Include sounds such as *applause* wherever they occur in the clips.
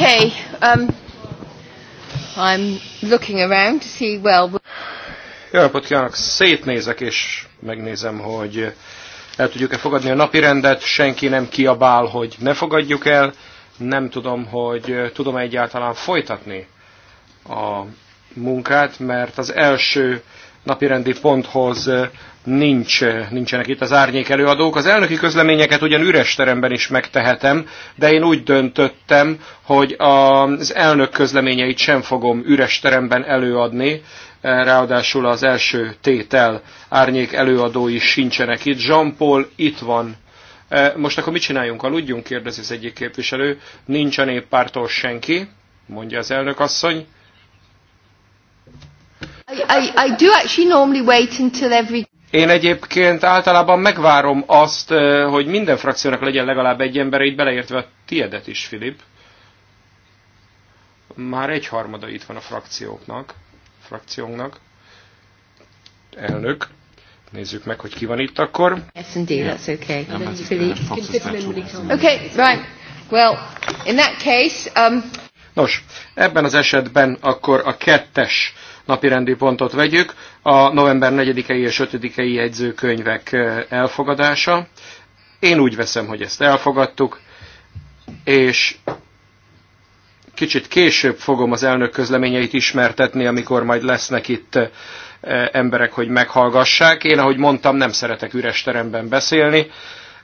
Okay, um, I'm looking around to see well. Jó napot kívánok! Szétnézek és megnézem, hogy el tudjuk-e fogadni a napi rendet. Senki nem kiabál, hogy ne fogadjuk el. Nem tudom, hogy tudom -e egyáltalán folytatni a munkát, mert az első napirendi ponthoz nincs, nincsenek itt az árnyék előadók. Az elnöki közleményeket ugyan üres teremben is megtehetem, de én úgy döntöttem, hogy az elnök közleményeit sem fogom üres teremben előadni, ráadásul az első tétel árnyék előadói sincsenek itt. Jean-Paul itt van. Most akkor mit csináljunk? Aludjunk? kérdezi az egyik képviselő. Nincs a néppártól senki, mondja az elnök asszony. I, I do actually normally wait until every... Én egyébként általában megvárom azt, hogy minden frakciónak legyen legalább egy ember, így beleértve a tiedet is, Filip. Már egy harmada itt van a frakcióknak, frakciónknak. Elnök. Nézzük meg, hogy ki van itt akkor. Yes, indeed, yeah. that's okay. Nem, Philippe. Hát okay, right. Well, in that case... Um... Nos, ebben az esetben akkor a kettes napirendi pontot vegyük, a november 4-i és 5-i jegyzőkönyvek elfogadása. Én úgy veszem, hogy ezt elfogadtuk, és kicsit később fogom az elnök közleményeit ismertetni, amikor majd lesznek itt emberek, hogy meghallgassák. Én, ahogy mondtam, nem szeretek üres teremben beszélni,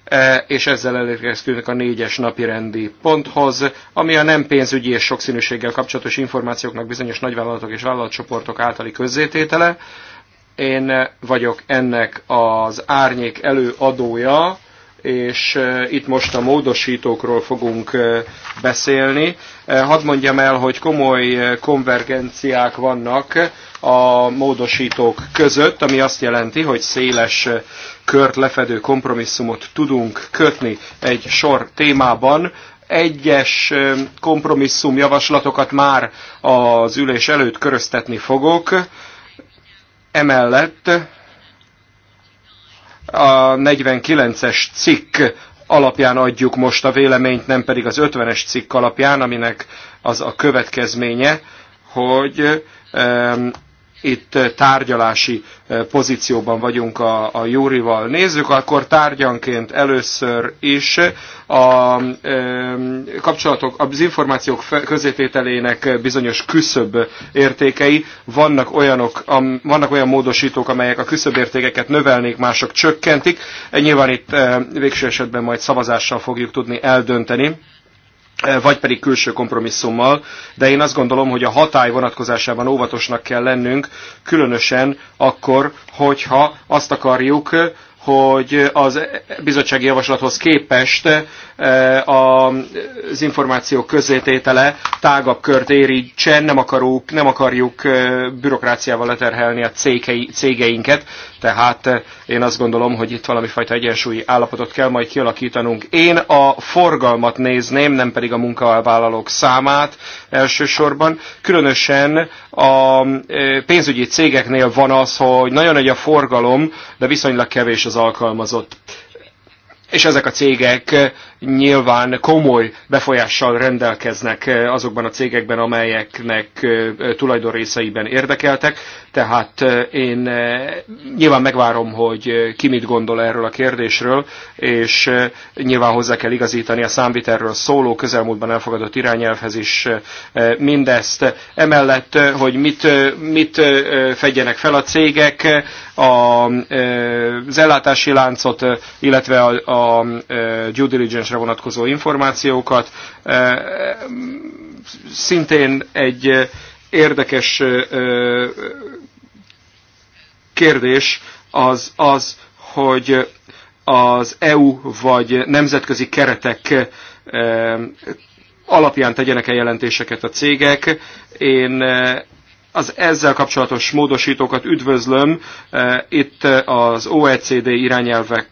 E, és ezzel elérkeztünk a négyes napi rendi ponthoz, ami a nem pénzügyi és sokszínűséggel kapcsolatos információknak bizonyos nagyvállalatok és vállalatcsoportok általi közzététele. Én vagyok ennek az árnyék előadója, és e, itt most a módosítókról fogunk e, beszélni. Hadd mondjam el, hogy komoly konvergenciák vannak a módosítók között, ami azt jelenti, hogy széles kört lefedő kompromisszumot tudunk kötni egy sor témában. Egyes kompromisszum javaslatokat már az ülés előtt köröztetni fogok. Emellett a 49-es cikk alapján adjuk most a véleményt, nem pedig az 50-es cikk alapján, aminek az a következménye, hogy itt tárgyalási pozícióban vagyunk a, a Júrival. Nézzük akkor tárgyanként először is a a kapcsolatok, az információk közétételének bizonyos küszöb értékei. Vannak, olyanok, am, vannak olyan módosítók, amelyek a küszöb értékeket növelnék, mások csökkentik. Nyilván itt végső esetben majd szavazással fogjuk tudni eldönteni. Eh, vagy pedig külső kompromisszummal, de én azt gondolom, hogy a hatály vonatkozásában óvatosnak kell lennünk, különösen akkor, hogyha azt akarjuk, hogy az bizottsági javaslathoz képest eh, az információ közzététele tágabb kört érítsen, nem, akarunk, nem akarjuk eh, bürokráciával leterhelni a cégeinket, tehát eh, én azt gondolom, hogy itt valami fajta egyensúlyi állapotot kell majd kialakítanunk. Én a forgalmat nézném, nem pedig a munkavállalók számát elsősorban. Különösen a eh, pénzügyi cégeknél van az, hogy nagyon nagy a forgalom, de viszonylag kevés az alkalmazott és ezek a cégek eh, nyilván komoly befolyással rendelkeznek azokban a cégekben, amelyeknek tulajdonrészeiben érdekeltek. Tehát én nyilván megvárom, hogy ki mit gondol erről a kérdésről, és nyilván hozzá kell igazítani a számviterről szóló közelmúltban elfogadott irányelvhez is mindezt. Emellett, hogy mit, mit fedjenek fel a cégek, a, az ellátási láncot, illetve a, a due diligence-re vonatkozó információkat. Szintén egy érdekes kérdés az az, hogy az EU vagy nemzetközi keretek alapján tegyenek-e jelentéseket a cégek. Én az ezzel kapcsolatos módosítókat üdvözlöm. Itt az OECD irányelvek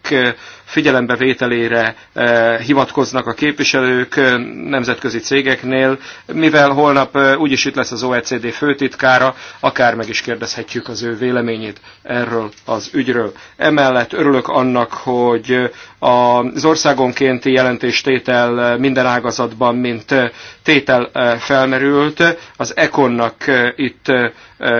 figyelembevételére eh, hivatkoznak a képviselők eh, nemzetközi cégeknél, mivel holnap eh, úgyis itt lesz az OECD főtitkára, akár meg is kérdezhetjük az ő véleményét erről az ügyről. Emellett örülök annak, hogy az országonkénti jelentéstétel minden ágazatban, mint tétel felmerült, az Econnak itt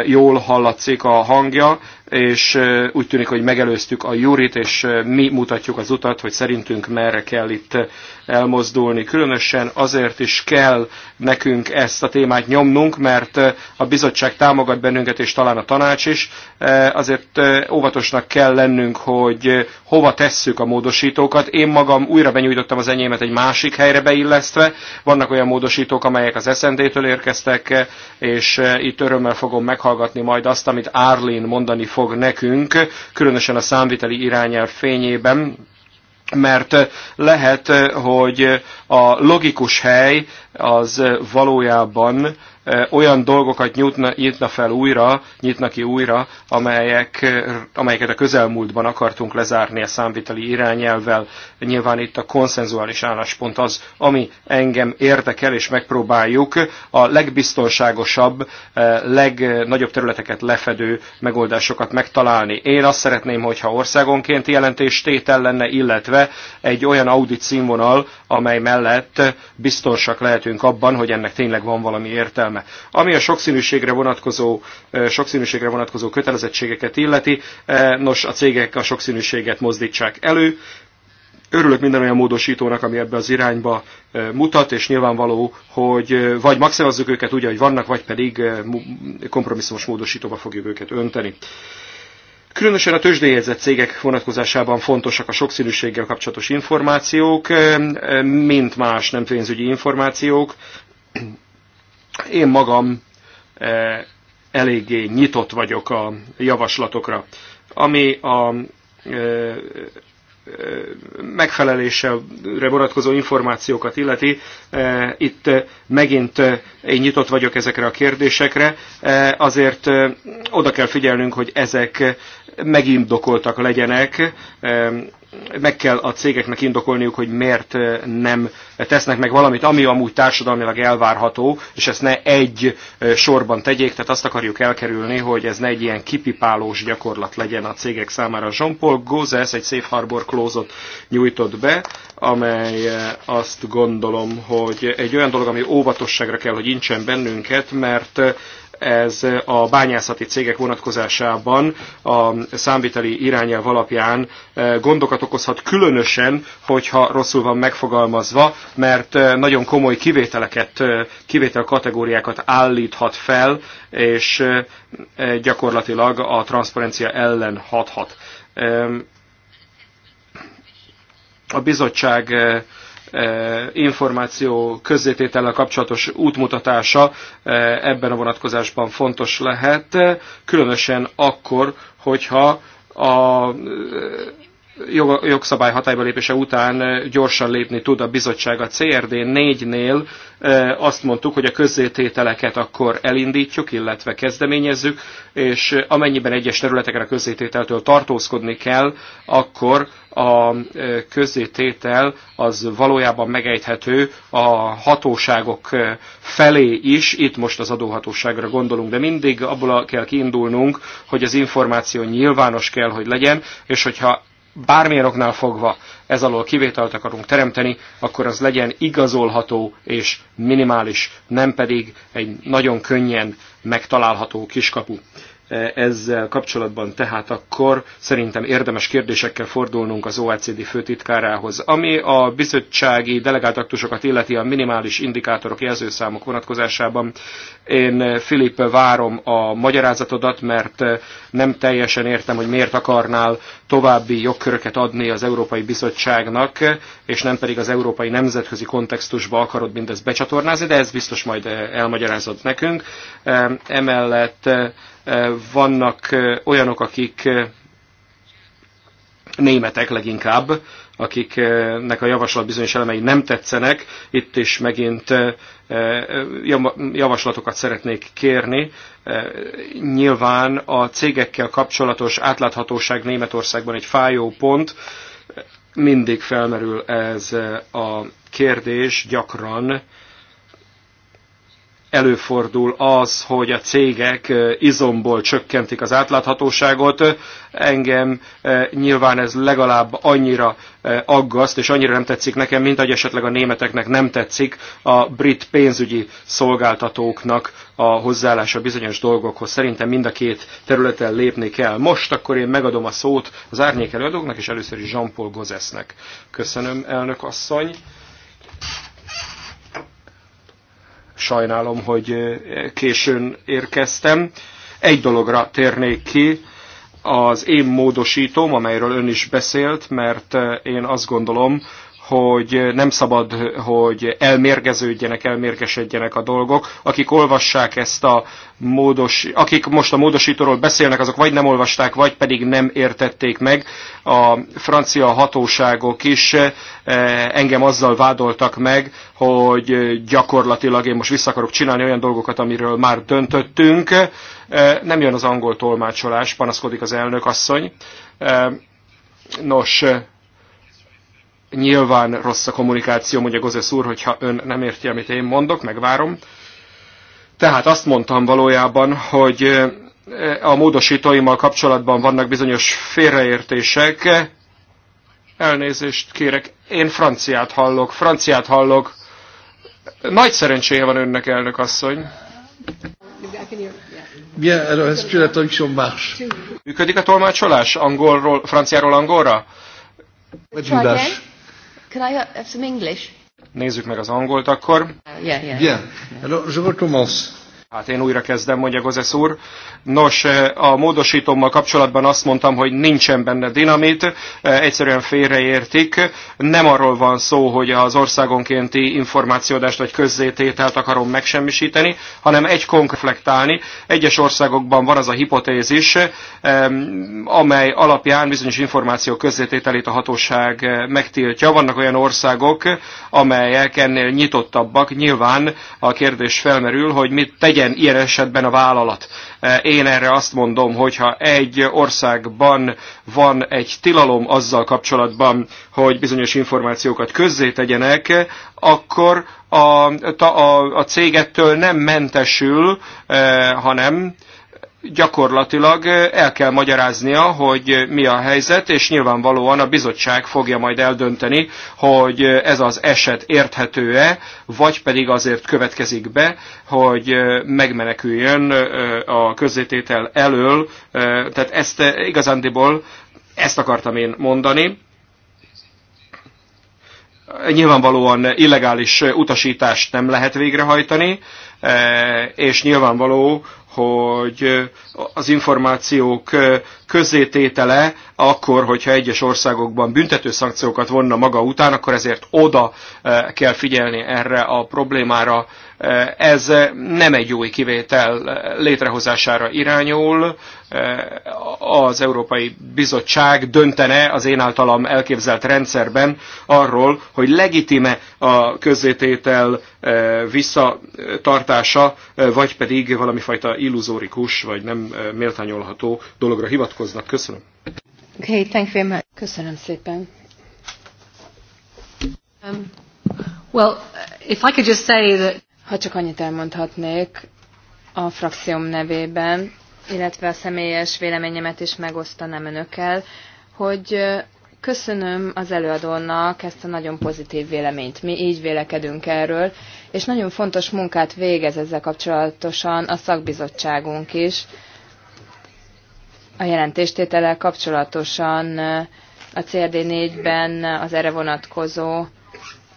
jól hallatszik a hangja, és úgy tűnik, hogy megelőztük a Jurit, és mi mutatjuk az utat, hogy szerintünk merre kell itt elmozdulni. Különösen azért is kell nekünk ezt a témát nyomnunk, mert a bizottság támogat bennünket, és talán a tanács is. Azért óvatosnak kell lennünk, hogy hova tesszük a módosítókat. Én magam újra benyújtottam az enyémet egy másik helyre beillesztve. Vannak olyan módosítók, amelyek az sznd től érkeztek, és itt örömmel fogom meghallgatni majd azt, amit Arlin mondani fog nekünk, különösen a számviteli irányelv fényében mert lehet, hogy a logikus hely az valójában olyan dolgokat nyitna, nyitna fel újra, nyitna ki újra, amelyek, amelyeket a közelmúltban akartunk lezárni a számviteli irányelvvel. Nyilván itt a konszenzuális álláspont az, ami engem érdekel, és megpróbáljuk a legbiztonságosabb, legnagyobb területeket lefedő megoldásokat megtalálni. Én azt szeretném, hogyha országonként jelentéstétel lenne, illetve egy olyan audit színvonal, amely mellett biztonsak lehetünk abban, hogy ennek tényleg van valami értelme védelme. Ami a sokszínűségre vonatkozó, sokszínűségre vonatkozó kötelezettségeket illeti, nos, a cégek a sokszínűséget mozdítsák elő, örülök minden olyan módosítónak, ami ebbe az irányba mutat, és nyilvánvaló, hogy vagy maximalizzuk őket úgy, ahogy vannak, vagy pedig kompromisszumos módosítóba fogjuk őket önteni. Különösen a tőzsdéjegyzett cégek vonatkozásában fontosak a sokszínűséggel kapcsolatos információk, mint más nem pénzügyi információk. Én magam e, eléggé nyitott vagyok a javaslatokra. Ami a e, e, megfelelésre vonatkozó információkat illeti. Itt megint én nyitott vagyok ezekre a kérdésekre, azért oda kell figyelnünk, hogy ezek megindokoltak legyenek, meg kell a cégeknek indokolniuk, hogy miért eh, nem tesznek meg valamit, ami amúgy társadalmilag elvárható, és ezt ne egy eh, sorban tegyék, tehát azt akarjuk elkerülni, hogy ez ne egy ilyen kipipálós gyakorlat legyen a cégek számára. Jean-Paul Gózes egy Safe Harbor klózot nyújtott be, amely eh, azt gondolom, hogy egy olyan dolog, ami óvatosságra kell, hogy incsen bennünket, mert ez a bányászati cégek vonatkozásában a számviteli irányelv alapján eh, gondokat okozhat, különösen, hogyha rosszul van megfogalmazva, mert eh, nagyon komoly kivételeket, eh, kivétel kategóriákat állíthat fel, és gyakorlatilag a transzparencia ellen hathat. A bizottság E, információ közzététellel kapcsolatos útmutatása e, ebben a vonatkozásban fontos lehet, különösen akkor, hogyha a jogszabály hatályba lépése után gyorsan lépni tud a bizottság. A CRD 4-nél azt mondtuk, hogy a közzétételeket akkor elindítjuk, illetve kezdeményezzük, és amennyiben egyes területeken a közzétételtől tartózkodni kell, akkor a közzététel az valójában megejthető a hatóságok felé is, itt most az adóhatóságra gondolunk, de mindig abból kell kiindulnunk, hogy az információ nyilvános kell, hogy legyen, és hogyha bármilyen oknál fogva ez alól kivételt akarunk teremteni, akkor az legyen igazolható és minimális, nem pedig egy nagyon könnyen megtalálható kiskapu. Ezzel kapcsolatban tehát akkor szerintem érdemes kérdésekkel fordulnunk az OECD főtitkárához. Ami a bizottsági delegált aktusokat illeti a minimális indikátorok jelzőszámok vonatkozásában, én Filip várom a magyarázatodat, mert nem teljesen értem, hogy miért akarnál további jogköröket adni az Európai Bizottságnak, és nem pedig az európai nemzetközi kontextusba akarod mindezt becsatornázni, de ez biztos majd elmagyarázod nekünk. Emellett Eh, vannak eh, olyanok, akik eh, németek leginkább, akiknek a javaslat bizonyos elemei nem tetszenek. Itt is megint javaslatokat szeretnék kérni. Nyilván a cégekkel kapcsolatos átláthatóság Németországban egy fájó pont. Mindig felmerül ez a kérdés, gyakran előfordul az, hogy a cégek izomból csökkentik az átláthatóságot. Engem nyilván ez legalább annyira aggaszt, és annyira nem tetszik nekem, mint hogy esetleg a németeknek nem tetszik a brit pénzügyi szolgáltatóknak a hozzáállása bizonyos dolgokhoz. Szerintem mind a két területen lépni kell. Most akkor én megadom a szót az árnyék előadóknak, és először is Jean-Paul Gozesnek. Köszönöm, elnök asszony sajnálom, hogy eh, későn érkeztem. Egy dologra térnék ki, az én módosítóm, amelyről ön is beszélt, mert eh, én azt gondolom, hogy nem szabad, hogy elmérgeződjenek, elmérgesedjenek a dolgok. Akik olvassák ezt a módos, akik most a módosítóról beszélnek, azok vagy nem olvasták, vagy pedig nem értették meg. A francia hatóságok is eh, engem azzal vádoltak meg, hogy gyakorlatilag én most vissza akarok csinálni olyan dolgokat, amiről már döntöttünk. Eh, nem jön az angol tolmácsolás, panaszkodik az elnök asszony. Eh, nos, Nyilván rossz a kommunikáció, mondja Gozesz úr, hogyha ön nem érti, amit én mondok, megvárom. Tehát azt mondtam valójában, hogy a módosítóimmal kapcsolatban vannak bizonyos félreértések. Elnézést kérek, én franciát hallok, franciát hallok. Nagy szerencséje van önnek, elnök asszony. Működik a tolmácsolás angolról, franciáról angolra? Tudás. Can I have some English? Nézzük meg az angolt akkor. Uh, yeah, yeah. Bien. Alors, je recommence. Hát én újra kezdem, mondja Gozesz úr. Nos, eh, a módosítommal kapcsolatban azt mondtam, hogy nincsen benne dinamit, eh, egyszerűen félreértik. Nem arról van szó, hogy az országonkénti információdást vagy közzétételt akarom megsemmisíteni, hanem egy konkreflektálni. Egyes országokban van az a hipotézis, amely alapján bizonyos információ közzétételét a hatóság eh, megtiltja. Vannak olyan országok, amelyek ennél nyitottabbak. Nyilván a kérdés felmerül, hogy mit tegyen legyen ilyen esetben a vállalat. E, én erre azt mondom, hogyha egy országban van egy tilalom azzal kapcsolatban, hogy bizonyos információkat tegyenek, akkor a, a, a cégettől nem mentesül, e, hanem gyakorlatilag el kell magyaráznia, hogy mi a helyzet, és nyilvánvalóan a bizottság fogja majd eldönteni, hogy ez az eset érthető-e, vagy pedig azért következik be, hogy megmeneküljön a közzététel elől. Tehát ezt igazándiból ezt akartam én mondani nyilvánvalóan illegális utasítást nem lehet végrehajtani, és nyilvánvaló, hogy az információk közzététele akkor, hogyha egyes országokban büntető szankciókat vonna maga után, akkor ezért oda kell figyelni erre a problémára. Ez nem egy új kivétel létrehozására irányul. Az Európai Bizottság döntene az én általam elképzelt rendszerben arról, hogy legitime a közzététel eh, visszatartása, eh, vagy pedig valami fajta illuzórikus, vagy nem eh, méltányolható dologra hivatkoznak. Köszönöm. Okay, thank you very much. Köszönöm szépen. Um, well, if I could just say that... Ha csak annyit elmondhatnék a frakcióm nevében, illetve a személyes véleményemet is megosztanám önökkel, hogy köszönöm az előadónak ezt a nagyon pozitív véleményt. Mi így vélekedünk erről, és nagyon fontos munkát végez ezzel kapcsolatosan a szakbizottságunk is. A jelentéstétele kapcsolatosan a CRD 4-ben az erre vonatkozó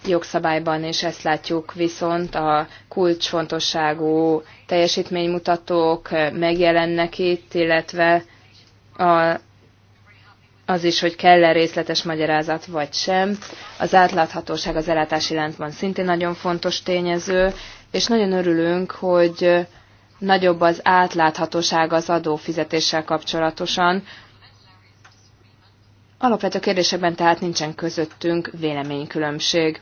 jogszabályban, és ezt látjuk viszont a kulcsfontosságú teljesítménymutatók megjelennek itt, illetve a, az is, hogy kell-e részletes magyarázat vagy sem. Az átláthatóság az ellátási van szintén nagyon fontos tényező, és nagyon örülünk, hogy nagyobb az átláthatóság az adófizetéssel kapcsolatosan. Alapvető kérdésekben tehát nincsen közöttünk véleménykülönbség.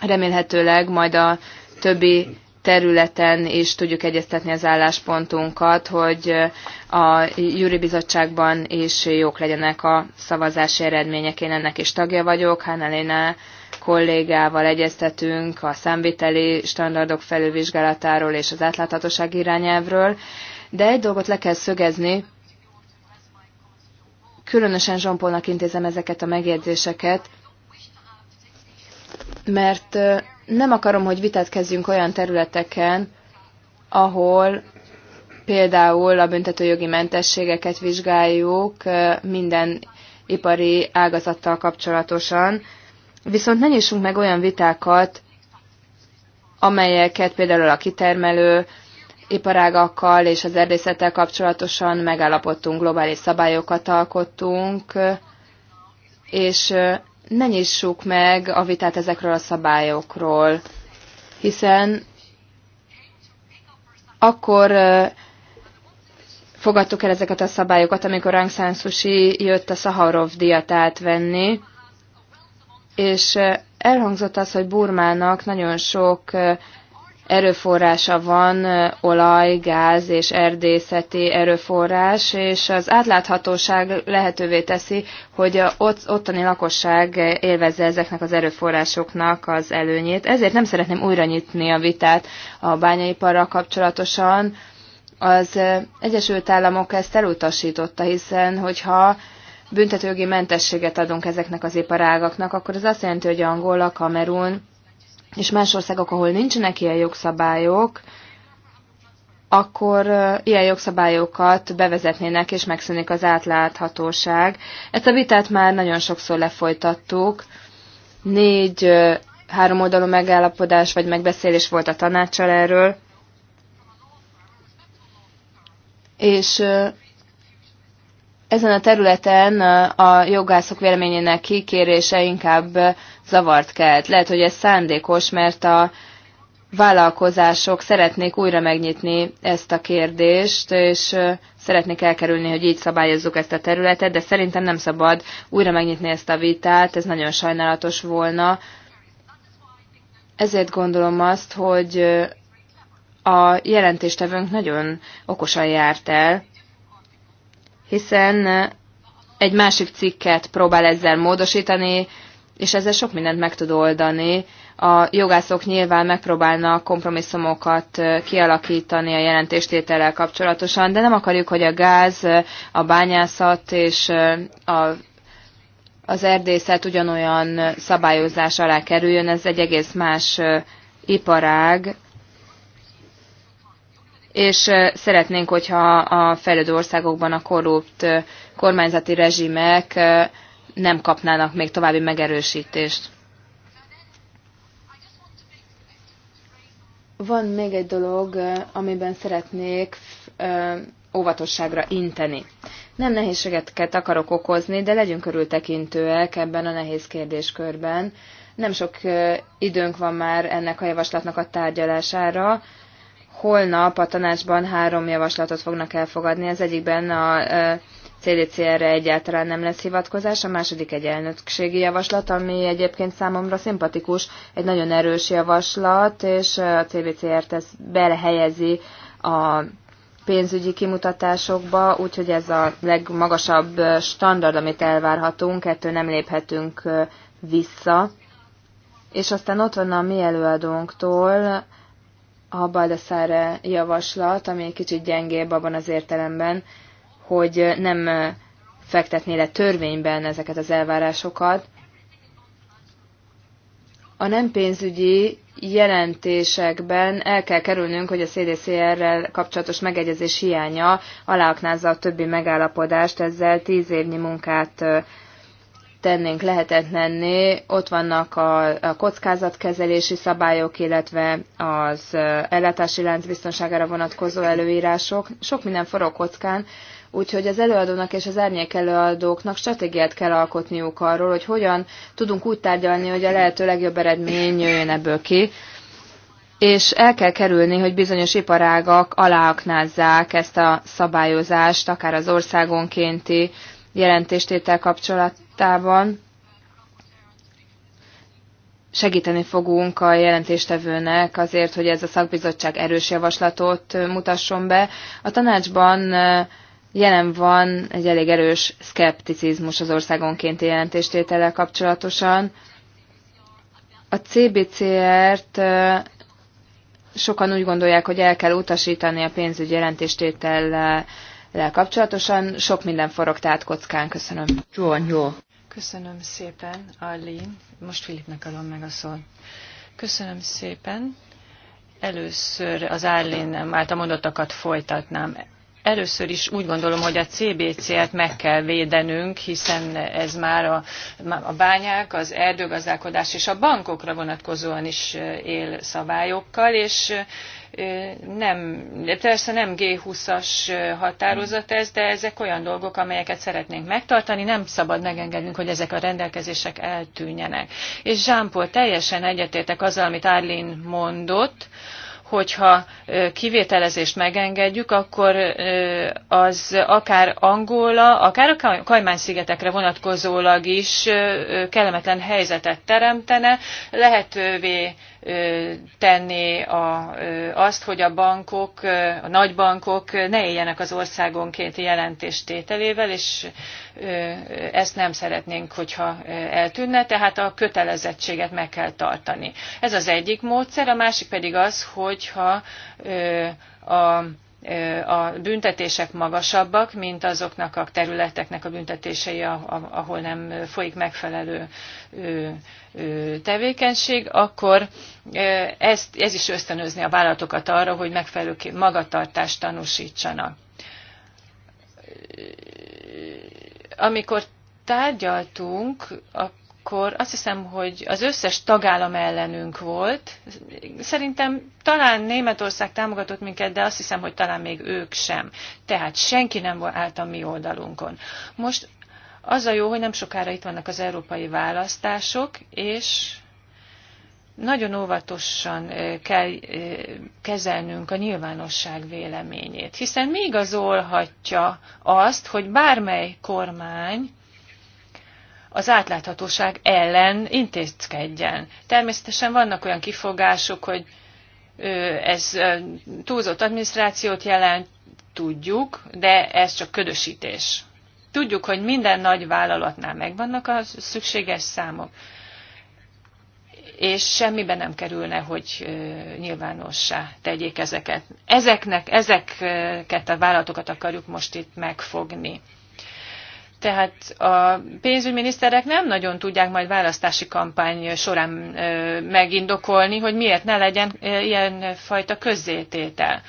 Remélhetőleg majd a többi területen is tudjuk egyeztetni az álláspontunkat, hogy a Júri Bizottságban is jók legyenek a szavazási eredmények. Én ennek is tagja vagyok, Hánelina kollégával egyeztetünk a számviteli standardok felülvizsgálatáról és az átláthatóság irányelvről, de egy dolgot le kell szögezni, különösen Zsompolnak intézem ezeket a megjegyzéseket, mert nem akarom, hogy vitát kezdjünk olyan területeken, ahol például a büntetőjogi mentességeket vizsgáljuk minden ipari ágazattal kapcsolatosan, viszont ne nyissunk meg olyan vitákat, amelyeket például a kitermelő iparágakkal és az erdészettel kapcsolatosan megállapodtunk, globális szabályokat alkottunk, és ne nyissuk meg a vitát ezekről a szabályokról, hiszen akkor fogadtuk el ezeket a szabályokat, amikor Aung San Suu Kyi jött a Saharov-diát átvenni, és elhangzott az, hogy Burmának nagyon sok erőforrása van, olaj, gáz és erdészeti erőforrás, és az átláthatóság lehetővé teszi, hogy ott, ottani lakosság élvezze ezeknek az erőforrásoknak az előnyét. Ezért nem szeretném újra nyitni a vitát a bányaiparral kapcsolatosan. Az Egyesült Államok ezt elutasította, hiszen hogyha büntetőgi mentességet adunk ezeknek az iparágaknak, akkor ez azt jelenti, hogy Angola, Kamerun, és más országok, ahol nincsenek ilyen jogszabályok, akkor ilyen jogszabályokat bevezetnének, és megszűnik az átláthatóság. Ezt a vitát már nagyon sokszor lefolytattuk. Négy három oldalú megállapodás vagy megbeszélés volt a tanácssal erről. És ezen a területen a jogászok véleményének kikérése inkább zavart kelt. Lehet, hogy ez szándékos, mert a vállalkozások szeretnék újra megnyitni ezt a kérdést, és szeretnék elkerülni, hogy így szabályozzuk ezt a területet, de szerintem nem szabad újra megnyitni ezt a vitát, ez nagyon sajnálatos volna. Ezért gondolom azt, hogy a jelentéstevőnk nagyon okosan járt el, hiszen egy másik cikket próbál ezzel módosítani, és ezzel sok mindent meg tud oldani. A jogászok nyilván megpróbálnak kompromisszumokat kialakítani a jelentéstétellel kapcsolatosan, de nem akarjuk, hogy a gáz, a bányászat és a az erdészet ugyanolyan szabályozás alá kerüljön, ez egy egész más iparág, és szeretnénk, hogyha a fejlődő országokban a korrupt kormányzati rezsimek nem kapnának még további megerősítést. Van még egy dolog, amiben szeretnék óvatosságra inteni. Nem nehézségeket akarok okozni, de legyünk körültekintőek ebben a nehéz kérdéskörben. Nem sok időnk van már ennek a javaslatnak a tárgyalására. Holnap a tanácsban három javaslatot fognak elfogadni, az egyikben a CDCR-re egyáltalán nem lesz hivatkozás, a második egy elnökségi javaslat, ami egyébként számomra szimpatikus, egy nagyon erős javaslat, és a cdcr t ez belehelyezi a pénzügyi kimutatásokba, úgyhogy ez a legmagasabb standard, amit elvárhatunk, ettől nem léphetünk vissza. És aztán ott van a mi előadónktól a Baldassare javaslat, ami egy kicsit gyengébb abban az értelemben, hogy nem fektetné le törvényben ezeket az elvárásokat. A nem pénzügyi jelentésekben el kell kerülnünk, hogy a CDCR-rel kapcsolatos megegyezés hiánya aláaknázza a többi megállapodást, ezzel tíz évnyi munkát tennénk lehetetlenné. Ott vannak a, a kockázatkezelési szabályok, illetve az ellátási lánc biztonságára vonatkozó előírások. Sok minden forog kockán, Úgyhogy az előadónak és az árnyék előadóknak stratégiát kell alkotniuk arról, hogy hogyan tudunk úgy tárgyalni, hogy a lehető legjobb eredmény jöjjön ebből ki. És el kell kerülni, hogy bizonyos iparágak aláaknázzák ezt a szabályozást, akár az országonkénti jelentéstétel kapcsolatában. Segíteni fogunk a jelentéstevőnek azért, hogy ez a szakbizottság erős javaslatot mutasson be. A tanácsban jelen van egy elég erős szkepticizmus az országonkénti jelentéstétellel kapcsolatosan. A CBCR-t sokan úgy gondolják, hogy el kell utasítani a pénzügyi jelentéstétellel kapcsolatosan. Sok minden forog tehát kockán. Köszönöm. John, jó. Köszönöm szépen, Arlene. Most Filipnek adom meg a szót. Köszönöm szépen. Először az Arlene által mondottakat folytatnám először is úgy gondolom, hogy a CBC-et meg kell védenünk, hiszen ez már a, a bányák, az erdőgazdálkodás és a bankokra vonatkozóan is él szabályokkal, és nem, persze nem G20-as határozat ez, de ezek olyan dolgok, amelyeket szeretnénk megtartani, nem szabad megengednünk, hogy ezek a rendelkezések eltűnjenek. És Zsámpol, teljesen egyetértek azzal, amit Arlene mondott, hogyha kivételezést megengedjük, akkor az akár Angola, akár a Kajmán-szigetekre vonatkozólag is kellemetlen helyzetet teremtene, lehetővé tenni a, azt, hogy a bankok, a nagybankok ne éljenek az országonkénti jelentéstételével, és ezt nem szeretnénk, hogyha eltűnne, tehát a kötelezettséget meg kell tartani. Ez az egyik módszer, a másik pedig az, hogyha a a büntetések magasabbak, mint azoknak a területeknek a büntetései, ahol nem folyik megfelelő tevékenység, akkor ez, ez is ösztönözni a vállalatokat arra, hogy megfelelő magatartást tanúsítsanak. Amikor tárgyaltunk, akkor akkor azt hiszem, hogy az összes tagállam ellenünk volt. Szerintem talán Németország támogatott minket, de azt hiszem, hogy talán még ők sem. Tehát senki nem állt a mi oldalunkon. Most az a jó, hogy nem sokára itt vannak az európai választások, és nagyon óvatosan eh, kell eh, kezelnünk a nyilvánosság véleményét, hiszen mi igazolhatja azt, hogy bármely kormány az átláthatóság ellen intézkedjen. Természetesen vannak olyan kifogások, hogy ez túlzott adminisztrációt jelent, tudjuk, de ez csak ködösítés. Tudjuk, hogy minden nagy vállalatnál megvannak a szükséges számok, és semmibe nem kerülne, hogy nyilvánossá tegyék ezeket. Ezeknek, ezeket a vállalatokat akarjuk most itt megfogni. Tehát a pénzügyminiszterek nem nagyon tudják majd választási kampány során megindokolni, hogy miért ne legyen ilyen fajta közzététel.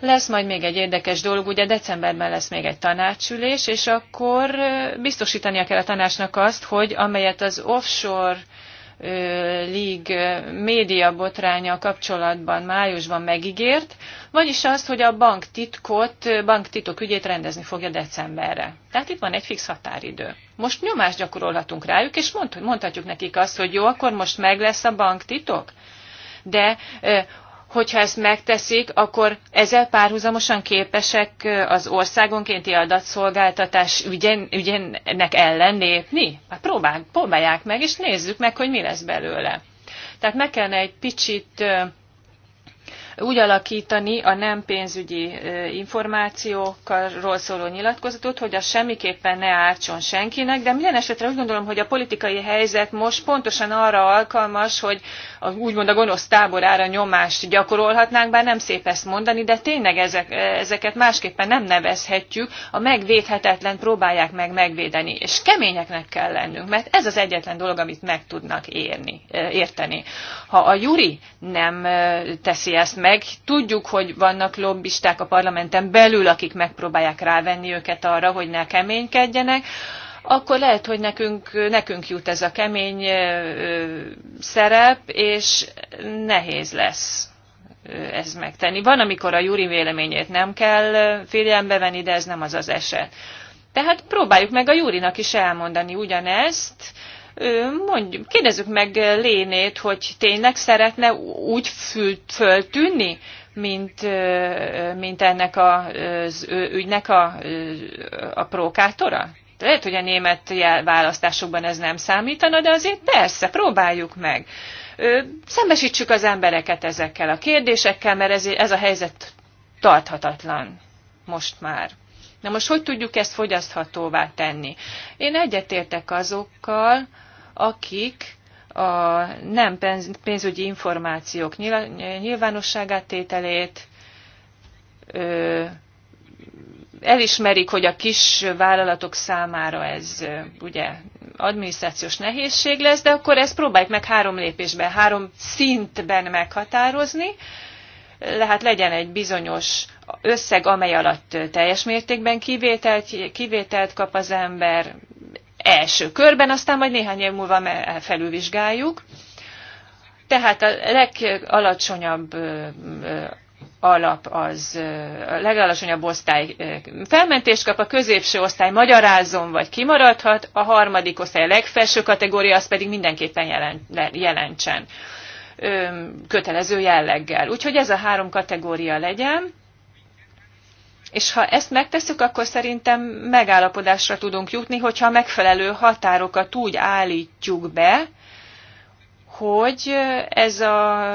Lesz majd még egy érdekes dolog, ugye decemberben lesz még egy tanácsülés, és akkor biztosítania kell a tanácsnak azt, hogy amelyet az offshore League média botránya kapcsolatban májusban megígért, vagyis azt, hogy a bank titkot, bank titok ügyét rendezni fogja decemberre. Tehát itt van egy fix határidő. Most nyomást gyakorolhatunk rájuk, és mondhatjuk nekik azt, hogy jó, akkor most meg lesz a bank titok de hogyha ezt megteszik, akkor ezzel párhuzamosan képesek az országonkénti adatszolgáltatás ügyen, ügyennek ellen lépni? Hát próbálják meg, és nézzük meg, hogy mi lesz belőle. Tehát meg kellene egy picit úgy alakítani a nem pénzügyi információkról szóló nyilatkozatot, hogy az semmiképpen ne ártson senkinek, de minden esetre úgy gondolom, hogy a politikai helyzet most pontosan arra alkalmas, hogy a, úgymond a gonosz táborára nyomást gyakorolhatnánk, bár nem szép ezt mondani, de tényleg ezek, ezeket másképpen nem nevezhetjük, a megvédhetetlen próbálják meg megvédeni, és keményeknek kell lennünk, mert ez az egyetlen dolog, amit meg tudnak érni, érteni. Ha a Juri nem teszi ezt meg. Tudjuk, hogy vannak lobbisták a parlamenten belül, akik megpróbálják rávenni őket arra, hogy ne keménykedjenek akkor lehet, hogy nekünk, nekünk jut ez a kemény szerep, és nehéz lesz ez megtenni. Van, amikor a Júri véleményét nem kell figyelembe venni, de ez nem az az eset. Tehát próbáljuk meg a Júrinak is elmondani ugyanezt, mondjuk, kérdezzük meg Lénét, hogy tényleg szeretne úgy föltűnni, mint, mint ennek az ügynek a, a prókátora? Lehet, hogy a német választásokban ez nem számítana, de azért persze, próbáljuk meg. Szembesítsük az embereket ezekkel a kérdésekkel, mert ez, ez a helyzet tarthatatlan most már. Na most hogy tudjuk ezt fogyaszthatóvá tenni? Én egyetértek azokkal, akik a nem pénzügyi információk nyilvánosságát tételét, elismerik, hogy a kis vállalatok számára ez ugye adminisztrációs nehézség lesz, de akkor ezt próbáljuk meg három lépésben, három szintben meghatározni. Lehet legyen egy bizonyos összeg, amely alatt teljes mértékben kivételt, kivételt kap az ember, első körben, aztán majd néhány év múlva felülvizsgáljuk. Tehát a legalacsonyabb alap az a legalacsonyabb osztály felmentést kap, a középső osztály magyarázom vagy kimaradhat, a harmadik osztály a legfelső kategória, az pedig mindenképpen jelentsen kötelező jelleggel. Úgyhogy ez a három kategória legyen és ha ezt megtesszük, akkor szerintem megállapodásra tudunk jutni, hogyha a megfelelő határokat úgy állítjuk be, hogy ez a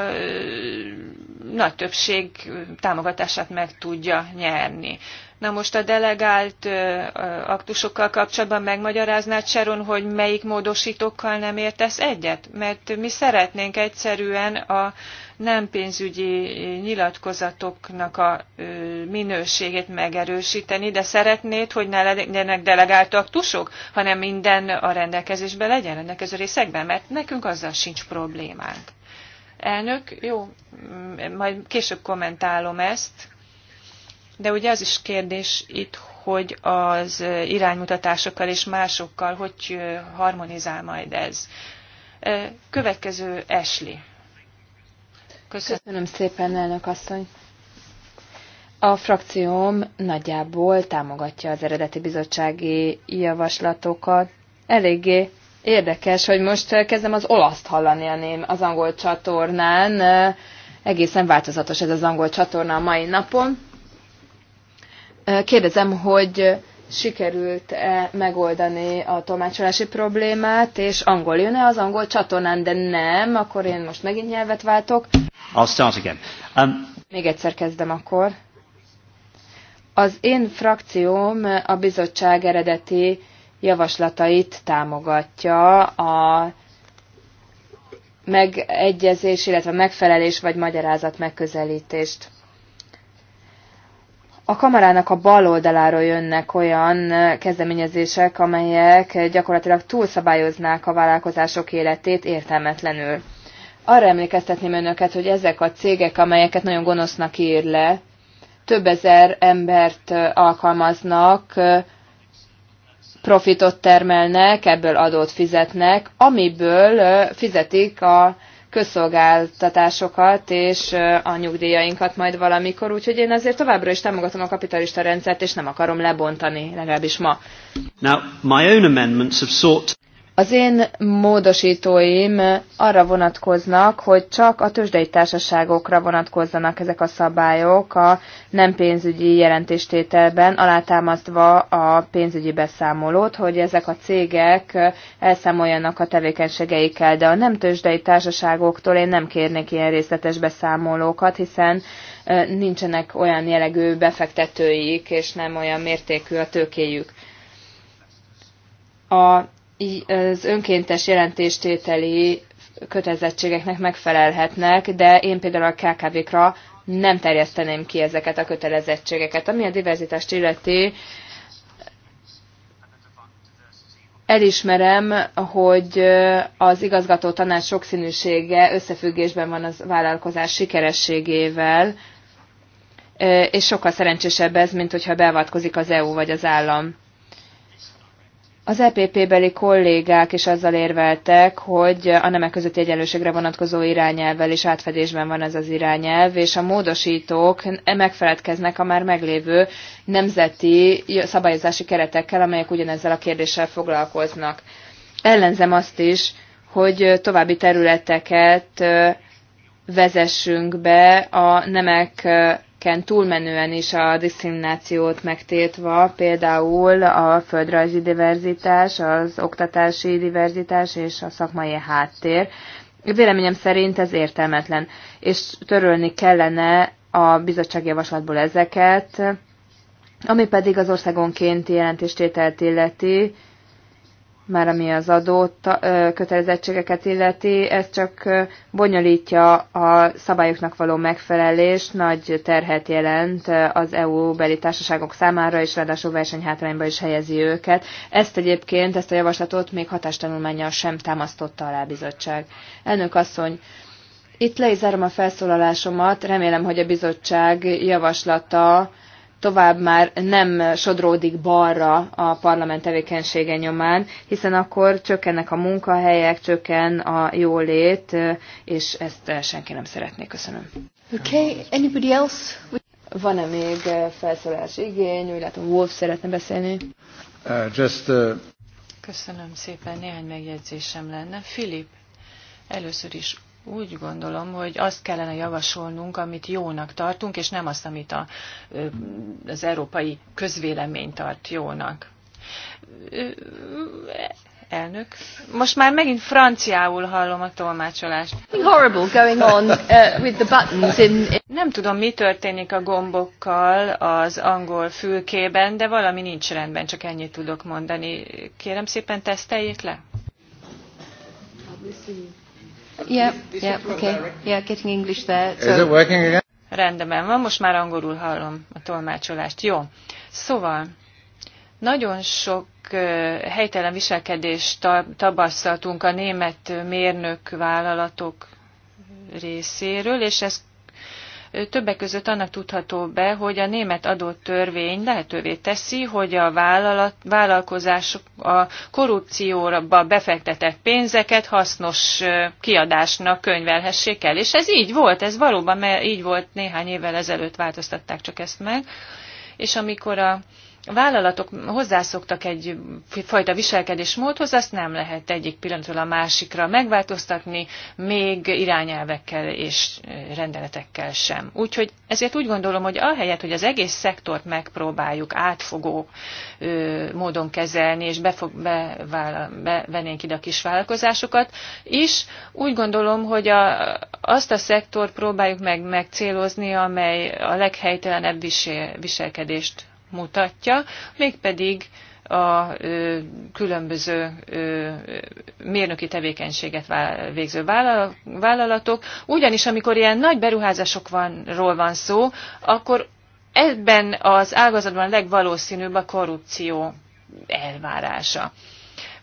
nagy többség támogatását meg tudja nyerni. Na most a delegált aktusokkal kapcsolatban megmagyaráznád, Sharon, hogy melyik módosítókkal nem értesz egyet? Mert mi szeretnénk egyszerűen a nem pénzügyi nyilatkozatoknak a minőségét megerősíteni, de szeretnéd, hogy ne legyenek delegált aktusok, hanem minden a rendelkezésben legyen, rendelkező részekben, mert nekünk azzal sincs problémánk. Elnök, jó, majd később kommentálom ezt, de ugye az is kérdés itt, hogy az iránymutatásokkal és másokkal hogy harmonizál majd ez. Következő Ashley. Köszönöm. Köszönöm szépen, elnök asszony. A frakcióm nagyjából támogatja az eredeti bizottsági javaslatokat. Eléggé érdekes, hogy most kezdem az olaszt hallani a ném az angol csatornán. Egészen változatos ez az angol csatorna a mai napon. Kérdezem, hogy sikerült-e megoldani a tolmácsolási problémát, és angol jön-e az angol csatornán, de nem, akkor én most megint nyelvet váltok. I'll start again. Um... Még egyszer kezdem akkor. Az én frakcióm a bizottság eredeti javaslatait támogatja a megegyezés, illetve megfelelés vagy magyarázat megközelítést a kamarának a bal oldaláról jönnek olyan kezdeményezések, amelyek gyakorlatilag túlszabályoznák a vállalkozások életét értelmetlenül. Arra emlékeztetném önöket, hogy ezek a cégek, amelyeket nagyon gonosznak ír le, több ezer embert alkalmaznak, profitot termelnek, ebből adót fizetnek, amiből fizetik a közszolgáltatásokat és a nyugdíjainkat majd valamikor, úgyhogy én azért továbbra is támogatom a kapitalista rendszert, és nem akarom lebontani, legalábbis ma. Now, my own amendments have sought... Az én módosítóim arra vonatkoznak, hogy csak a tőzsdei társaságokra vonatkozzanak ezek a szabályok a nem pénzügyi jelentéstételben, alátámasztva a pénzügyi beszámolót, hogy ezek a cégek elszámoljanak a tevékenységeikkel, de a nem tőzsdei társaságoktól én nem kérnék ilyen részletes beszámolókat, hiszen nincsenek olyan jellegű befektetőik, és nem olyan mértékű a tőkéjük. A az önkéntes jelentéstételi kötelezettségeknek megfelelhetnek, de én például a KKV-kra nem terjeszteném ki ezeket a kötelezettségeket. Ami a diverzitást illeti, elismerem, hogy az igazgató tanács sokszínűsége összefüggésben van az vállalkozás sikerességével, és sokkal szerencsésebb ez, mint hogyha beavatkozik az EU vagy az állam. Az EPP-beli kollégák is azzal érveltek, hogy a nemek közötti egyenlőségre vonatkozó irányelvvel is átfedésben van ez az irányelv, és a módosítók megfeledkeznek a már meglévő nemzeti szabályozási keretekkel, amelyek ugyanezzel a kérdéssel foglalkoznak. Ellenzem azt is, hogy további területeket vezessünk be a nemek ken túlmenően is a diszkriminációt megtiltva, például a földrajzi diverzitás, az oktatási diverzitás és a szakmai háttér. Véleményem szerint ez értelmetlen, és törölni kellene a bizottság javaslatból ezeket, ami pedig az országonkénti jelentéstételt illeti, már ami az adó kötelezettségeket illeti, ez csak bonyolítja a szabályoknak való megfelelés, nagy terhet jelent az EU beli társaságok számára, és ráadásul versenyhátrányba is helyezi őket. Ezt egyébként, ezt a javaslatot még hatástanulmányjal sem támasztotta alá a bizottság. Elnök asszony, itt le is zárom a felszólalásomat, remélem, hogy a bizottság javaslata tovább már nem sodródik balra a parlament tevékenysége nyomán, hiszen akkor csökkennek a munkahelyek, csökken a jólét, és ezt senki nem szeretné. Köszönöm. Okay, anybody else? Van-e még felszólás igény? Úgy látom, Wolf szeretne beszélni. Uh, just, uh... Köszönöm szépen, néhány megjegyzésem lenne. Filip, először is úgy gondolom, hogy azt kellene javasolnunk, amit jónak tartunk, és nem azt, amit a, az európai közvélemény tart jónak. Elnök. Most már megint franciául hallom a tolmácsolást. Horrible going on uh, with the buttons in... Nem tudom, mi történik a gombokkal az angol fülkében, de valami nincs rendben, csak ennyit tudok mondani. Kérem szépen, teszteljék le. Obviously. Yeah, yeah, okay. Yeah, getting English there. So. Is it working again? Rendben van, most már angolul hallom a tolmácsolást. Jó. Szóval, nagyon sok helytelen viselkedést tapasztaltunk a német mérnök vállalatok részéről, és ez többek között annak tudható be, hogy a német adótörvény lehetővé teszi, hogy a vállalat, vállalkozások a korrupcióra befektetett pénzeket hasznos kiadásnak könyvelhessék el. És ez így volt, ez valóban mert így volt néhány évvel ezelőtt változtatták csak ezt meg. És amikor a a vállalatok hozzászoktak egy fajta viselkedésmódhoz, azt nem lehet egyik pillanatról a másikra megváltoztatni, még irányelvekkel és rendeletekkel sem. Úgyhogy ezért úgy gondolom, hogy ahelyett, hogy az egész szektort megpróbáljuk átfogó ö, módon kezelni, és befog, bevállal, bevennénk ide a kis vállalkozásokat, is, úgy gondolom, hogy a, azt a szektort próbáljuk meg megcélozni, amely a leghelytelenebb visel, viselkedést mutatja, mégpedig a különböző mérnöki tevékenységet végző vállalatok. Ugyanis, amikor ilyen nagy beruházásokról van szó, akkor ebben az ágazatban legvalószínűbb a korrupció elvárása.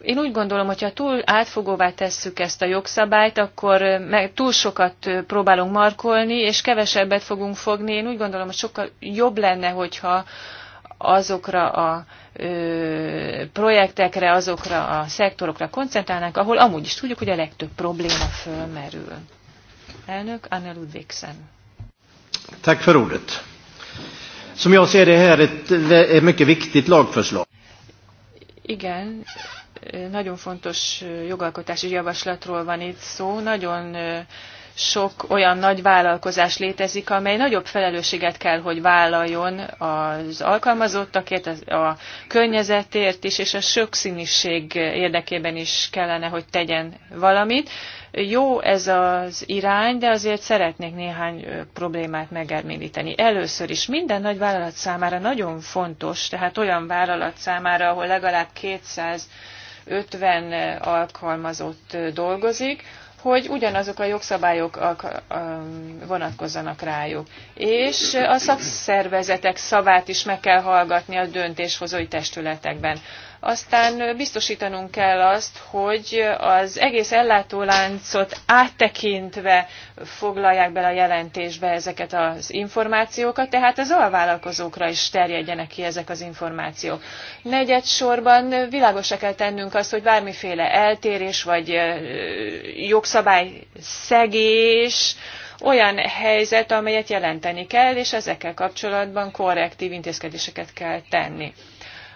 Én úgy gondolom, hogy ha túl átfogóvá tesszük ezt a jogszabályt, akkor meg túl sokat próbálunk markolni, és kevesebbet fogunk fogni. Én úgy gondolom, hogy sokkal jobb lenne, hogyha azokra a ö, projektekre, azokra a szektorokra koncentrálnánk, ahol amúgy is tudjuk, hogy a legtöbb probléma fölmerül. Elnök Anna Ludvigsen. Tack för ordet. Som jag ser det här ett, ett mycket viktigt lagförslag. Igen, nagyon fontos jogalkotási javaslatról van itt szó. Nagyon ö, sok olyan nagy vállalkozás létezik, amely nagyobb felelősséget kell, hogy vállaljon az alkalmazottakért, a környezetért is, és a sokszínűség érdekében is kellene, hogy tegyen valamit. Jó ez az irány, de azért szeretnék néhány problémát megemlíteni. Először is minden nagy vállalat számára nagyon fontos, tehát olyan vállalat számára, ahol legalább 250 alkalmazott dolgozik, hogy ugyanazok a jogszabályok vonatkozzanak rájuk. És a szakszervezetek szavát is meg kell hallgatni a döntéshozói testületekben. Aztán biztosítanunk kell azt, hogy az egész ellátóláncot áttekintve foglalják bele a jelentésbe ezeket az információkat, tehát az alvállalkozókra is terjedjenek ki ezek az információk. Negyedsorban világosra kell tennünk azt, hogy bármiféle eltérés vagy jogszabályszegés, olyan helyzet, amelyet jelenteni kell, és ezekkel kapcsolatban korrektív intézkedéseket kell tenni.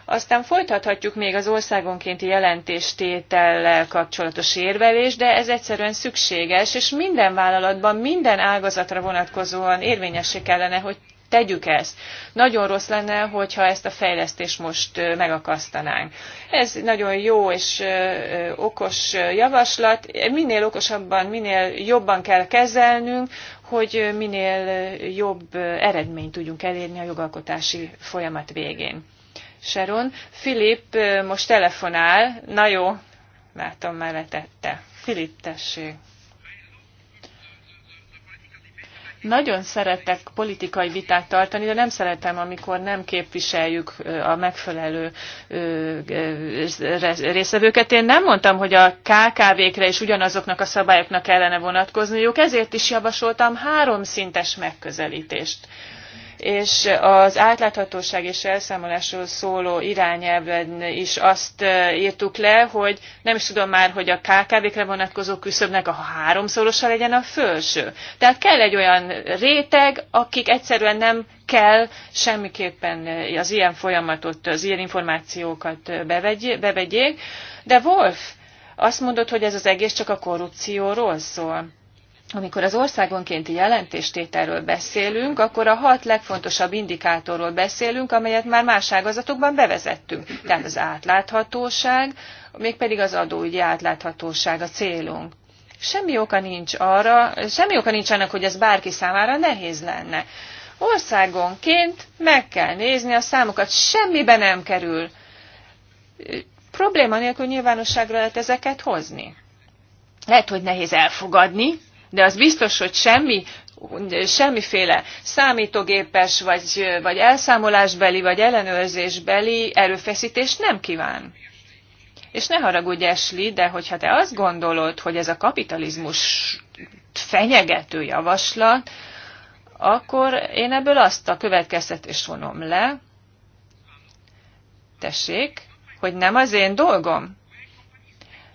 Aztán folytathatjuk még az országonkénti jelentéstétellel kapcsolatos érvelés, de ez egyszerűen szükséges, és minden vállalatban, minden ágazatra vonatkozóan érvényessé kellene, hogy tegyük ezt. Nagyon rossz lenne, hogyha ezt a fejlesztést most megakasztanánk. Ez nagyon jó és okos javaslat. Minél okosabban, minél jobban kell kezelnünk, hogy minél jobb eredményt tudjunk elérni a jogalkotási folyamat végén. Sharon. Filip most telefonál. Na jó, látom mellette Filip, tessék. Nagyon szeretek politikai vitát tartani, de nem szeretem, amikor nem képviseljük a megfelelő részvevőket. Én nem mondtam, hogy a KKV-kre is ugyanazoknak a szabályoknak kellene vonatkozniuk, ezért is javasoltam háromszintes megközelítést és az átláthatóság és elszámolásról szóló irányelven is azt írtuk le, hogy nem is tudom már, hogy a KKV-kre vonatkozó küszöbnek a háromszorosa legyen a fölső. Tehát kell egy olyan réteg, akik egyszerűen nem kell semmiképpen az ilyen folyamatot, az ilyen információkat bevegyék. De Wolf, azt mondod, hogy ez az egész csak a korrupcióról szól amikor az országonkénti jelentéstételről beszélünk, akkor a hat legfontosabb indikátorról beszélünk, amelyet már más ágazatokban bevezettünk. Tehát az átláthatóság, mégpedig az adóügyi átláthatóság a célunk. Semmi oka nincs arra, semmi oka nincs annak, hogy ez bárki számára nehéz lenne. Országonként meg kell nézni a számokat, semmibe nem kerül. Probléma nélkül nyilvánosságra lehet ezeket hozni. Lehet, hogy nehéz elfogadni, de az biztos, hogy semmi semmiféle számítógépes, vagy, vagy elszámolásbeli, vagy ellenőrzésbeli erőfeszítést nem kíván. És ne haragudj, Esli, de hogyha te azt gondolod, hogy ez a kapitalizmus fenyegető javaslat, akkor én ebből azt a következtetést vonom le, tessék, hogy nem az én dolgom.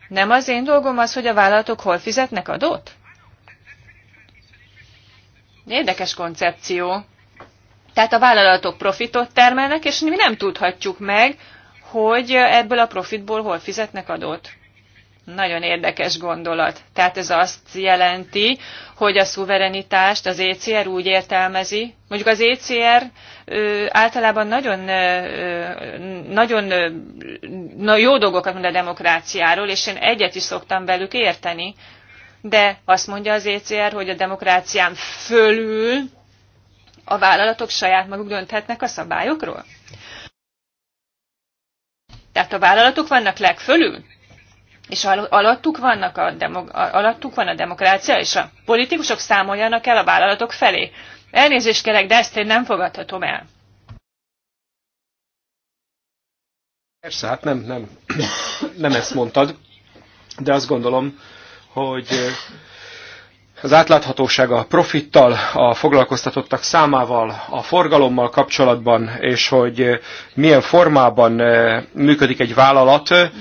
Nem az én dolgom az, hogy a vállalatok hol fizetnek adót? Érdekes koncepció. Tehát a vállalatok profitot termelnek, és mi nem tudhatjuk meg, hogy ebből a profitból hol fizetnek adót. Nagyon érdekes gondolat. Tehát ez azt jelenti, hogy a szuverenitást az ECR úgy értelmezi. Mondjuk az ECR ö, általában nagyon, ö, nagyon ö, na, jó dolgokat mond a demokráciáról, és én egyet is szoktam velük érteni de azt mondja az ECR, hogy a demokrácián fölül a vállalatok saját maguk dönthetnek a szabályokról. Tehát a vállalatok vannak legfölül, és alattuk, vannak a demo, alattuk van a demokrácia, és a politikusok számoljanak el a vállalatok felé. Elnézést kérek, de ezt én nem fogadhatom el. Persze, hát nem, nem, nem ezt mondtad, de azt gondolom, hogy az átláthatóság a profittal, a foglalkoztatottak számával, a forgalommal kapcsolatban, és hogy milyen formában működik egy vállalat.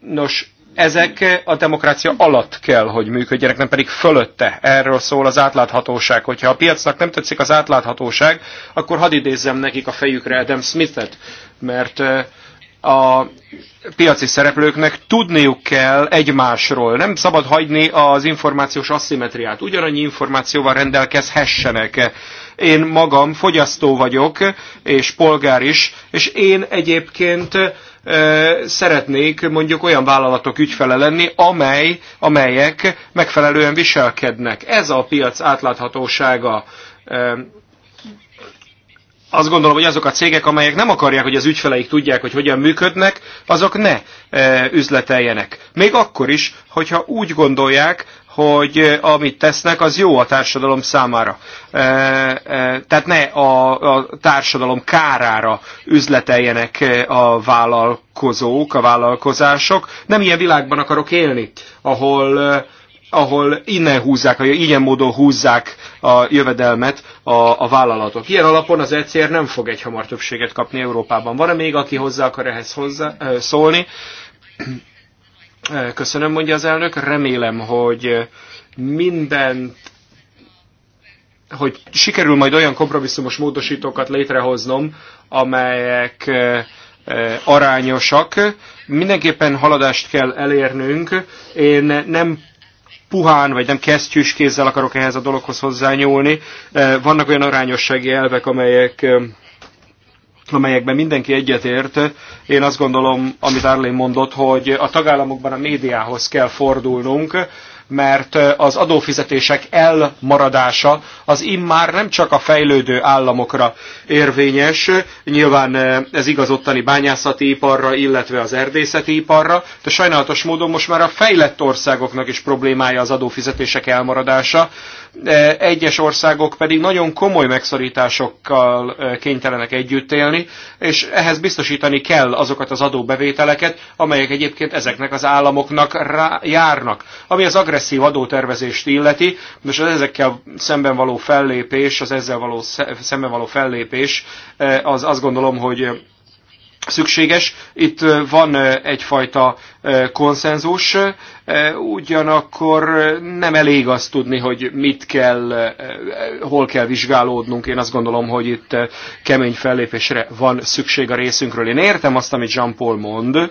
Nos, ezek a demokrácia alatt kell, hogy működjenek, nem pedig fölötte. Erről szól az átláthatóság. Hogyha a piacnak nem tetszik az átláthatóság, akkor hadd idézzem nekik a fejükre Adam Smith-et, mert a piaci szereplőknek tudniuk kell egymásról. Nem szabad hagyni az információs asszimetriát. Ugyanannyi információval rendelkezhessenek. Én magam fogyasztó vagyok, és polgár is, és én egyébként szeretnék mondjuk olyan vállalatok ügyfele lenni, amely, amelyek megfelelően viselkednek. Ez a piac átláthatósága azt gondolom, hogy azok a cégek, amelyek nem akarják, hogy az ügyfeleik tudják, hogy hogyan működnek, azok ne e, üzleteljenek. Még akkor is, hogyha úgy gondolják, hogy e, amit tesznek, az jó a társadalom számára. E, e, tehát ne a, a társadalom kárára üzleteljenek e, a vállalkozók, a vállalkozások. Nem ilyen világban akarok élni, ahol... E, ahol innen húzzák, ilyen módon húzzák a jövedelmet a, a vállalatok. Ilyen alapon az ECR nem fog egy hamar többséget kapni Európában. Van-e még, aki hozzá akar ehhez hozzá, szólni? Köszönöm, mondja az elnök. Remélem, hogy mindent hogy sikerül majd olyan kompromisszumos módosítókat létrehoznom, amelyek arányosak. Mindenképpen haladást kell elérnünk. Én nem puhán, vagy nem kesztyűs kézzel akarok ehhez a dologhoz hozzányúlni. Eh, vannak olyan arányossági elvek, amelyek eh, amelyekben mindenki egyetért. Én azt gondolom, amit Arlén mondott, hogy a tagállamokban a médiához kell fordulnunk, mert az adófizetések elmaradása az immár nem csak a fejlődő államokra érvényes, nyilván ez igaz ottani bányászati iparra, illetve az erdészeti iparra, de sajnálatos módon most már a fejlett országoknak is problémája az adófizetések elmaradása, E, egyes országok pedig nagyon komoly megszorításokkal e, kénytelenek együtt élni, és ehhez biztosítani kell azokat az adóbevételeket, amelyek egyébként ezeknek az államoknak rá, járnak. Ami az agresszív adótervezést illeti, most az ezekkel szemben való fellépés, az ezzel való szemben való fellépés, e, az azt gondolom, hogy szükséges. Itt van egyfajta konszenzus, ugyanakkor nem elég azt tudni, hogy mit kell, hol kell vizsgálódnunk. Én azt gondolom, hogy itt kemény fellépésre van szükség a részünkről. Én értem azt, amit Jean-Paul mond,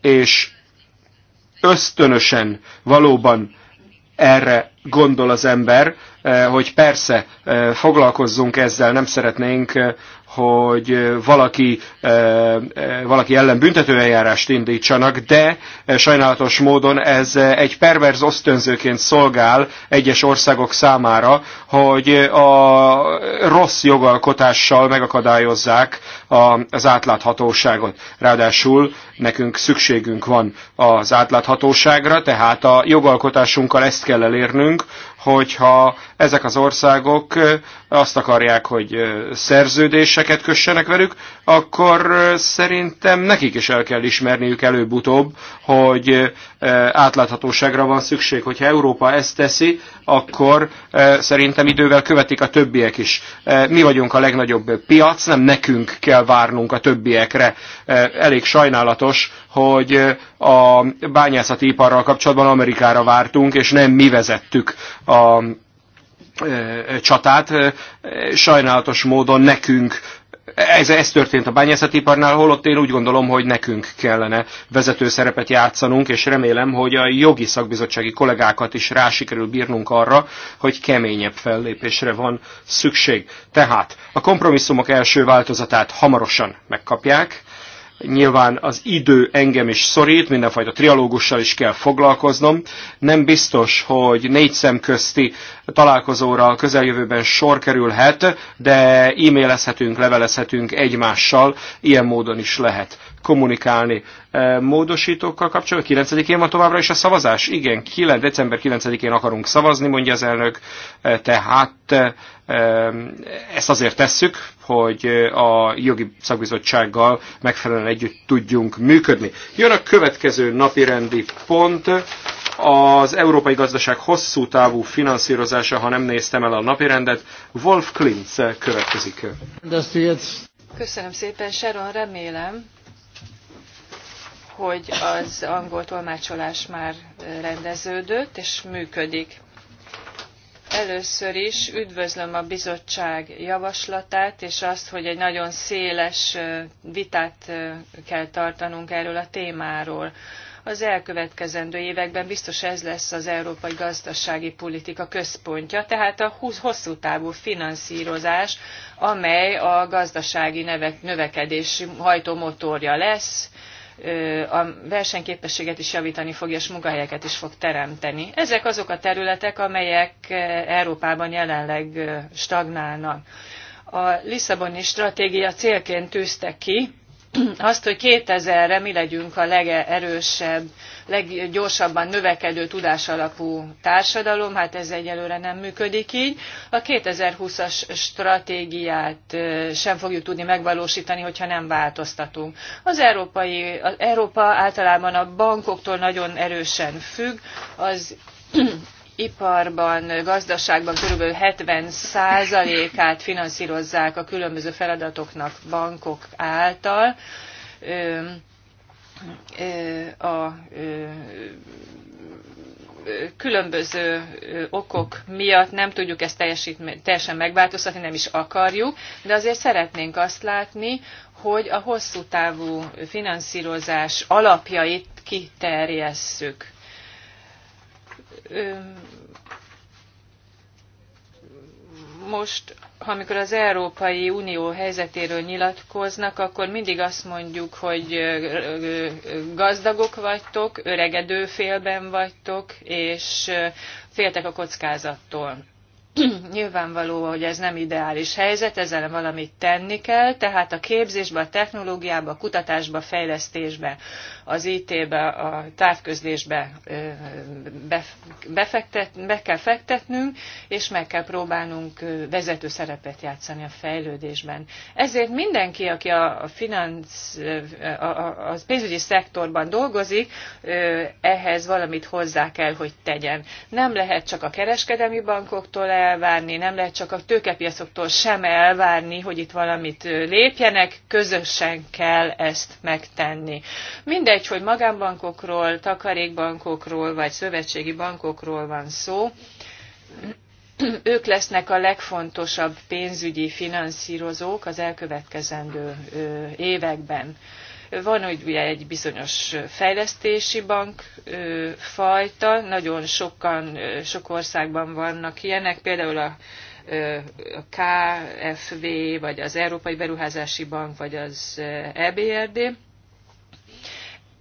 és ösztönösen valóban erre gondol az ember, hogy persze foglalkozzunk ezzel, nem szeretnénk hogy valaki, valaki ellen büntetőeljárást indítsanak, de sajnálatos módon ez egy perverz ösztönzőként szolgál egyes országok számára, hogy a rossz jogalkotással megakadályozzák az átláthatóságot. Ráadásul nekünk szükségünk van az átláthatóságra, tehát a jogalkotásunkkal ezt kell elérnünk, hogyha ezek az országok azt akarják, hogy szerződéseket kössenek velük, akkor szerintem nekik is el kell ismerniük előbb-utóbb, hogy átláthatóságra van szükség. Hogyha Európa ezt teszi, akkor szerintem idővel követik a többiek is. Mi vagyunk a legnagyobb piac, nem nekünk kell várnunk a többiekre. Elég sajnálatos, hogy a bányászati iparral kapcsolatban Amerikára vártunk, és nem mi vezettük a csatát. Sajnálatos módon nekünk ez, ez történt a bányászatiparnál, holott én úgy gondolom, hogy nekünk kellene vezető szerepet játszanunk, és remélem, hogy a jogi szakbizottsági kollégákat is rá sikerül bírnunk arra, hogy keményebb fellépésre van szükség. Tehát a kompromisszumok első változatát hamarosan megkapják, Nyilván az idő engem is szorít, mindenfajta trialógussal is kell foglalkoznom. Nem biztos, hogy négy szemközti találkozóra a közeljövőben sor kerülhet, de e-mailezhetünk, levelezhetünk egymással, ilyen módon is lehet kommunikálni. E, módosítókkal kapcsolatban 9-én van továbbra is a szavazás? Igen, 9, december 9-én akarunk szavazni, mondja az elnök, e, tehát e, ezt azért tesszük, hogy a jogi szakbizottsággal megfelelően együtt tudjunk működni. Jön a következő napi rendi pont, az európai gazdaság hosszú távú finanszírozása, ha nem néztem el a napirendet. Wolf Klintz következik. Köszönöm szépen, Sharon, remélem, hogy az angol tolmácsolás már rendeződött és működik. Először is üdvözlöm a bizottság javaslatát, és azt, hogy egy nagyon széles vitát kell tartanunk erről a témáról. Az elkövetkezendő években biztos ez lesz az európai gazdasági politika központja, tehát a hosszú távú finanszírozás, amely a gazdasági növekedési hajtómotorja lesz, a versenyképességet is javítani fog, és munkahelyeket is fog teremteni. Ezek azok a területek, amelyek Európában jelenleg stagnálnak. A Lisszaboni stratégia célként tűzte ki, azt, hogy 2000-re mi legyünk a legerősebb, leggyorsabban növekedő tudásalapú társadalom, hát ez egyelőre nem működik így. A 2020-as stratégiát sem fogjuk tudni megvalósítani, hogyha nem változtatunk. Az európai, az Európa általában a bankoktól nagyon erősen függ, az iparban, gazdaságban kb. 70%-át finanszírozzák a különböző feladatoknak bankok által. A különböző okok miatt nem tudjuk ezt teljesen megváltoztatni, nem is akarjuk, de azért szeretnénk azt látni, hogy a hosszú távú finanszírozás alapjait kiterjesszük most, amikor az Európai Unió helyzetéről nyilatkoznak, akkor mindig azt mondjuk, hogy gazdagok vagytok, öregedő félben vagytok, és féltek a kockázattól. *clears throat* Nyilvánvaló, hogy ez nem ideális helyzet, ezzel valamit tenni kell, tehát a képzésbe, a technológiába, a kutatásba, a fejlesztésbe, az IT-be, a távközlésbe befektet, be kell fektetnünk, és meg kell próbálnunk vezető szerepet játszani a fejlődésben. Ezért mindenki, aki a, finansz, a, a, a pénzügyi szektorban dolgozik, ehhez valamit hozzá kell, hogy tegyen. Nem lehet csak a kereskedelmi bankoktól el, elvárni, nem lehet csak a tőkepiacoktól sem elvárni, hogy itt valamit lépjenek, közösen kell ezt megtenni. Mindegy, hogy magánbankokról, takarékbankokról vagy szövetségi bankokról van szó, ők lesznek a legfontosabb pénzügyi finanszírozók az elkövetkezendő években. Van ugye egy bizonyos fejlesztési bank fajta, nagyon sokan, sok országban vannak ilyenek, például a a KFV, vagy az Európai Beruházási Bank, vagy az EBRD.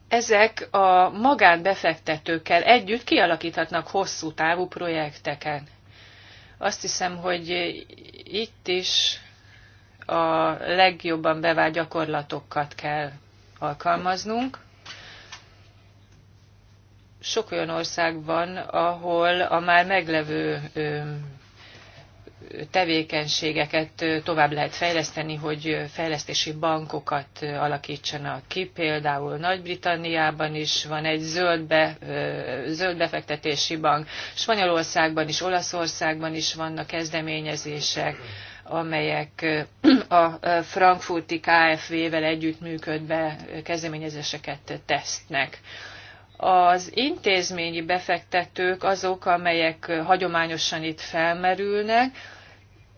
Ezek a magánbefektetőkkel együtt kialakíthatnak hosszú távú projekteken. Azt hiszem, hogy itt is a legjobban bevált gyakorlatokat kell alkalmaznunk. Sok olyan ország van, ahol a már meglevő tevékenységeket tovább lehet fejleszteni, hogy fejlesztési bankokat alakítsanak ki. Például Nagy-Britanniában is van egy be, zöld befektetési bank, Spanyolországban is, Olaszországban is vannak kezdeményezések amelyek a frankfurti KFV-vel együttműködve kezdeményezéseket tesznek. Az intézményi befektetők azok, amelyek hagyományosan itt felmerülnek,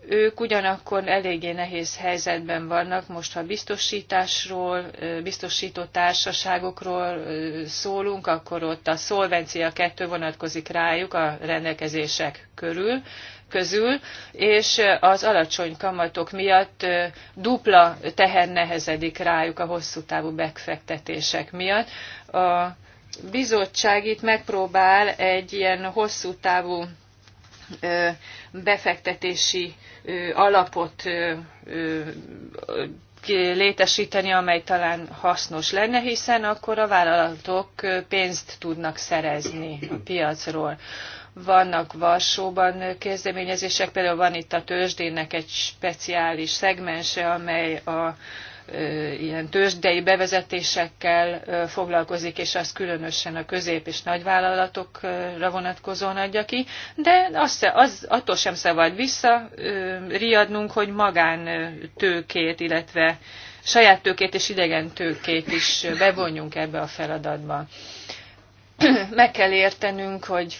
ők ugyanakkor eléggé nehéz helyzetben vannak, most ha biztosításról, biztosító társaságokról szólunk, akkor ott a szolvencia kettő vonatkozik rájuk a rendelkezések körül, közül, és az alacsony kamatok miatt dupla teher nehezedik rájuk a hosszú távú befektetések miatt. A bizottság itt megpróbál egy ilyen hosszú távú befektetési alapot létesíteni, amely talán hasznos lenne, hiszen akkor a vállalatok pénzt tudnak szerezni a piacról. Vannak Varsóban kezdeményezések, például van itt a tőzsdének egy speciális szegmense, amely a ilyen tőzsdei bevezetésekkel foglalkozik, és az különösen a közép- és nagyvállalatokra vonatkozóan adja ki, de az, az, attól sem szabad vissza riadnunk, hogy magán tőkét, illetve saját tőkét és idegen tőkét is bevonjunk ebbe a feladatba. Meg kell értenünk, hogy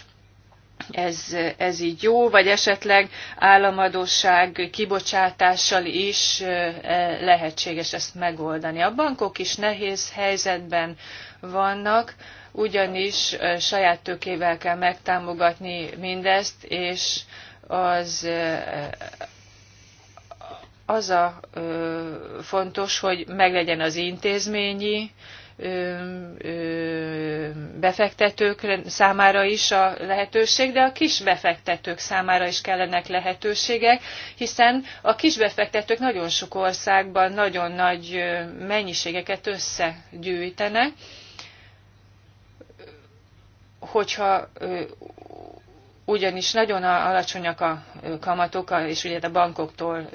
ez, ez így jó, vagy esetleg államadóság kibocsátással is e, lehetséges ezt megoldani. A bankok is nehéz helyzetben vannak, ugyanis saját tökével kell megtámogatni mindezt, és az, az a fontos, hogy meglegyen az intézményi befektetők számára is a lehetőség, de a kis befektetők számára is kellenek lehetőségek, hiszen a kis befektetők nagyon sok országban nagyon nagy mennyiségeket összegyűjtenek, hogyha ugyanis nagyon alacsonyak a kamatok, és ugye a bankoktól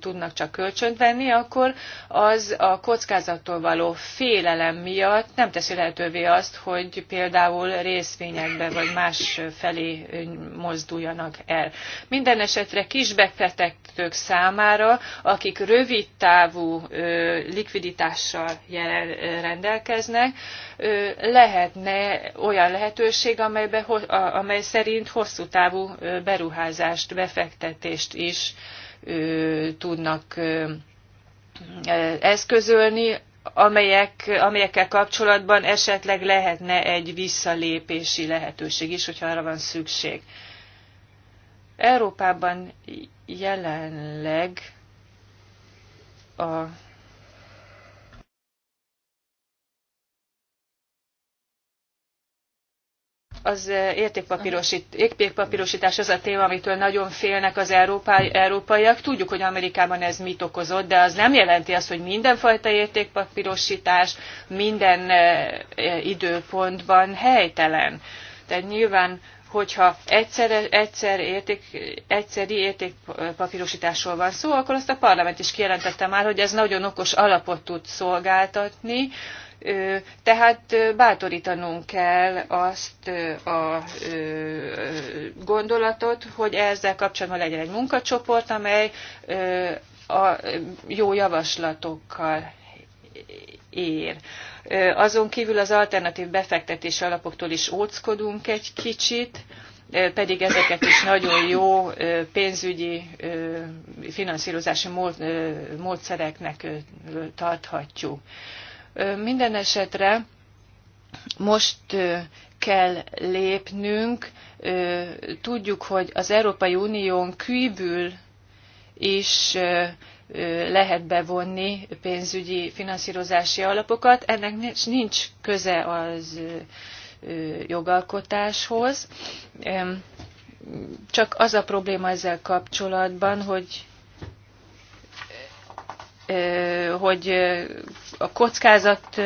tudnak csak kölcsönt venni, akkor az a kockázattól való félelem miatt nem teszi lehetővé azt, hogy például részvényekbe vagy más felé mozduljanak el. Minden esetre kisbefektetők számára, akik rövid távú likviditással jelen, rendelkeznek, lehetne olyan lehetőség, amelybe, amely szerint hosszú távú beruházást, befektetést is tudnak eszközölni, amelyek, amelyekkel kapcsolatban esetleg lehetne egy visszalépési lehetőség is, hogyha arra van szükség. Európában jelenleg a az eh, értékpapírosítás az a téma, amitől nagyon félnek az európai, európaiak. Tudjuk, hogy Amerikában ez mit okozott, de az nem jelenti azt, hogy mindenfajta értékpapírosítás minden eh, eh, időpontban helytelen. Tehát nyilván hogyha egyszer, egyszer érték, egyszeri értékpapírosításról van szó, akkor azt a parlament is kijelentette már, hogy ez nagyon okos alapot tud szolgáltatni tehát bátorítanunk kell azt a gondolatot, hogy ezzel kapcsolatban legyen egy munkacsoport, amely a jó javaslatokkal ér. Azon kívül az alternatív befektetési alapoktól is óckodunk egy kicsit, pedig ezeket is nagyon jó pénzügyi finanszírozási módszereknek tarthatjuk. Minden esetre most kell lépnünk. Tudjuk, hogy az Európai Unión kívül is lehet bevonni pénzügyi finanszírozási alapokat. Ennek nincs köze az jogalkotáshoz. Csak az a probléma ezzel kapcsolatban, hogy hogy a kockázat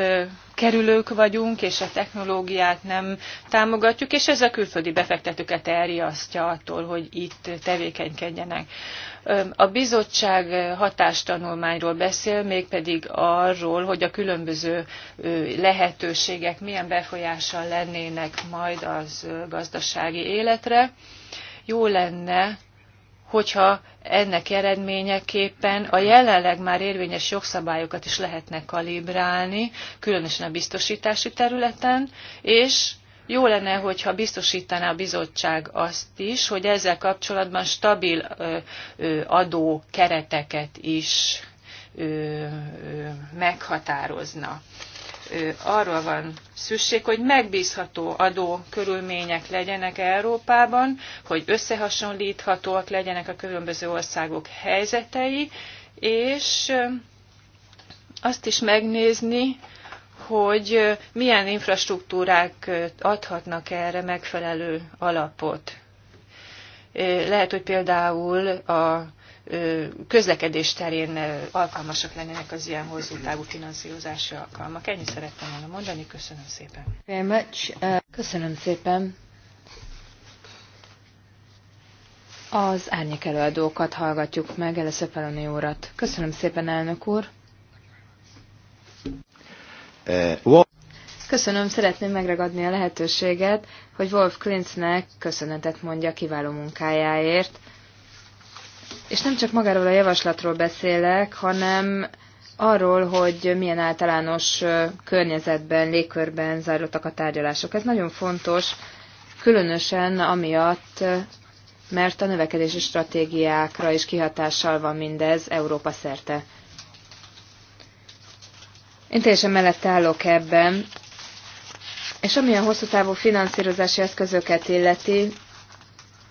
kerülők vagyunk, és a technológiát nem támogatjuk, és ez a külföldi befektetőket elriasztja attól, hogy itt tevékenykedjenek. A bizottság hatástanulmányról beszél, mégpedig arról, hogy a különböző lehetőségek milyen befolyással lennének majd az gazdasági életre. Jó lenne, hogyha ennek eredményeképpen a jelenleg már érvényes jogszabályokat is lehetne kalibrálni, különösen a biztosítási területen, és jó lenne, hogyha biztosítaná a bizottság azt is, hogy ezzel kapcsolatban stabil adó kereteket is meghatározna arról van szükség, hogy megbízható adó körülmények legyenek Európában, hogy összehasonlíthatóak legyenek a különböző országok helyzetei, és azt is megnézni, hogy milyen infrastruktúrák adhatnak erre megfelelő alapot. Lehet, hogy például a közlekedés terén alkalmasak lennének az ilyen hosszú távú finanszírozási alkalmak. Ennyi szerettem volna mondani, köszönöm szépen. Uh, köszönöm szépen. Az árnyék előadókat hallgatjuk meg, először Feloni úrat. Köszönöm szépen, elnök úr. Uh, köszönöm, szeretném megragadni a lehetőséget, hogy Wolf Klinznek köszönetet mondja kiváló munkájáért és nem csak magáról a javaslatról beszélek, hanem arról, hogy milyen általános környezetben, légkörben zajlottak a tárgyalások. Ez nagyon fontos, különösen amiatt, mert a növekedési stratégiákra is kihatással van mindez Európa szerte. Én teljesen mellett állok ebben, és amilyen hosszú távú finanszírozási eszközöket illeti,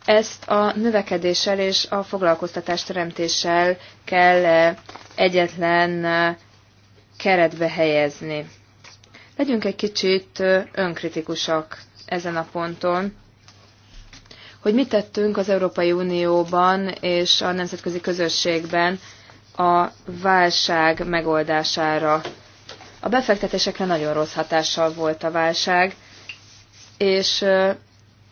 ezt a növekedéssel és a foglalkoztatás teremtéssel kell eh, egyetlen eh, keretbe helyezni. Legyünk egy kicsit eh, önkritikusak ezen a ponton, hogy mit tettünk az Európai Unióban és a nemzetközi közösségben a válság megoldására. A befektetésekre nagyon rossz hatással volt a válság, és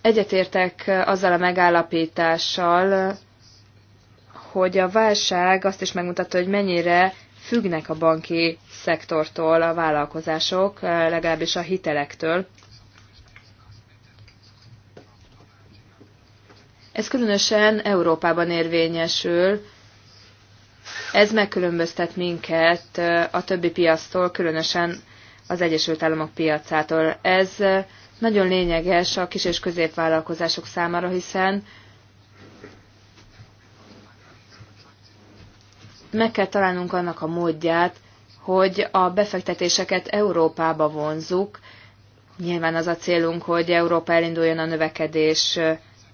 Egyetértek azzal a megállapítással, hogy a válság azt is megmutatta, hogy mennyire függnek a banki szektortól a vállalkozások, legalábbis a hitelektől. Ez különösen Európában érvényesül. Ez megkülönböztet minket a többi piactól, különösen az Egyesült Államok piacától. Ez nagyon lényeges a kis- és középvállalkozások számára, hiszen meg kell találnunk annak a módját, hogy a befektetéseket Európába vonzuk. Nyilván az a célunk, hogy Európa elinduljon a növekedés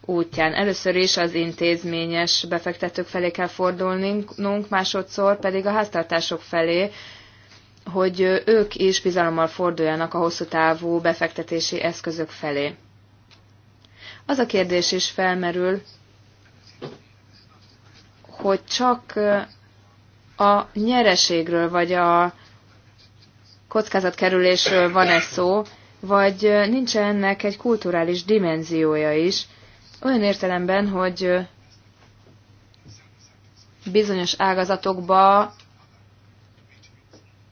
útján. Először is az intézményes befektetők felé kell fordulnunk, másodszor pedig a háztartások felé, hogy ők is bizalommal forduljanak a hosszú távú befektetési eszközök felé. Az a kérdés is felmerül, hogy csak a nyereségről vagy a kockázatkerülésről van-e szó, vagy nincs -e ennek egy kulturális dimenziója is, olyan értelemben, hogy bizonyos ágazatokba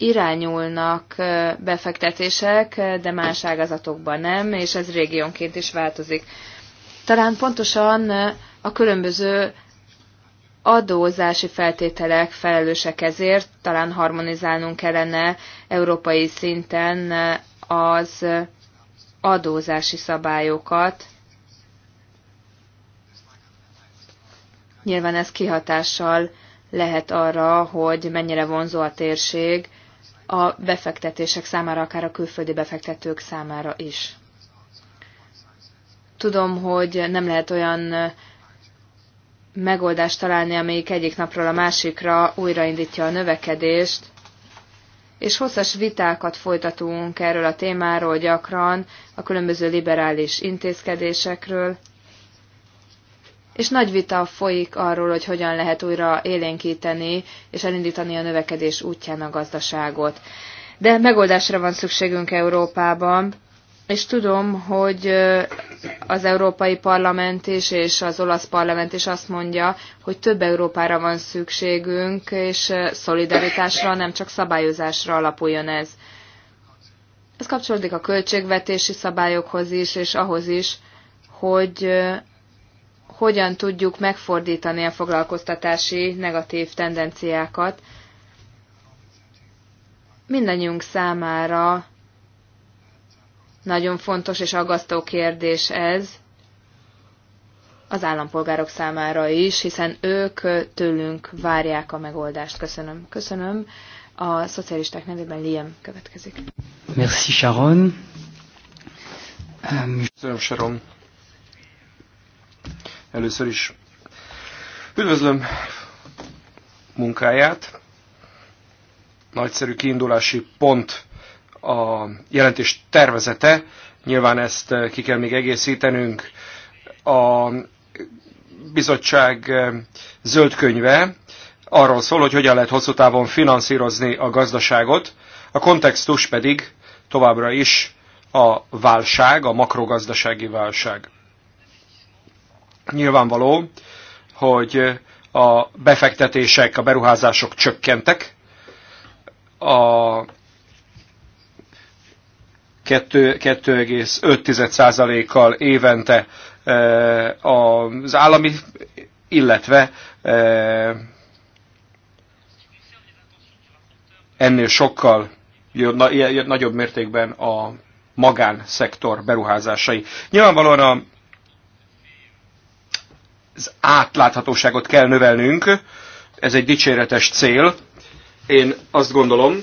irányulnak befektetések, de más ágazatokban nem, és ez régiónként is változik. Talán pontosan a különböző adózási feltételek felelősek ezért, talán harmonizálnunk kellene európai szinten az adózási szabályokat. Nyilván ez kihatással lehet arra, hogy mennyire vonzó a térség a befektetések számára, akár a külföldi befektetők számára is. Tudom, hogy nem lehet olyan megoldást találni, amelyik egyik napról a másikra újraindítja a növekedést, és hosszas vitákat folytatunk erről a témáról gyakran, a különböző liberális intézkedésekről, és nagy vita folyik arról, hogy hogyan lehet újra élénkíteni és elindítani a növekedés útján a gazdaságot. De megoldásra van szükségünk Európában, és tudom, hogy az Európai Parlament is, és az olasz parlament is azt mondja, hogy több Európára van szükségünk, és szolidaritásra, nem csak szabályozásra alapuljon ez. Ez kapcsolódik a költségvetési szabályokhoz is, és ahhoz is, hogy hogyan tudjuk megfordítani a foglalkoztatási negatív tendenciákat. Mindannyiunk számára nagyon fontos és aggasztó kérdés ez az állampolgárok számára is, hiszen ők tőlünk várják a megoldást. Köszönöm. Köszönöm. A szocialisták nevében Liam következik. Merci Sharon. Köszönöm Sharon. Először is üdvözlöm munkáját. Nagyszerű kiindulási pont a jelentés tervezete. Nyilván ezt eh, ki kell még egészítenünk. A bizottság eh, zöld könyve arról szól, hogy hogyan lehet hosszú távon finanszírozni a gazdaságot, a kontextus pedig továbbra is a válság, a makrogazdasági válság. Nyilvánvaló, hogy a befektetések, a beruházások csökkentek. A 2,5%-kal évente e, az állami, illetve e, ennél sokkal nagyobb mértékben a magánszektor beruházásai. Nyilvánvalóan a az átláthatóságot kell növelnünk, ez egy dicséretes cél. Én azt gondolom,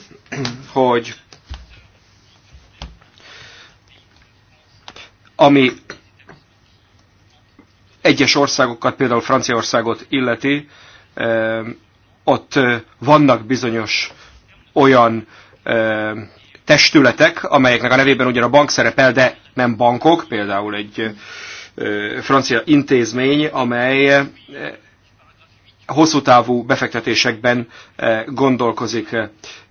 hogy ami egyes országokat, például Franciaországot illeti, eh, ott eh, vannak bizonyos olyan eh, testületek, amelyeknek a nevében ugyan a bank szerepel, de nem bankok, például egy francia intézmény, amely hosszú távú befektetésekben gondolkozik.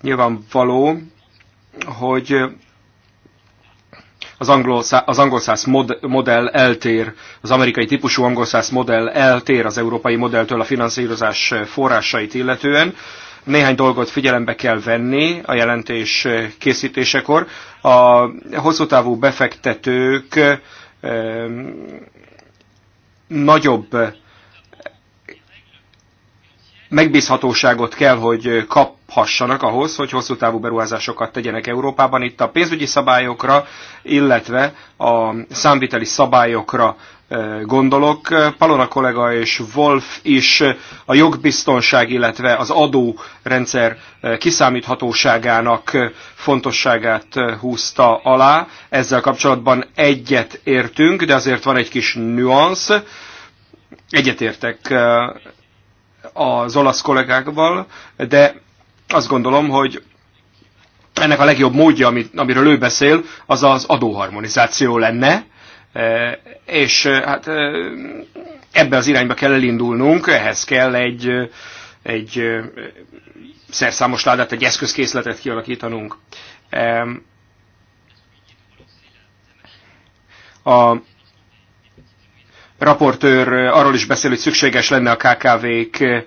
Nyilvánvaló, hogy az angol, az angol száz mod, modell eltér, az amerikai típusú angol száz modell eltér az európai modelltől a finanszírozás forrásait illetően. Néhány dolgot figyelembe kell venni a jelentés készítésekor. A hosszú távú befektetők nagyobb megbízhatóságot kell, hogy kaphassanak ahhoz, hogy hosszú távú beruházásokat tegyenek Európában. Itt a pénzügyi szabályokra, illetve a számviteli szabályokra gondolok. Palona kollega és Wolf is a jogbiztonság, illetve az adórendszer kiszámíthatóságának fontosságát húzta alá. Ezzel kapcsolatban egyet értünk, de azért van egy kis nüansz. Egyetértek az olasz kollégákval, de azt gondolom, hogy ennek a legjobb módja, amiről ő beszél, az az adóharmonizáció lenne, Eh, és eh, hát eh, ebbe az irányba kell elindulnunk, ehhez kell egy, egy szerszámos ládát, egy eszközkészletet kialakítanunk. A raportőr arról is beszél, hogy szükséges lenne a KKV-k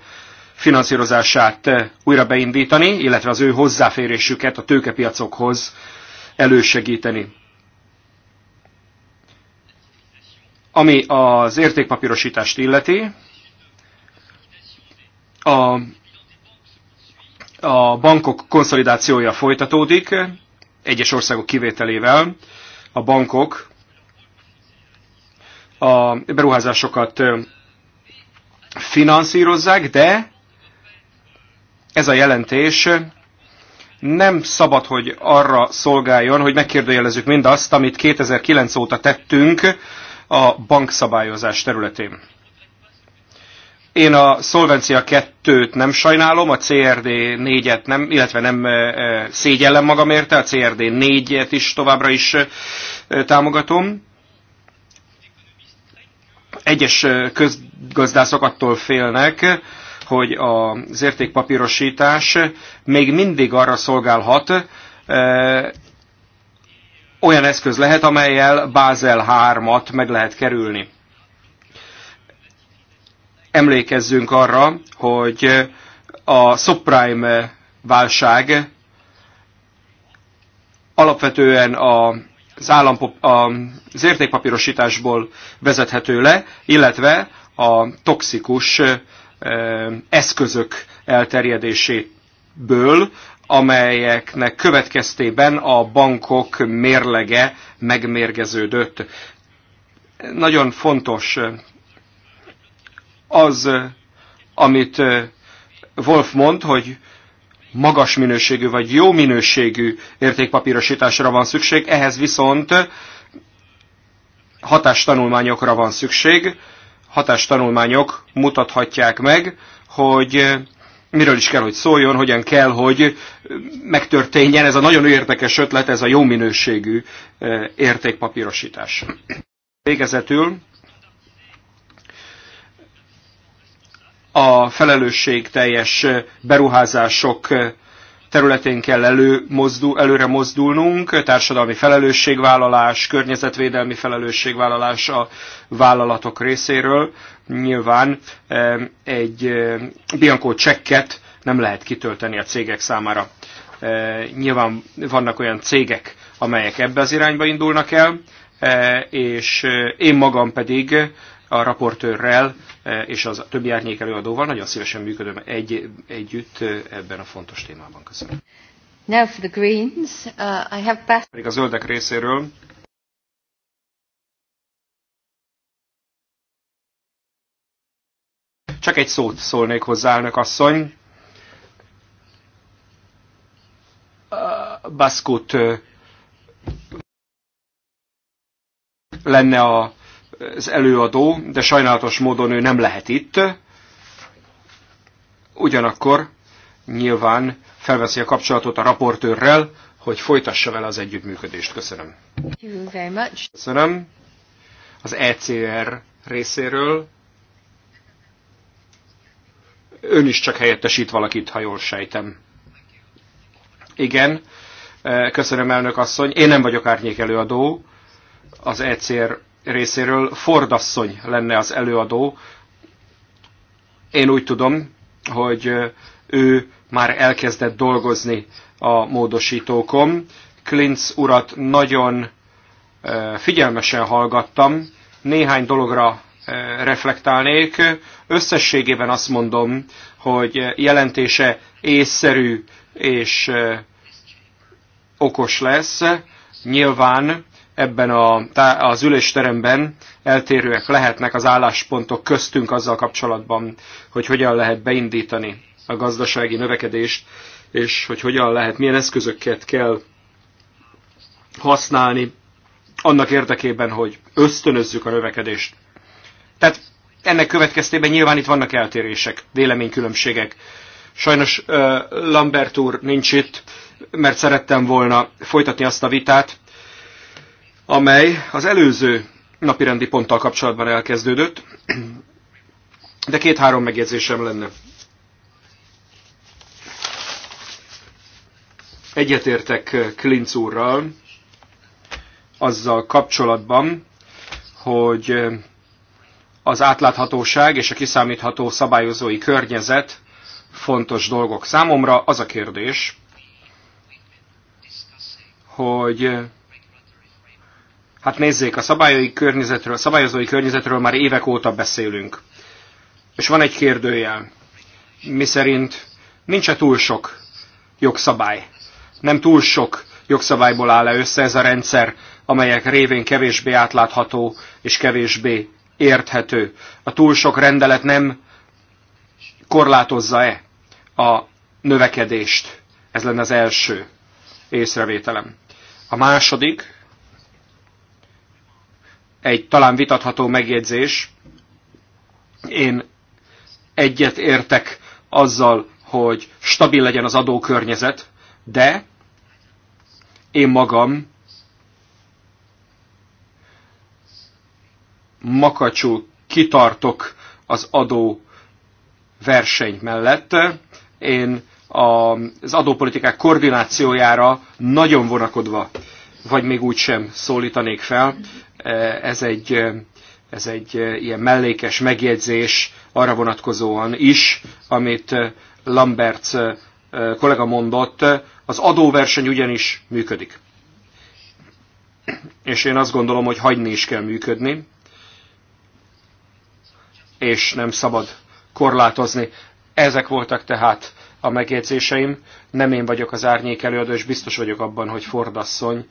finanszírozását újra beindítani, illetve az ő hozzáférésüket a tőkepiacokhoz elősegíteni. Ami az értékpapírosítást illeti, a, a bankok konszolidációja folytatódik, egyes országok kivételével. A bankok a beruházásokat finanszírozzák, de ez a jelentés nem szabad, hogy arra szolgáljon, hogy megkérdőjelezzük mindazt, amit 2009 óta tettünk a bankszabályozás területén. Én a Szolvencia 2-t nem sajnálom, a CRD 4-et nem, illetve nem szégyellem magam érte, a CRD 4-et is továbbra is támogatom. Egyes közgazdászok attól félnek, hogy az értékpapírosítás még mindig arra szolgálhat, olyan eszköz lehet, amelyel Bázel 3-at meg lehet kerülni. Emlékezzünk arra, hogy a subprime válság alapvetően a az, állampop, az értékpapírosításból vezethető le, illetve a toxikus eszközök elterjedéséből, amelyeknek következtében a bankok mérlege megmérgeződött. Nagyon fontos az, amit Wolf mond, hogy magas minőségű vagy jó minőségű értékpapírosításra van szükség, ehhez viszont hatástanulmányokra van szükség. Hatástanulmányok mutathatják meg, hogy miről is kell, hogy szóljon, hogyan kell, hogy megtörténjen ez a nagyon érdekes ötlet, ez a jó minőségű értékpapírosítás. Végezetül a felelősségteljes beruházások területén kell elő, mozdul, előre mozdulnunk, társadalmi felelősségvállalás, környezetvédelmi felelősségvállalás a vállalatok részéről. Nyilván egy Bianco csekket nem lehet kitölteni a cégek számára. E, nyilván vannak olyan cégek, amelyek ebbe az irányba indulnak el, e, és én magam pedig a raportőrrel Eh, és az többi árnyék előadóval nagyon szívesen működöm egy, együtt eh, ebben a fontos témában. Köszönöm. Now for the Greens, uh, I have passed... Pedig a zöldek részéről Csak egy szót szólnék hozzá, elnök asszony. Baszkut eh, lenne a az előadó, de sajnálatos módon ő nem lehet itt. Ugyanakkor nyilván felveszi a kapcsolatot a raportőrrel, hogy folytassa vele az együttműködést. Köszönöm. Köszönöm. Az ECR részéről ön is csak helyettesít valakit, ha jól sejtem. Igen, köszönöm elnök asszony. Én nem vagyok árnyék előadó, az ECR részéről Fordasszony lenne az előadó. Én úgy tudom, hogy ő már elkezdett dolgozni a módosítókom. Klinc urat nagyon figyelmesen hallgattam, néhány dologra reflektálnék. Összességében azt mondom, hogy jelentése észszerű és okos lesz. Nyilván ebben a, az ülésteremben eltérőek lehetnek az álláspontok köztünk azzal kapcsolatban, hogy hogyan lehet beindítani a gazdasági növekedést, és hogy hogyan lehet, milyen eszközöket kell használni annak érdekében, hogy ösztönözzük a növekedést. Tehát ennek következtében nyilván itt vannak eltérések, véleménykülönbségek. Sajnos Lambert úr nincs itt, mert szerettem volna folytatni azt a vitát, amely az előző napirendi ponttal kapcsolatban elkezdődött, de két-három megjegyzésem lenne. Egyetértek Klinc úrral azzal kapcsolatban, hogy az átláthatóság és a kiszámítható szabályozói környezet fontos dolgok. Számomra az a kérdés, hogy Hát nézzék, a szabályozói környezetről, szabályozói környezetről már évek óta beszélünk. És van egy kérdőjel, szerint? nincs-e túl sok jogszabály? Nem túl sok jogszabályból áll-e össze ez a rendszer, amelyek révén kevésbé átlátható és kevésbé érthető? A túl sok rendelet nem korlátozza-e a növekedést? Ez lenne az első észrevételem. A második, egy talán vitatható megjegyzés. Én egyet értek azzal, hogy stabil legyen az adókörnyezet, de én magam makacsul kitartok az adó verseny mellett. Én az adópolitikák koordinációjára nagyon vonakodva, vagy még úgysem szólítanék fel. Eh, ez egy, eh, ez egy eh, ilyen mellékes megjegyzés arra vonatkozóan is, amit Lambert kollega mondott, az adóverseny ugyanis működik. És én azt gondolom, hogy hagyni is kell működni, és nem szabad korlátozni. Ezek voltak tehát a megjegyzéseim. Nem én vagyok az árnyék előadó, és biztos vagyok abban, hogy Fordasszony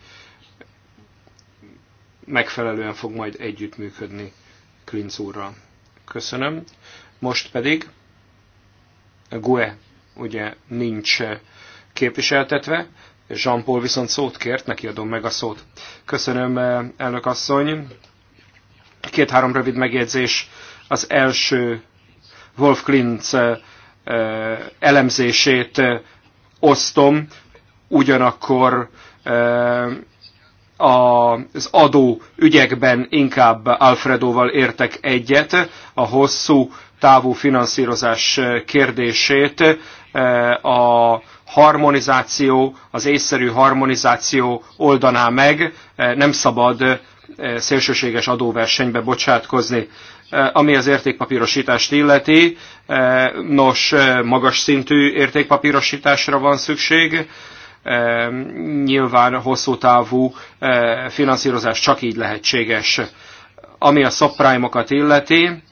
megfelelően fog majd együttműködni Klinc úrral. Köszönöm. Most pedig a GUE ugye nincs eh, képviseltetve, Jean-Paul viszont szót kért, neki adom meg a szót. Köszönöm, eh, elnök asszony. Két-három rövid megjegyzés. Az első Wolf Klintz eh, elemzését osztom, ugyanakkor az adó ügyekben inkább Alfredóval értek egyet, a hosszú távú finanszírozás kérdését eh, a harmonizáció, az észszerű harmonizáció oldaná meg, eh, nem szabad eh, szélsőséges adóversenybe bocsátkozni. Ami az értékpapírosítást illeti, nos, magas szintű értékpapírosításra van szükség, Ehm, nyilván hosszú távú eh, finanszírozás csak így lehetséges. Ami a subprime illeti,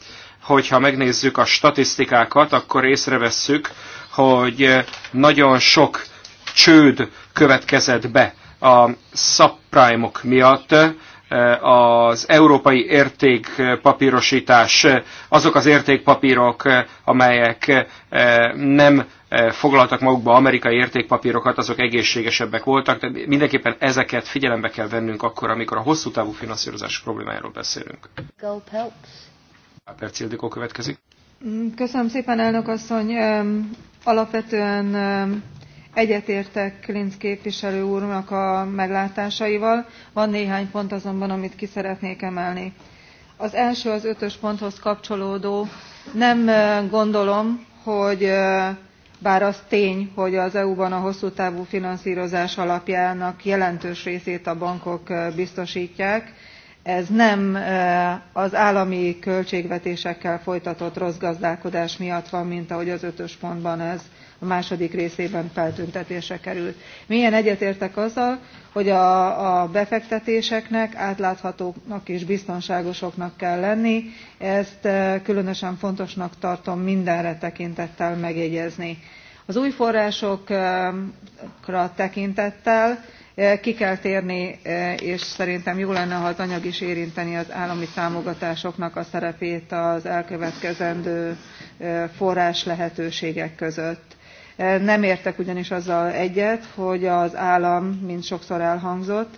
hogyha megnézzük a statisztikákat, akkor észrevesszük, hogy eh, nagyon sok csőd következett be a subprime -ok miatt, eh, az európai értékpapírosítás, azok az értékpapírok, amelyek nem Eh, foglaltak magukba amerikai értékpapírokat, azok egészségesebbek voltak, de mindenképpen ezeket figyelembe kell vennünk akkor, amikor a hosszú távú finanszírozás problémájáról beszélünk. Perc Ildikó következik. Mm, köszönöm szépen, elnök asszony. Alapvetően egyetértek Klinz képviselő úrnak a meglátásaival. Van néhány pont azonban, amit ki szeretnék emelni. Az első az ötös ponthoz kapcsolódó. Nem gondolom, hogy bár az tény hogy az eu ban a hosszú távú finanszrozás alapjának jelentős részét a bankok biztostják ez nem az állami költségvetésekkel folytatott rossz gazdálkodás miatt van mint ahogy az ötös pontban ez második részében feltüntetésre került. mélyen egyetértek azzal hogy a, a befektetéseknek átláthatóknak és biztonságosoknak kell lenni ezt eh, különösen fontosnak tartom mindenre tekintettel megjegyezni. az új forrásokra tekintettel eh, ki kell térni eh, és szerintem jó lenne ha az anyag is érinteni az állami támogatásoknak a szerepét az elkövetkezendő forrás lehetőségek között nem értek ugyanis azzal egyet hogy az állam mint sokszor elhangzott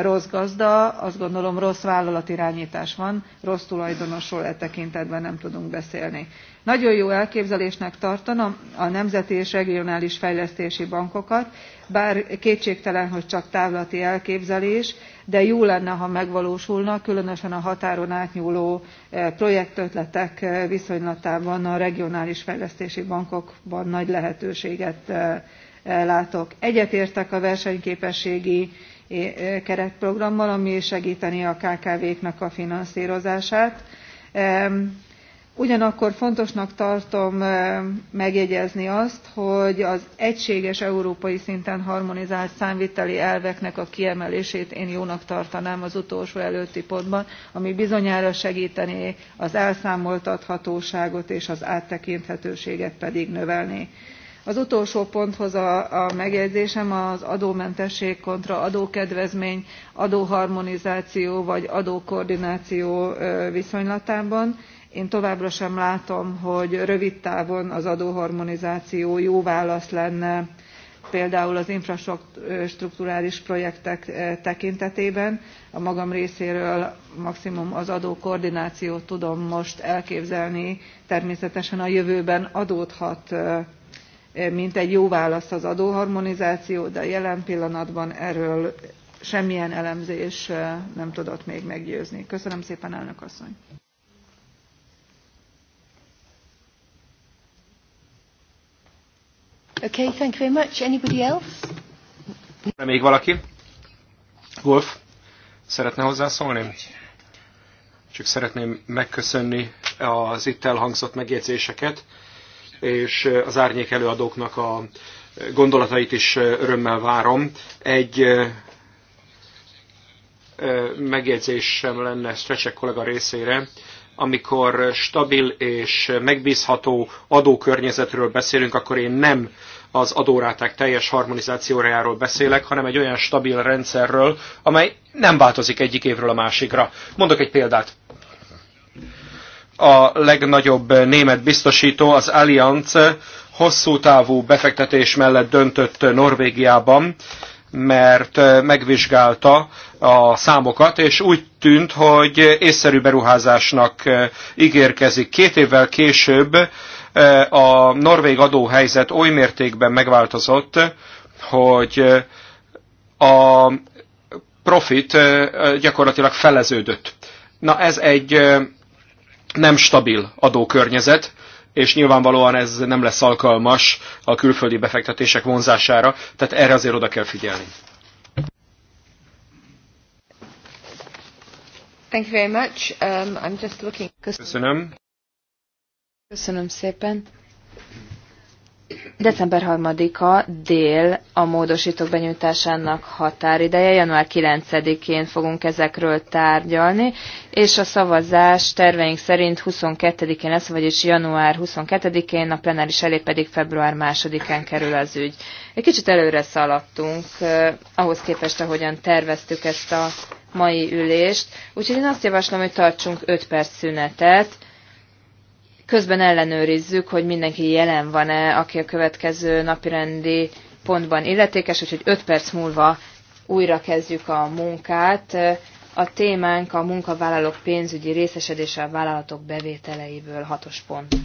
rossz gazda azt gondolom rossz vállalatiránytás van rossz tulajdonosról e tekintetben nem tudunk beszélni nagyon jó elképzelésnek tartom a nemzeti és regionális fejlesztési bankokat bár kétségtelen hogy csak távlati elképzelés de jó lenne ha megvalósulna különösen a határon átnyúló eh, projektötletek eh, viszonylatában a regionális fejlesztési bankokban nagy lehetőséget eh, látok. egyetértek a versenyképességi keretprogrammal ami segteni a kkv knak a finanszrozását ugyanakkor fontosnak tartom megjegyezni azt hogy az egységes európai szinten harmonizált számviteli elveknek a kiemelését én jónak tartanám az utolsó előtti pontban ami bizonyára segtené az elszámoltathatóságot és az áttekinthetőséget pedig növelné. az utolsó ponthoz a, a megjegyzésem az adómentesség kontra adókedvezmény adóharmonizáció vagy adókoordináció viszonylatában én továbbra sem látom hogy rövid távon az adóharmonizáció jó válasz lenne például az infrastrukturális projektek eh, tekintetében a magam részéről maximum az adókoordinációt tudom most elképzelni természetesen a jövőben adódhat eh, mint egy jó válasz az adóharmonizáció de jelen pillanatban erről semmilyen elemzés eh, nem tudott még meggyőzni. köszönöm szépen elnök asszony! Okay, thank you very much. Anybody else? Még valaki? Wolf, szeretne hozzászólni? Csak szeretném megköszönni az itt elhangzott megjegyzéseket, és az árnyék előadóknak a gondolatait is örömmel várom. Egy sem lenne Strecek kollega részére amikor stabil és megbízható adókörnyezetről beszélünk, akkor én nem az adóráták teljes harmonizációjáról beszélek, hanem egy olyan stabil rendszerről, amely nem változik egyik évről a másikra. Mondok egy példát. A legnagyobb német biztosító, az Allianz, hosszú távú befektetés mellett döntött Norvégiában, mert megvizsgálta a számokat, és úgy tűnt, hogy észszerű beruházásnak ígérkezik. Két évvel később a norvég adóhelyzet oly mértékben megváltozott, hogy a profit gyakorlatilag feleződött. Na ez egy nem stabil adókörnyezet, és nyilvánvalóan ez nem lesz alkalmas a külföldi befektetések vonzására, tehát erre azért oda kell figyelni. Thank you very much. Um, I'm just looking. Köszönöm. Köszönöm szépen. December 3-a dél a módosítók benyújtásának határideje, január 9-én fogunk ezekről tárgyalni, és a szavazás terveink szerint 22-én lesz, vagyis január 22-én, a plenáris elé pedig február 2-án kerül az ügy. Egy kicsit előre szaladtunk eh, ahhoz képest, ahogyan terveztük ezt a mai ülést, úgyhogy én azt javaslom, hogy tartsunk 5 perc szünetet, Közben ellenőrizzük, hogy mindenki jelen van-e, aki a következő napirendi pontban illetékes, úgyhogy 5 perc múlva újra kezdjük a munkát. A témánk a munkavállalók pénzügyi részesedése a vállalatok bevételeiből hatos pont.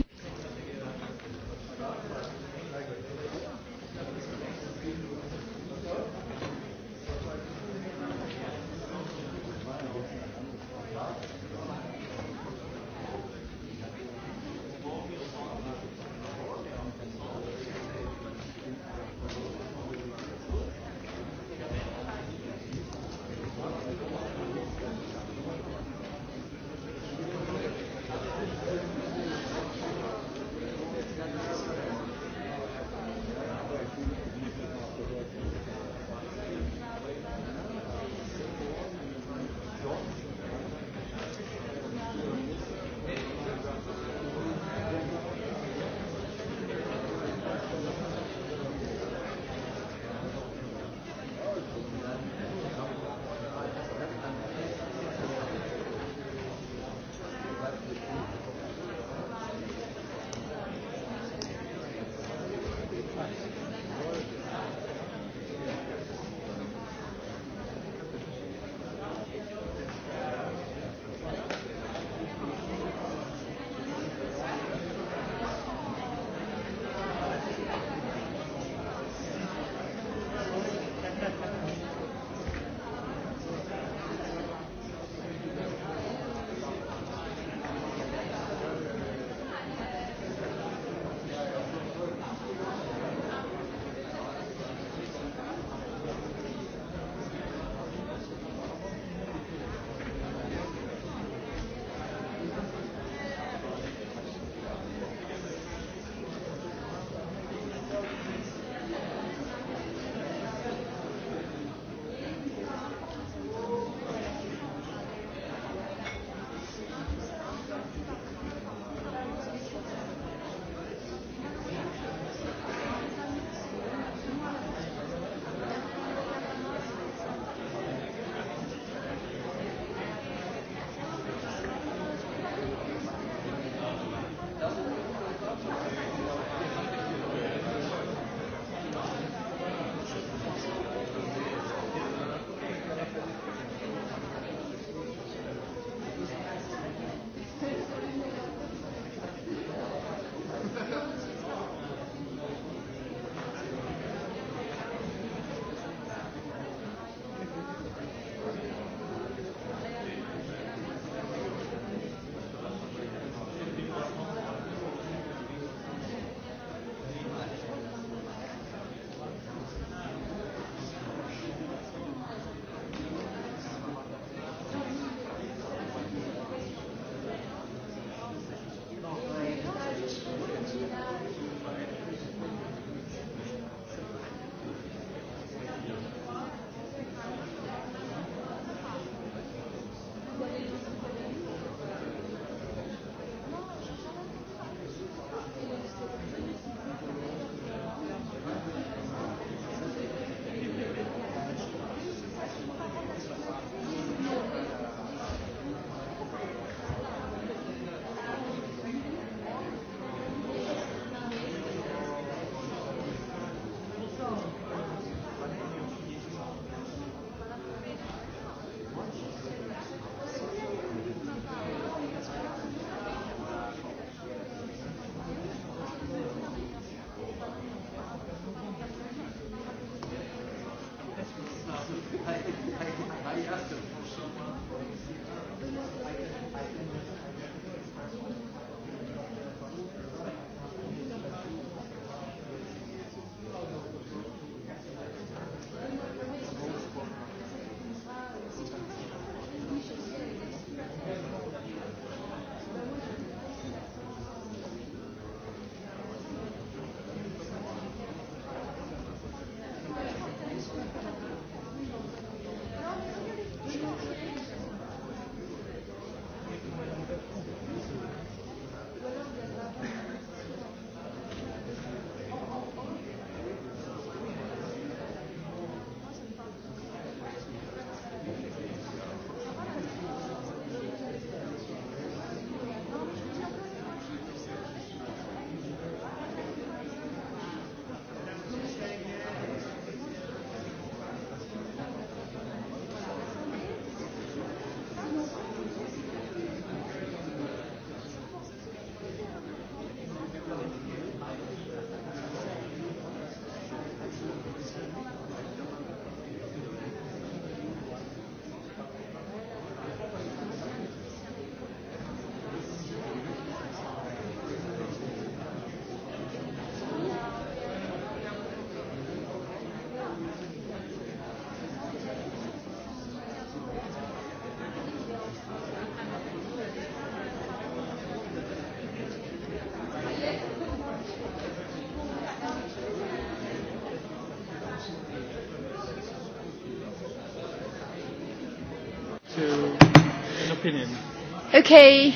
Okay.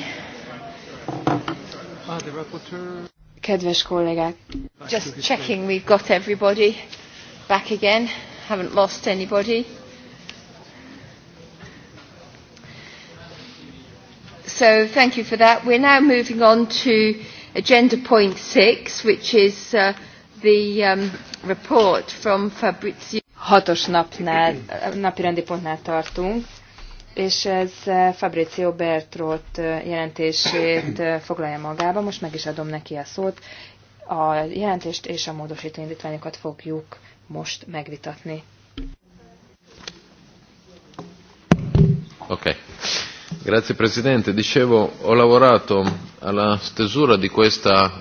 Kedves kollégák. Just checking we've got everybody back again. Haven't lost anybody. So thank you for that. We're now moving on to agenda point six, which is uh, the um, report from Fabrizio. Hatos napnál, napi rendi pontnál tartunk és ez eh, Fabrizio Bertrot eh, jelentését eh, foglalja magába. Most meg is adom neki a szót. A jelentést és a módosító indítványokat fogjuk most megvitatni. Ok. Grazie Presidente. Dicevo, ho lavorato alla stesura di questa...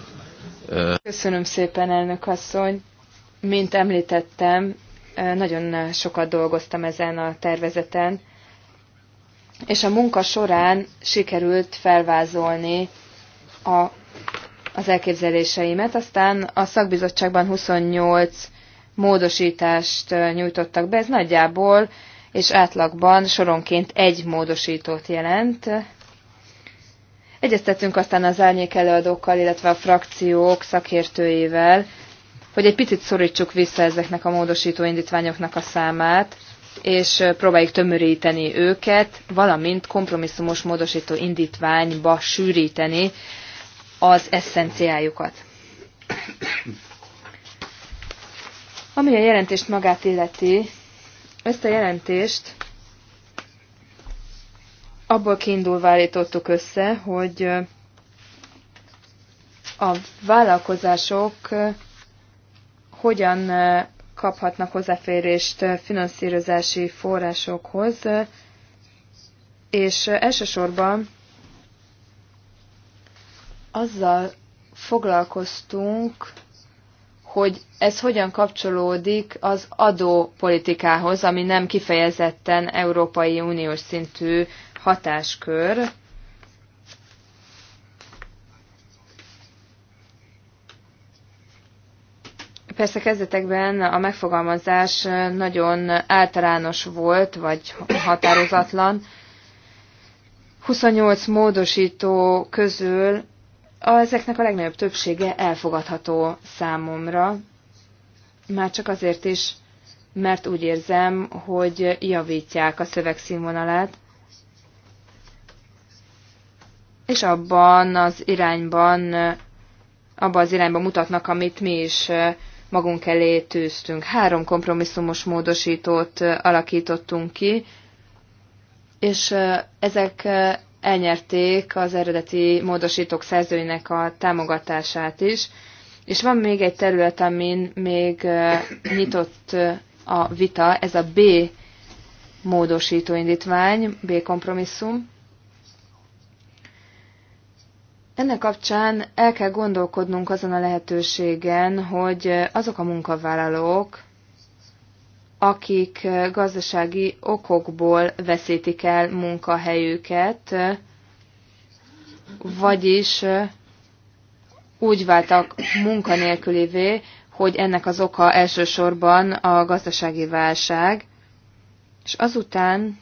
Eh... Köszönöm szépen, elnök asszony. Mint említettem, nagyon sokat dolgoztam ezen a tervezeten és a munka során sikerült felvázolni a, az elképzeléseimet. Aztán a szakbizottságban 28 módosítást nyújtottak be, ez nagyjából és átlagban soronként egy módosítót jelent. Egyeztettünk aztán az árnyék előadókkal, illetve a frakciók szakértőivel, hogy egy picit szorítsuk vissza ezeknek a módosító indítványoknak a számát, és próbáljuk tömöríteni őket, valamint kompromisszumos módosító indítványba sűríteni az eszenciájukat. Ami a jelentést magát illeti, ezt a jelentést abból kiindulva állítottuk össze, hogy a vállalkozások hogyan kaphatnak hozzáférést finanszírozási forrásokhoz, és elsősorban azzal foglalkoztunk, hogy ez hogyan kapcsolódik az adópolitikához, ami nem kifejezetten Európai Uniós szintű hatáskör. Persze kezdetekben a megfogalmazás nagyon általános volt, vagy határozatlan. 28 módosító közül ezeknek a legnagyobb többsége elfogadható számomra, már csak azért is, mert úgy érzem, hogy javítják a szövegszínvonalát, és abban az irányban, abban az irányban mutatnak, amit mi is magunk elé tűztünk. Három kompromisszumos módosítót alakítottunk ki, és ezek elnyerték az eredeti módosítók szerzőinek a támogatását is, és van még egy terület, amin még nyitott a vita, ez a B módosító indítvány, B kompromisszum. Ennek kapcsán el kell gondolkodnunk azon a lehetőségen, hogy azok a munkavállalók, akik gazdasági okokból veszítik el munkahelyüket, vagyis úgy váltak munkanélkülévé, hogy ennek az oka elsősorban a gazdasági válság, és azután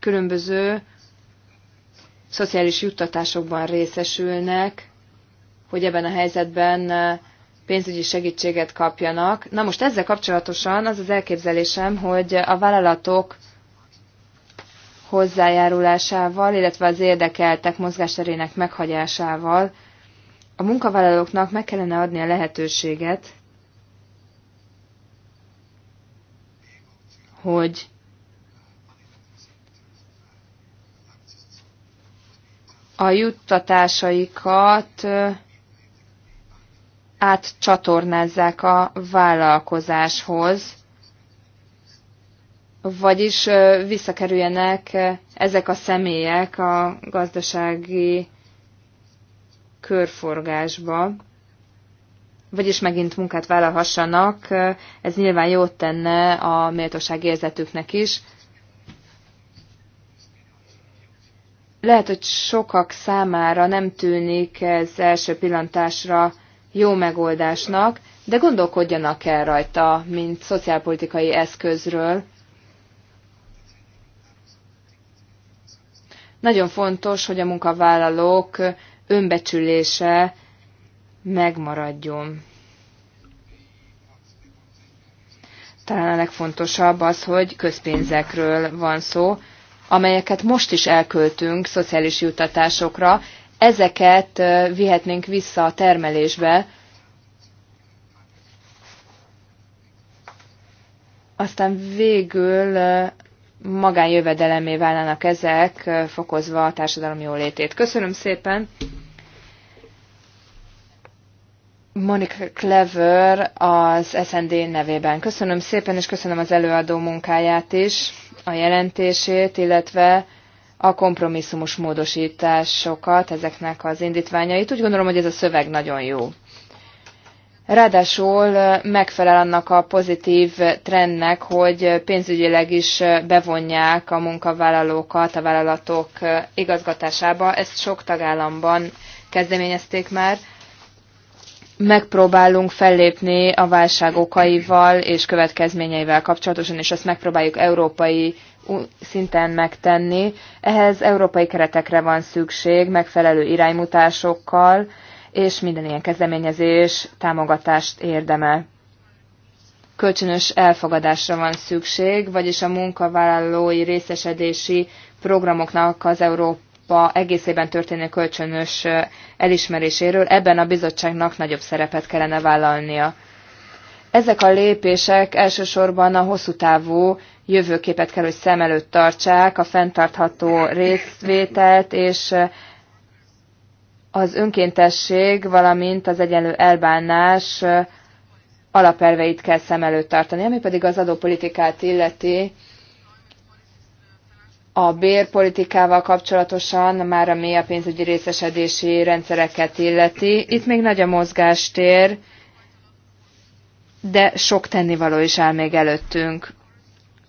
különböző szociális juttatásokban részesülnek, hogy ebben a helyzetben pénzügyi segítséget kapjanak. Na most ezzel kapcsolatosan az az elképzelésem, hogy a vállalatok hozzájárulásával, illetve az érdekeltek mozgásterének meghagyásával a munkavállalóknak meg kellene adni a lehetőséget, hogy a juttatásaikat átcsatornázzák a vállalkozáshoz, vagyis visszakerüljenek ezek a személyek a gazdasági körforgásba, vagyis megint munkát vállalhassanak, ez nyilván jót tenne a méltóság érzetüknek is, Lehet, hogy sokak számára nem tűnik ez első pillantásra jó megoldásnak, de gondolkodjanak el rajta, mint szociálpolitikai eszközről. Nagyon fontos, hogy a munkavállalók önbecsülése megmaradjon. Talán a legfontosabb az, hogy közpénzekről van szó, amelyeket most is elköltünk szociális juttatásokra, ezeket vihetnénk vissza a termelésbe, aztán végül magánjövedelemé válnának ezek, fokozva a társadalom jólétét. Köszönöm szépen! Monika Clever az SND nevében. Köszönöm szépen, és köszönöm az előadó munkáját is, a jelentését, illetve a kompromisszumos módosításokat, ezeknek az indítványait. Úgy gondolom, hogy ez a szöveg nagyon jó. Ráadásul megfelel annak a pozitív trendnek, hogy pénzügyileg is bevonják a munkavállalókat a vállalatok igazgatásába. Ezt sok tagállamban kezdeményezték már megpróbálunk fellépni a válság okaival és következményeivel kapcsolatosan, és ezt megpróbáljuk európai szinten megtenni. Ehhez európai keretekre van szükség, megfelelő iránymutásokkal, és minden ilyen kezdeményezés támogatást érdemel. Kölcsönös elfogadásra van szükség, vagyis a munkavállalói részesedési programoknak az Európa Európa egészében történő kölcsönös elismeréséről, ebben a bizottságnak nagyobb szerepet kellene vállalnia. Ezek a lépések elsősorban a hosszú távú jövőképet kell, hogy szem előtt tartsák, a fenntartható részvételt és az önkéntesség, valamint az egyenlő elbánás alapelveit kell szem előtt tartani. Ami pedig az adópolitikát illeti, a bérpolitikával kapcsolatosan, már ami a pénzügyi részesedési rendszereket illeti, itt még nagy a mozgástér, de sok tennivaló is áll még előttünk.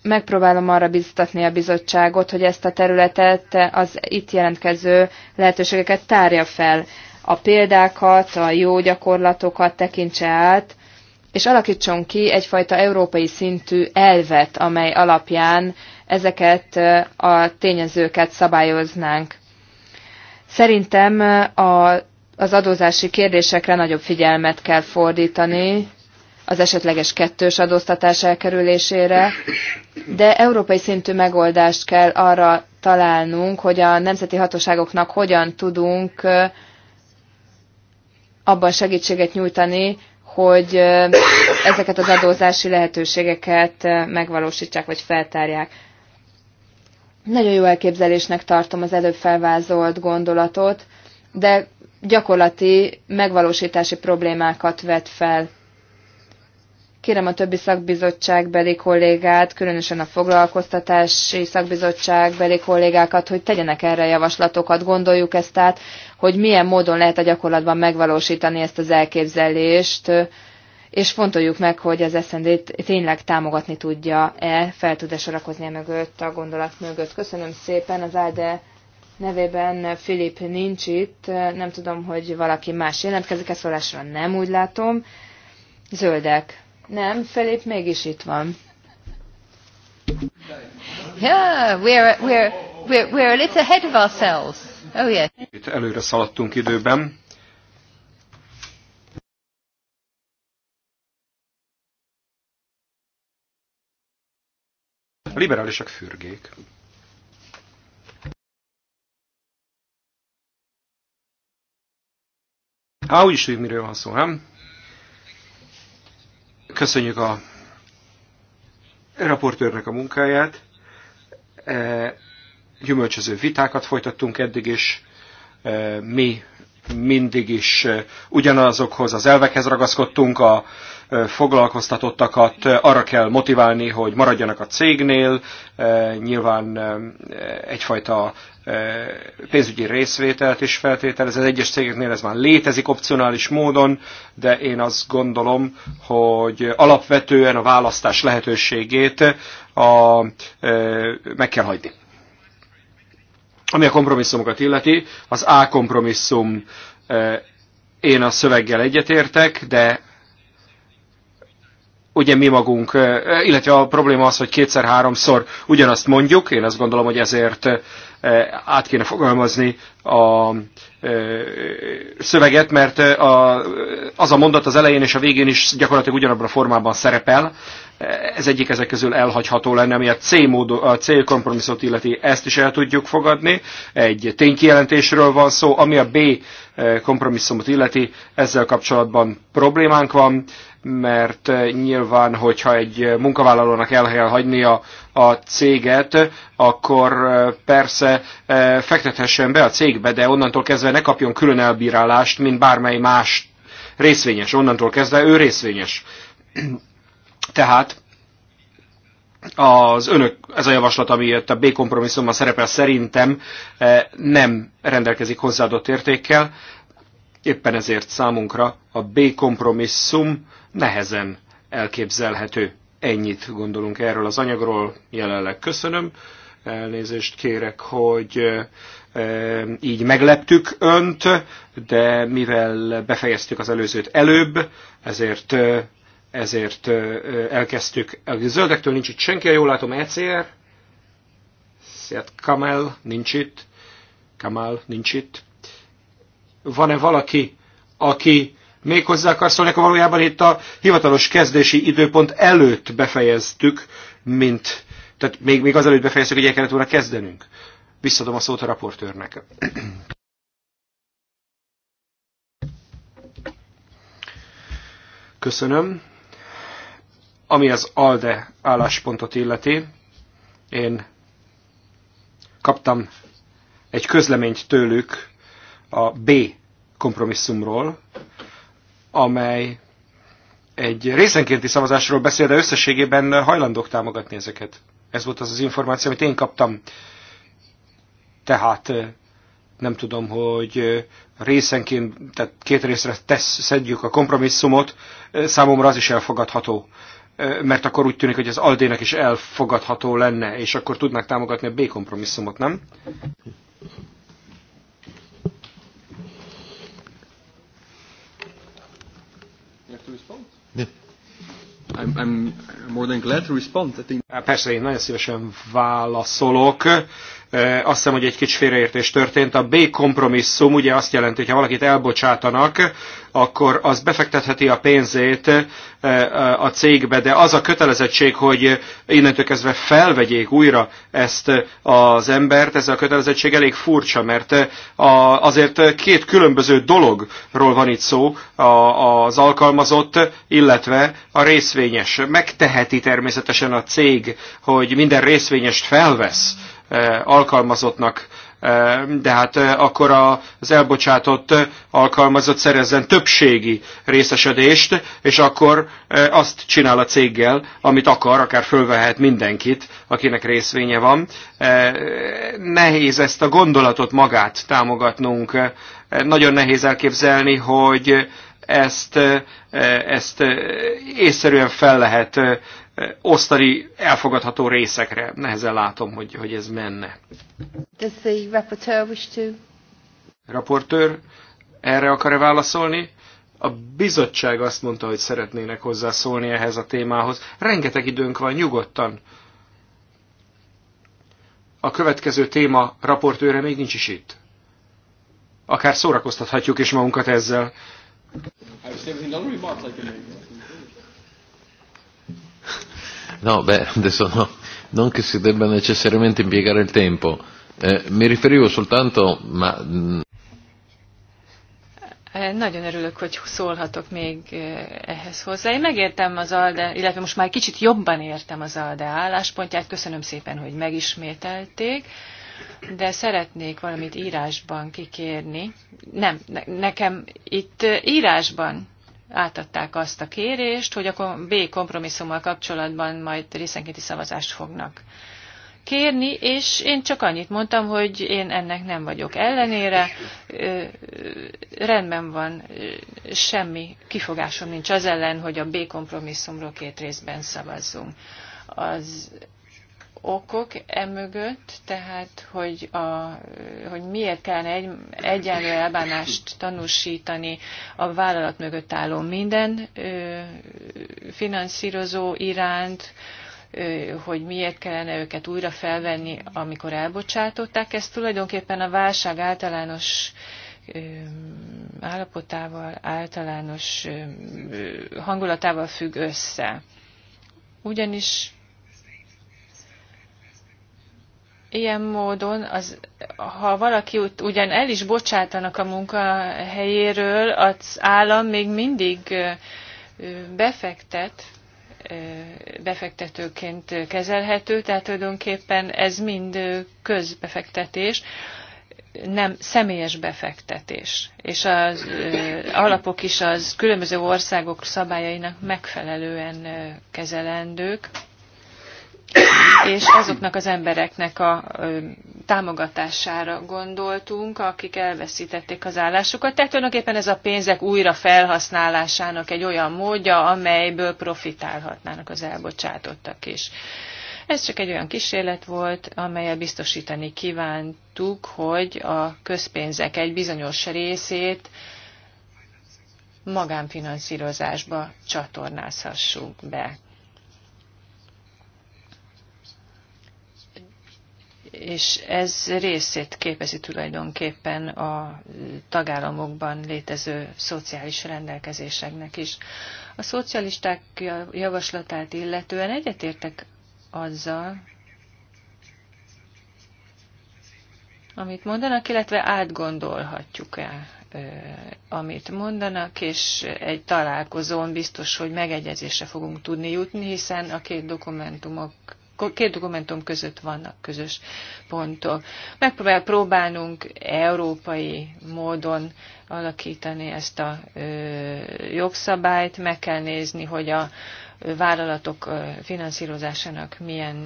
Megpróbálom arra biztatni a bizottságot, hogy ezt a területet, az itt jelentkező lehetőségeket tárja fel. A példákat, a jó gyakorlatokat tekintse át, és alakítson ki egyfajta európai szintű elvet, amely alapján ezeket a tényezőket szabályoznánk. Szerintem a, az adózási kérdésekre nagyobb figyelmet kell fordítani, az esetleges kettős adóztatás elkerülésére, de európai szintű megoldást kell arra találnunk, hogy a nemzeti hatóságoknak hogyan tudunk abban segítséget nyújtani, hogy ezeket az adózási lehetőségeket megvalósítsák vagy feltárják. Nagyon jó elképzelésnek tartom az előbb felvázolt gondolatot, de gyakorlati megvalósítási problémákat vet fel. Kérem a többi szakbizottságbeli kollégát, különösen a foglalkoztatási szakbizottságbeli kollégákat, hogy tegyenek erre javaslatokat, gondoljuk ezt át, hogy milyen módon lehet a gyakorlatban megvalósítani ezt az elképzelést, és fontoljuk meg, hogy az SZND tényleg támogatni tudja-e, fel tud-e sorakozni e mögött, a gondolat mögött. Köszönöm szépen, az ADE nevében Filip nincs itt, nem tudom, hogy valaki más jelentkezik-e szólásra, nem úgy látom. Zöldek. Nem, Filip mégis itt van. Yeah, we're, we're, we're, we're a little ahead of ourselves. Oh, yeah. Itt előre szaladtunk időben. A liberálisak fürgék. Há, úgyis tudjuk, miről van szó, nem? Köszönjük a raportőrnek a munkáját. E, gyümölcsöző vitákat folytattunk eddig, és e, mi mindig is ugyanazokhoz az elvekhez ragaszkodtunk, a foglalkoztatottakat arra kell motiválni, hogy maradjanak a cégnél, nyilván egyfajta pénzügyi részvételt is feltételez. Az egyes cégeknél ez már létezik opcionális módon, de én azt gondolom, hogy alapvetően a választás lehetőségét a, meg kell hagyni. Ami a kompromisszumokat illeti, az A kompromisszum én a szöveggel egyetértek, de ugye mi magunk, illetve a probléma az, hogy kétszer-háromszor ugyanazt mondjuk, én azt gondolom, hogy ezért Eh, át kéne fogalmazni a eh, szöveget, mert eh, az a mondat az elején és a végén is gyakorlatilag ugyanabban a formában szerepel. Ez egyik ezek közül elhagyható lenne, ami a C, módó, a C kompromisszot illeti, ezt is el tudjuk fogadni. Egy ténykijelentésről van szó, ami a B kompromisszumot illeti, ezzel kapcsolatban problémánk van, mert nyilván, hogyha egy munkavállalónak el kell hagynia a céget, akkor persze fektethessen be a cégbe, de onnantól kezdve ne kapjon külön elbírálást, mint bármely más részvényes. Onnantól kezdve ő részvényes. Tehát az önök, ez a javaslat, ami jött a B kompromisszumban szerepel, szerintem nem rendelkezik hozzáadott értékkel. Éppen ezért számunkra a B kompromisszum nehezen elképzelhető. Ennyit gondolunk erről az anyagról jelenleg. Köszönöm. Elnézést kérek, hogy így megleptük önt, de mivel befejeztük az előzőt előbb, ezért, ezért elkezdtük. A zöldektől nincs itt senki, jól látom, ECR. Sziat Kamel nincs itt. Kamal nincs itt. Van-e valaki, aki még hozzá szólni, akkor valójában itt a hivatalos kezdési időpont előtt befejeztük, mint, tehát még, még azelőtt befejeztük, hogy el kellett volna kezdenünk. Visszadom a szót a raportőrnek. Köszönöm. Ami az ALDE álláspontot illeti, én kaptam egy közleményt tőlük a B kompromisszumról, amely egy részenkénti szavazásról beszél, de összességében hajlandók támogatni ezeket. Ez volt az az információ, amit én kaptam. Tehát nem tudom, hogy részenként, tehát két részre tesz, szedjük a kompromisszumot, számomra az is elfogadható. Mert akkor úgy tűnik, hogy az Aldének is elfogadható lenne, és akkor tudnák támogatni a B kompromisszumot, nem? to respond? I'm, I'm more than glad to respond. I think... Persze, én nagyon szívesen válaszolok. Azt hiszem, hogy egy kicsi félreértés történt. A B kompromisszum ugye azt jelenti, hogy ha valakit elbocsátanak, akkor az befektetheti a pénzét a cégbe, de az a kötelezettség, hogy innentől kezdve felvegyék újra ezt az embert, ez a kötelezettség elég furcsa, mert azért két különböző dologról van itt szó, az alkalmazott, illetve a részvényes. Megteheti természetesen a cég, hogy minden részvényest felvesz, E, alkalmazottnak, e, de hát e, akkor az elbocsátott alkalmazott szerezzen többségi részesedést, és akkor azt csinál a céggel, amit akar, akár fölvehet mindenkit, akinek részvénye van. Nehéz ezt a gondolatot magát támogatnunk. Nagyon nehéz elképzelni, hogy ezt, ezt észszerűen fel lehet osztali elfogadható részekre. Nehezen látom, hogy, hogy ez menne. Does the rapporteur wish to... Raportőr, erre akar-e válaszolni? A bizottság azt mondta, hogy szeretnének hozzászólni ehhez a témához. Rengeteg időnk van, nyugodtan. A következő téma raportőre még nincs is itt. Akár szórakoztathatjuk is magunkat ezzel. I was No, beh, adesso no, non che si debba necessariamente impiegare il tempo. Eh, mi riferivo soltanto, ma... Mm, eh, nagyon örülök, hogy szólhatok még eh, ehhez hozzá. Én megértem az ALDE, illetve most már kicsit jobban értem az ALDE álláspontját. Köszönöm szépen, hogy megismételték de szeretnék valamit írásban kikérni. Nem, ne, nekem itt eh, írásban átadták azt a kérést, hogy a B kompromisszummal kapcsolatban majd részenkéti szavazást fognak kérni, és én csak annyit mondtam, hogy én ennek nem vagyok ellenére, rendben van, semmi kifogásom nincs az ellen, hogy a B kompromisszumról két részben szavazzunk. Az okok emögött, tehát hogy, a, hogy miért kellene egy, egyenlő elbánást tanúsítani a vállalat mögött álló minden ö, finanszírozó iránt, ö, hogy miért kellene őket újra felvenni, amikor elbocsátották. Ez tulajdonképpen a válság általános állapotával, általános hangulatával függ össze. Ugyanis ilyen módon, az, ha valaki ut, ugyan el is bocsátanak a munkahelyéről, az állam még mindig befektet, befektetőként kezelhető, tehát tulajdonképpen ez mind közbefektetés, nem személyes befektetés. És az alapok is az különböző országok szabályainak megfelelően kezelendők és azoknak az embereknek a támogatására gondoltunk, akik elveszítették az állásukat. Tehát tulajdonképpen ez a pénzek újra felhasználásának egy olyan módja, amelyből profitálhatnának az elbocsátottak is. Ez csak egy olyan kísérlet volt, amelyet biztosítani kívántuk, hogy a közpénzek egy bizonyos részét magánfinanszírozásba csatornázhassuk be. és ez részét képezi tulajdonképpen a tagállamokban létező szociális rendelkezéseknek is. A szocialisták javaslatát illetően egyetértek azzal, amit mondanak, illetve átgondolhatjuk el, amit mondanak, és egy találkozón biztos, hogy megegyezésre fogunk tudni jutni, hiszen a két dokumentumok két dokumentum között vannak közös pontok. Megpróbál próbálnunk európai módon alakítani ezt a jogszabályt, meg kell nézni, hogy a vállalatok finanszírozásának milyen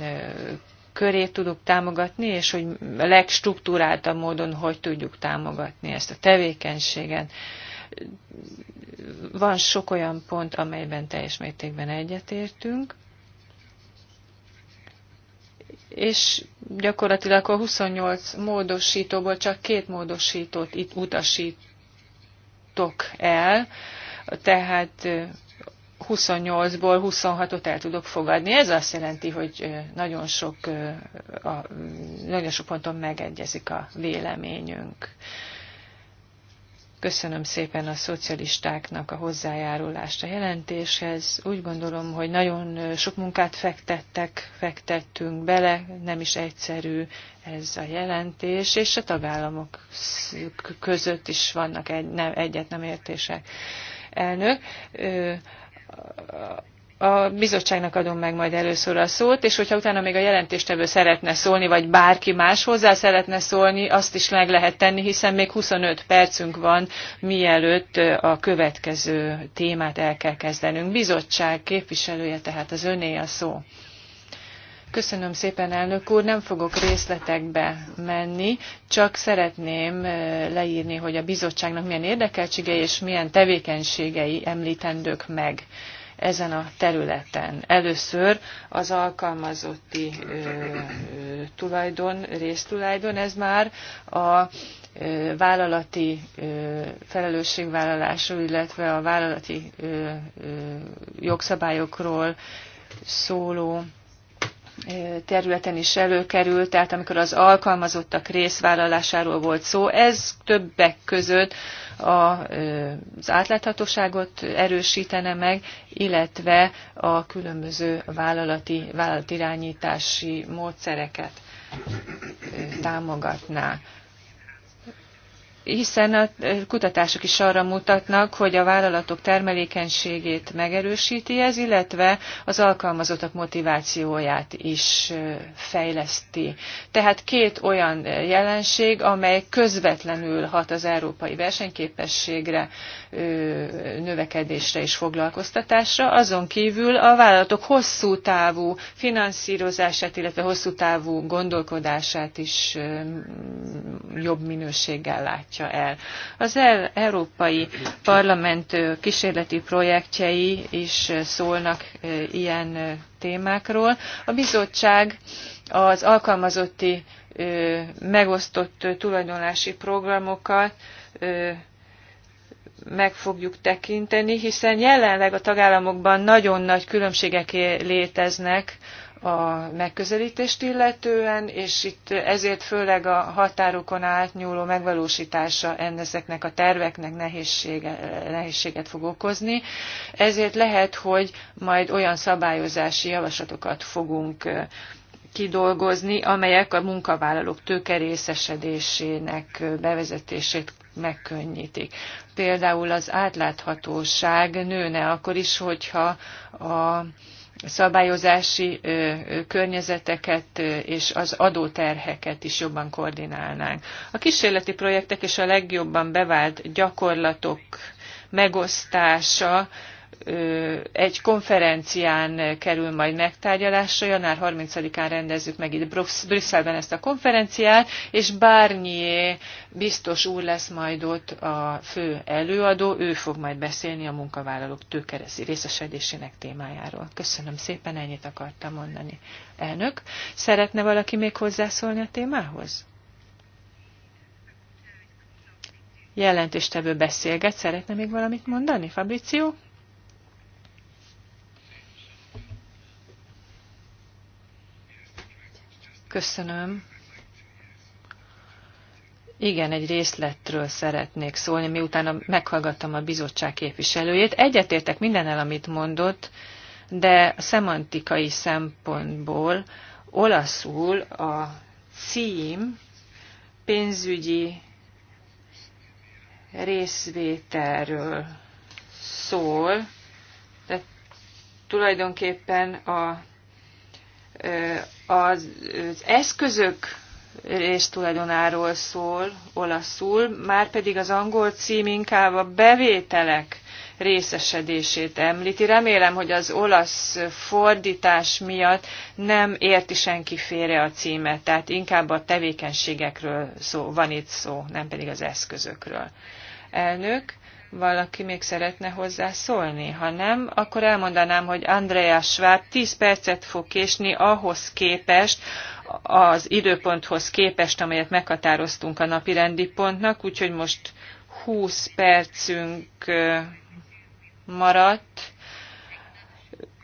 körét tudok támogatni, és hogy a legstruktúráltabb módon hogy tudjuk támogatni ezt a tevékenységet. Van sok olyan pont, amelyben teljes mértékben egyetértünk és gyakorlatilag a 28 módosítóból csak két módosítót itt utasítok el, tehát 28-ból 26-ot el tudok fogadni. Ez azt jelenti, hogy nagyon sok, a, nagyon sok ponton megegyezik a véleményünk. Köszönöm szépen a szocialistáknak a hozzájárulást a jelentéshez. Úgy gondolom, hogy nagyon sok munkát fektettek, fektettünk bele, nem is egyszerű ez a jelentés, és a tagállamok között is vannak egy, nem, egyet nem értések. Elnök, a bizottságnak adom meg majd először a szót, és hogyha utána még a jelentéstevő szeretne szólni, vagy bárki más hozzá szeretne szólni, azt is meg lehet tenni, hiszen még 25 percünk van, mielőtt a következő témát el kell kezdenünk. Bizottság képviselője tehát az öné a szó. Köszönöm szépen, elnök úr. Nem fogok részletekbe menni, csak szeretném leírni, hogy a bizottságnak milyen érdekeltségei és milyen tevékenységei említendők meg ezen a területen. Először az alkalmazotti tulajdon, résztulajdon, ez már a vállalati felelősségvállalásról, illetve a vállalati jogszabályokról szóló területen is előkerült, tehát amikor az alkalmazottak részvállalásáról volt szó, ez többek között az átláthatóságot erősítene meg, illetve a különböző vállalati, vállalatirányítási módszereket támogatná hiszen a kutatások is arra mutatnak, hogy a vállalatok termelékenységét megerősíti ez, illetve az alkalmazottak motivációját is fejleszti. Tehát két olyan jelenség, amely közvetlenül hat az európai versenyképességre, növekedésre és foglalkoztatásra. Azon kívül a vállalatok hosszú távú finanszírozását, illetve hosszú távú gondolkodását is jobb minőséggel látja indítja el. Az el, Európai Parlament kísérleti projektjei is szólnak ilyen témákról. A bizottság az alkalmazotti megosztott tulajdonlási programokat meg fogjuk tekinteni, hiszen jelenleg a tagállamokban nagyon nagy különbségek léteznek a megközelítést illetően, és itt ezért főleg a határokon átnyúló megvalósítása ezeknek a terveknek nehézsége, nehézséget fog okozni. Ezért lehet, hogy majd olyan szabályozási javaslatokat fogunk kidolgozni, amelyek a munkavállalók tőkerészesedésének bevezetését megkönnyítik. Például az átláthatóság nőne akkor is, hogyha a szabályozási környezeteket és az adóterheket is jobban koordinálnánk. A kísérleti projektek és a legjobban bevált gyakorlatok megosztása egy konferencián kerül majd megtárgyalásra, január 30-án rendezzük meg itt Brüsszelben ezt a konferenciát, és Barnier biztos úr lesz majd ott a fő előadó, ő fog majd beszélni a munkavállalók tőkereszi részesedésének témájáról. Köszönöm szépen, ennyit akartam mondani. Elnök, szeretne valaki még hozzászólni a témához? jelentéstevő beszélget. Szeretne még valamit mondani, Fabrizio? Köszönöm. Igen, egy részletről szeretnék szólni, miután meghallgattam a bizottság képviselőjét. Egyetértek mindennel, amit mondott, de a szemantikai szempontból olaszul a cím pénzügyi részvételről szól, de tulajdonképpen a, az, az eszközök résztulajdonáról szól olaszul, már pedig az angol cím inkább a bevételek részesedését említi. Remélem, hogy az olasz fordítás miatt nem érti senki félre a címet, tehát inkább a tevékenységekről szó, van itt szó, nem pedig az eszközökről. Elnök, valaki még szeretne hozzászólni. Ha nem, akkor elmondanám, hogy Andrea Schwab 10 percet fog késni ahhoz képest, az időponthoz képest, amelyet meghatároztunk a napi rendi pontnak, úgyhogy most 20 percünk maradt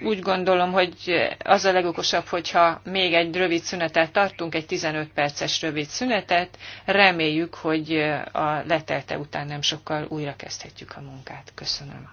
úgy gondolom, hogy az a legokosabb, hogyha még egy rövid szünetet tartunk, egy 15 perces rövid szünetet. Reméljük, hogy a letelte után nem sokkal újra kezdhetjük a munkát. Köszönöm.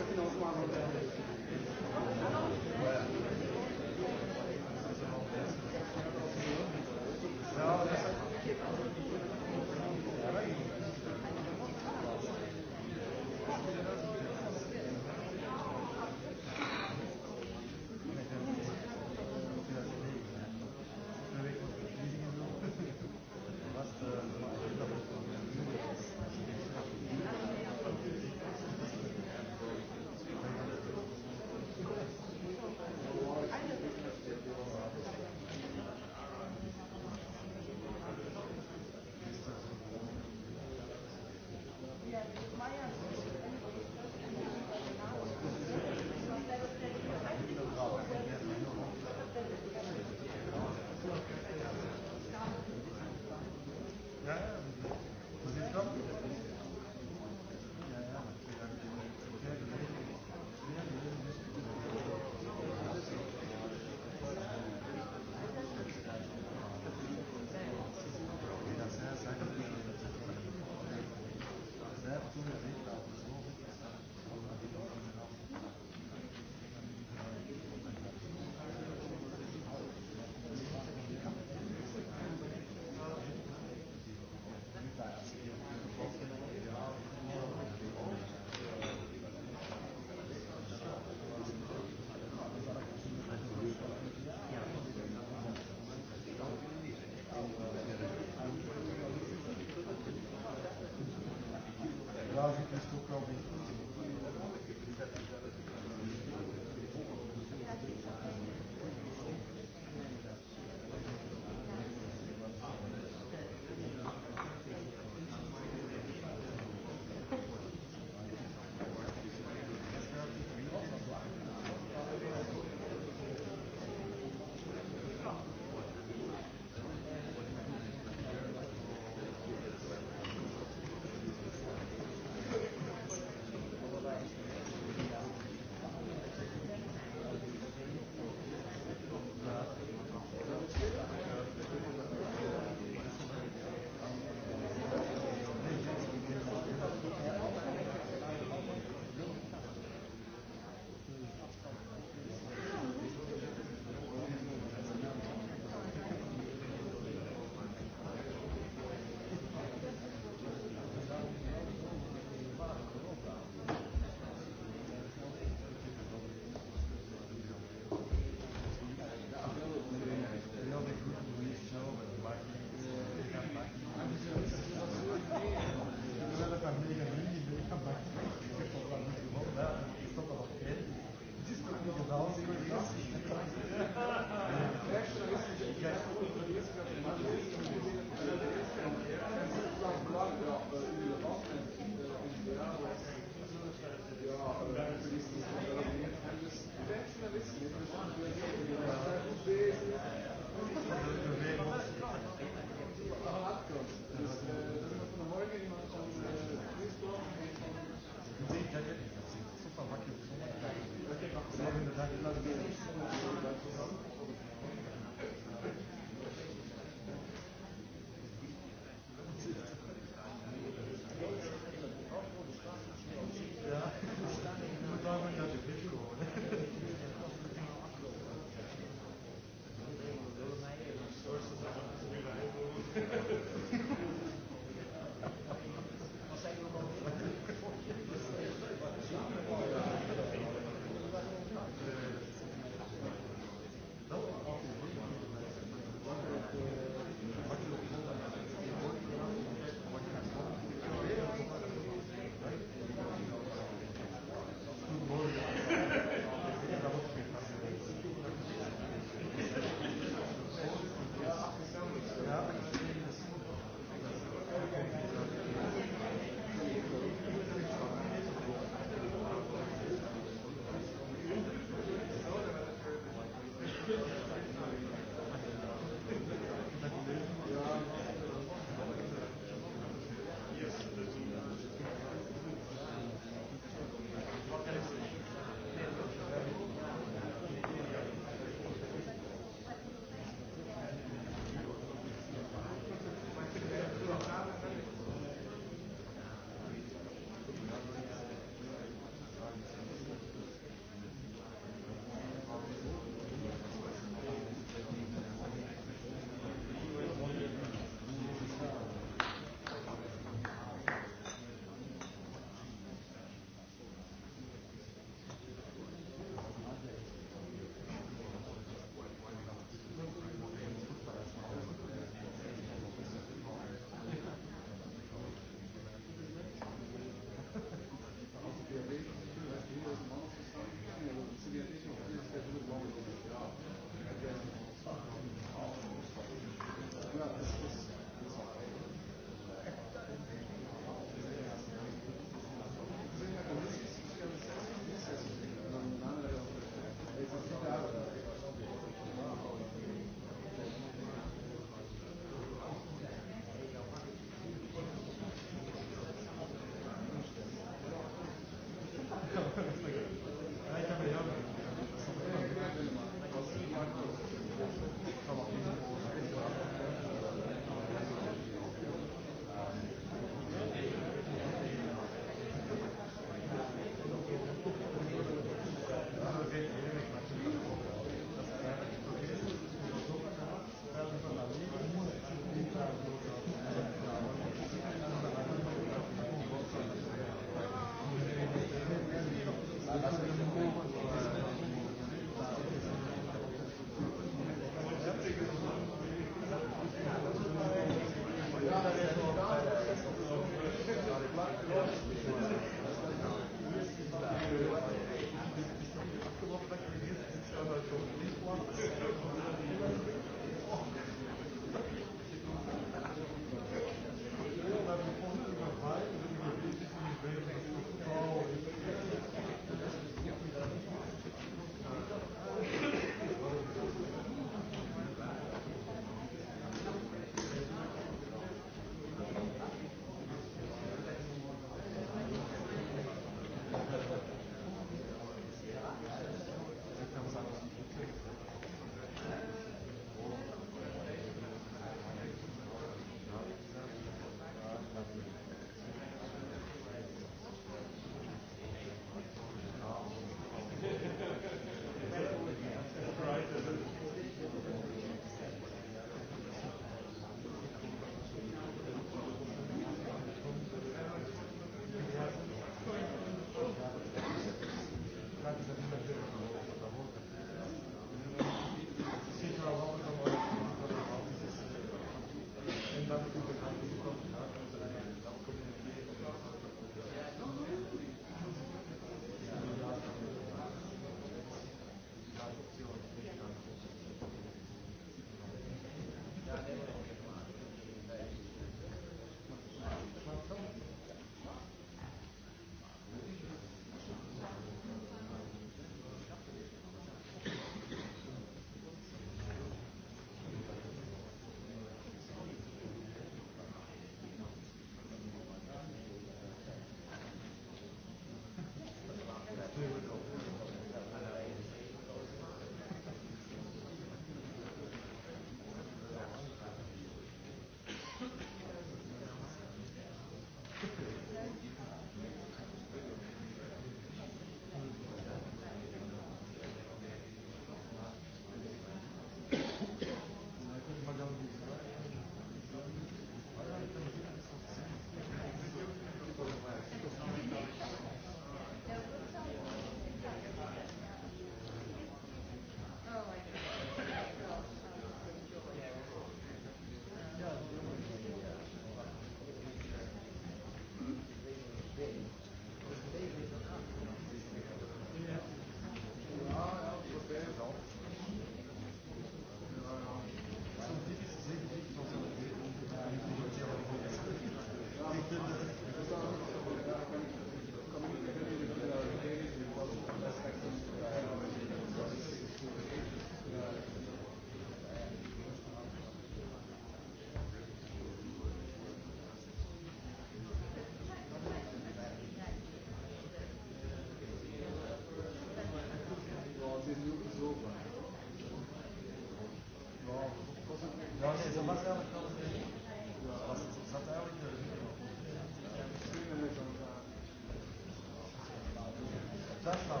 Köszönöm.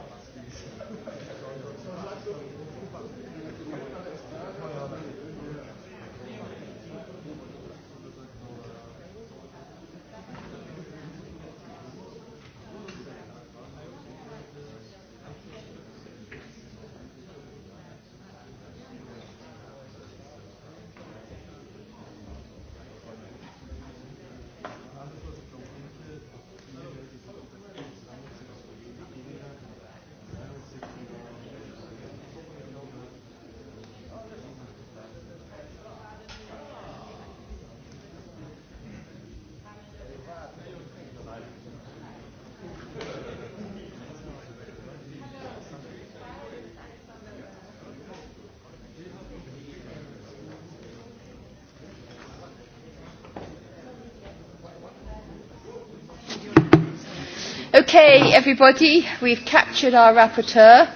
Okay, everybody, we've captured our rapporteur,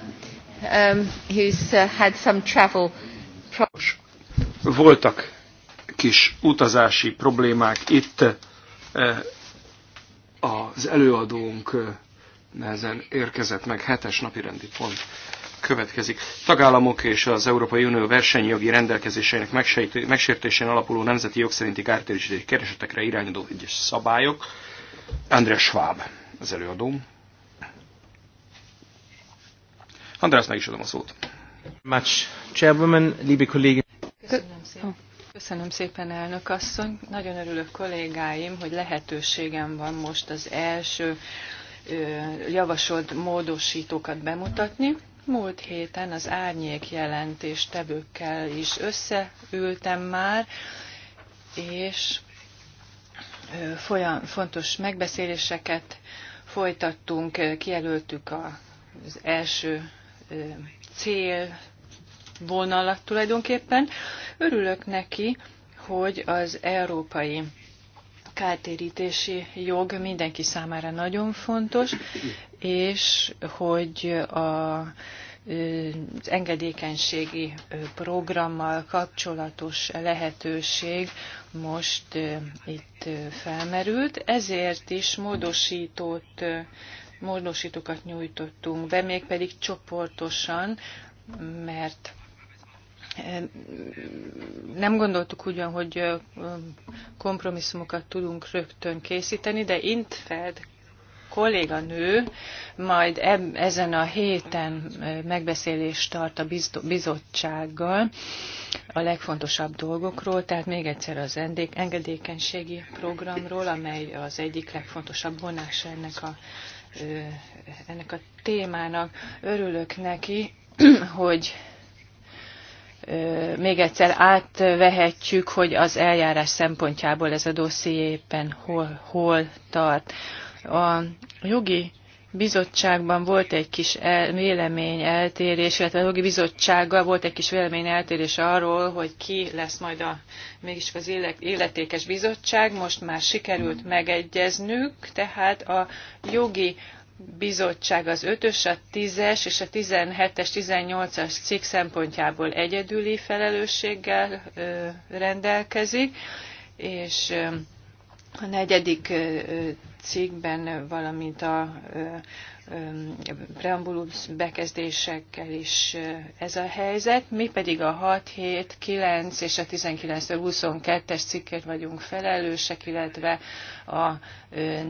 um, who's uh, had some travel problems. Voltak kis utazási problémák itt. Uh, az előadónk uh, nehezen érkezett meg, hetes napi rendi pont következik. Tagállamok és az Európai Unió versenyjogi rendelkezéseinek megsértésén alapuló nemzeti jogszerinti kártérítési keresetekre irányuló egyes szabályok. András Schwab az előadó. András, meg is adom a szót. Much. Chairwoman, liebe Kollegin, Köszönöm szépen. Köszönöm szépen, elnök asszony. Nagyon örülök kollégáim, hogy lehetőségem van most az első javasolt módosítókat bemutatni. Múlt héten az árnyék jelentés tevőkkel is összeültem már, és folyam, fontos megbeszéléseket folytattunk, kijelöltük az első cél vonalat tulajdonképpen. Örülök neki, hogy az európai kártérítési jog mindenki számára nagyon fontos, és hogy a az engedékenységi programmal kapcsolatos lehetőség most itt felmerült. Ezért is módosított, módosítókat nyújtottunk be, mégpedig csoportosan, mert nem gondoltuk ugyan, hogy kompromisszumokat tudunk rögtön készíteni, de Intfeld kolléganő majd eb, ezen a héten megbeszélést tart a bizottsággal a legfontosabb dolgokról, tehát még egyszer az engedékenységi programról, amely az egyik legfontosabb vonás ennek a, ennek a témának. Örülök neki, *clears throat* hogy még egyszer átvehetjük, hogy az eljárás szempontjából ez a dosszié éppen hol, hol tart. A jogi bizottságban volt egy kis el, véleményeltérés, illetve a jogi bizottsággal volt egy kis véleményeltérés arról, hogy ki lesz majd a, mégis az életékes bizottság. Most már sikerült megegyeznünk, tehát a jogi bizottság az 5-ös, a 10-es és a 17-es, 18-as cikk szempontjából egyedüli felelősséggel rendelkezik, és a negyedik cégben, valamint a preambulus bekezdésekkel is ez a helyzet. Mi pedig a 6, 7, 9 és a 19-22-es cikkért vagyunk felelősek, illetve a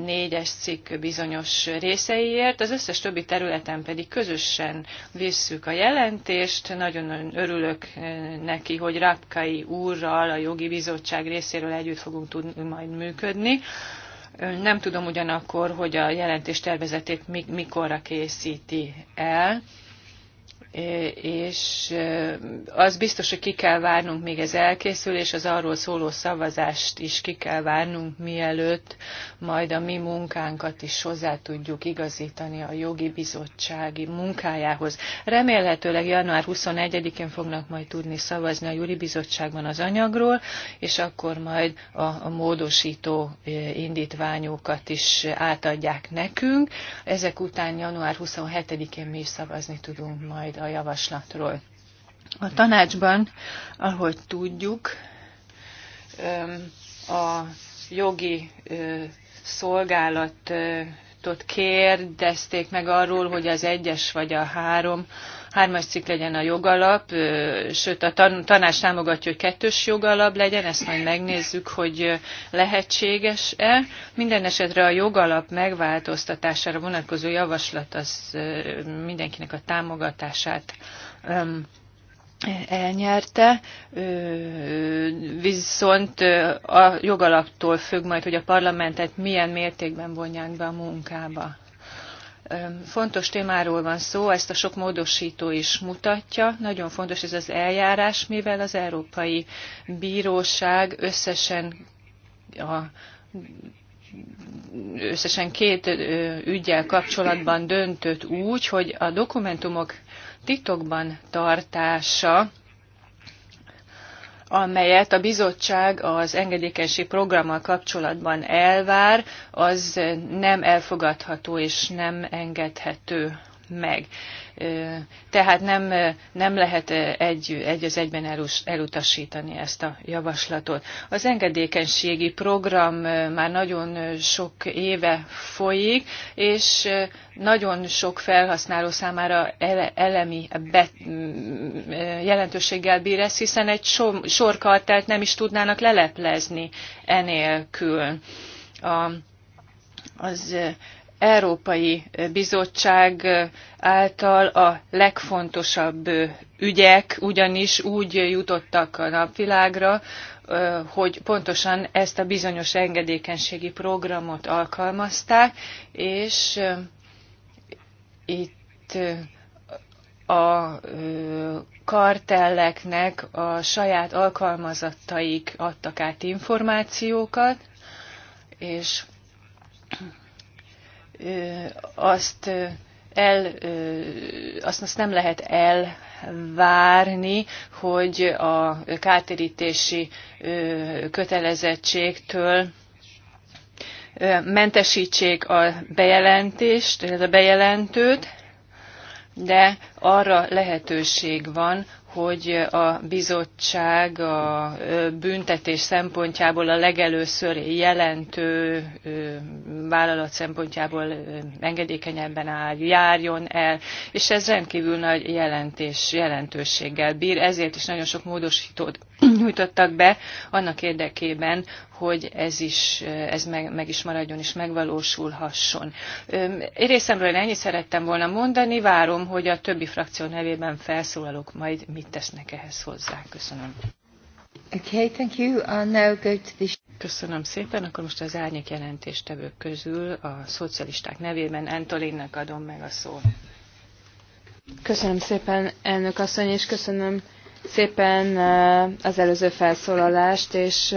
4-es cikk bizonyos részeiért. Az összes többi területen pedig közösen visszük a jelentést. Nagyon örülök neki, hogy Rapkai úrral a jogi bizottság részéről együtt fogunk tudni majd működni. Nem tudom ugyanakkor, hogy a jelentés tervezetét mikorra készíti el és az biztos, hogy ki kell várnunk, még ez elkészül, és az arról szóló szavazást is ki kell várnunk, mielőtt majd a mi munkánkat is hozzá tudjuk igazítani a jogi bizottsági munkájához. Remélhetőleg január 21-én fognak majd tudni szavazni a júri bizottságban az anyagról, és akkor majd a, a módosító indítványokat is átadják nekünk. Ezek után január 27-én mi is szavazni tudunk majd a a javaslatról. A tanácsban, ahogy tudjuk, a jogi szolgálatot kérdezték meg arról, hogy az egyes vagy a három hármas cikk legyen a jogalap, sőt a tanács támogatja, hogy kettős jogalap legyen, ezt majd megnézzük, hogy lehetséges-e. Minden esetre a jogalap megváltoztatására vonatkozó javaslat az mindenkinek a támogatását elnyerte, viszont a jogalaptól függ majd, hogy a parlamentet milyen mértékben vonják be a munkába. Fontos témáról van szó, ezt a sok módosító is mutatja. Nagyon fontos ez az eljárás, mivel az Európai Bíróság összesen a összesen két ügyel kapcsolatban döntött úgy, hogy a dokumentumok titokban tartása amelyet a bizottság az engedékenység programmal kapcsolatban elvár, az nem elfogadható és nem engedhető meg tehát nem, nem lehet egy, egy az egyben elutasítani ezt a javaslatot. Az engedékenységi program már nagyon sok éve folyik, és nagyon sok felhasználó számára ele, elemi be, jelentőséggel bír ez, hiszen egy sor, sorkartelt nem is tudnának leleplezni enélkül. A, az Európai Bizottság által a legfontosabb ügyek ugyanis úgy jutottak a napvilágra, hogy pontosan ezt a bizonyos engedékenységi programot alkalmazták, és itt a kartelleknek a saját alkalmazattaik adtak át információkat, és azt el, azt, azt nem lehet elvárni, hogy a kártérítési kötelezettségtől mentesítsék a bejelentést, a bejelentőt, de arra lehetőség van, hogy a bizottság a büntetés szempontjából a legelőször jelentő vállalat szempontjából engedékenyebben áll, járjon el, és ez rendkívül nagy jelentés, jelentőséggel bír, ezért is nagyon sok módosítót nyújtottak be annak érdekében, hogy ez is, ez meg, meg is maradjon és megvalósulhasson. Én részemről ennyit szerettem volna mondani, várom, hogy a többi frakció nevében felszólalok, majd mit tesznek ehhez hozzá. Köszönöm. Okay, thank you. I'll now go to the... Köszönöm szépen. Akkor most az árnyék jelentéstevők közül a szocialisták nevében Antolinnak adom meg a szót. Köszönöm szépen, elnök asszony, és köszönöm szépen az előző felszólalást, és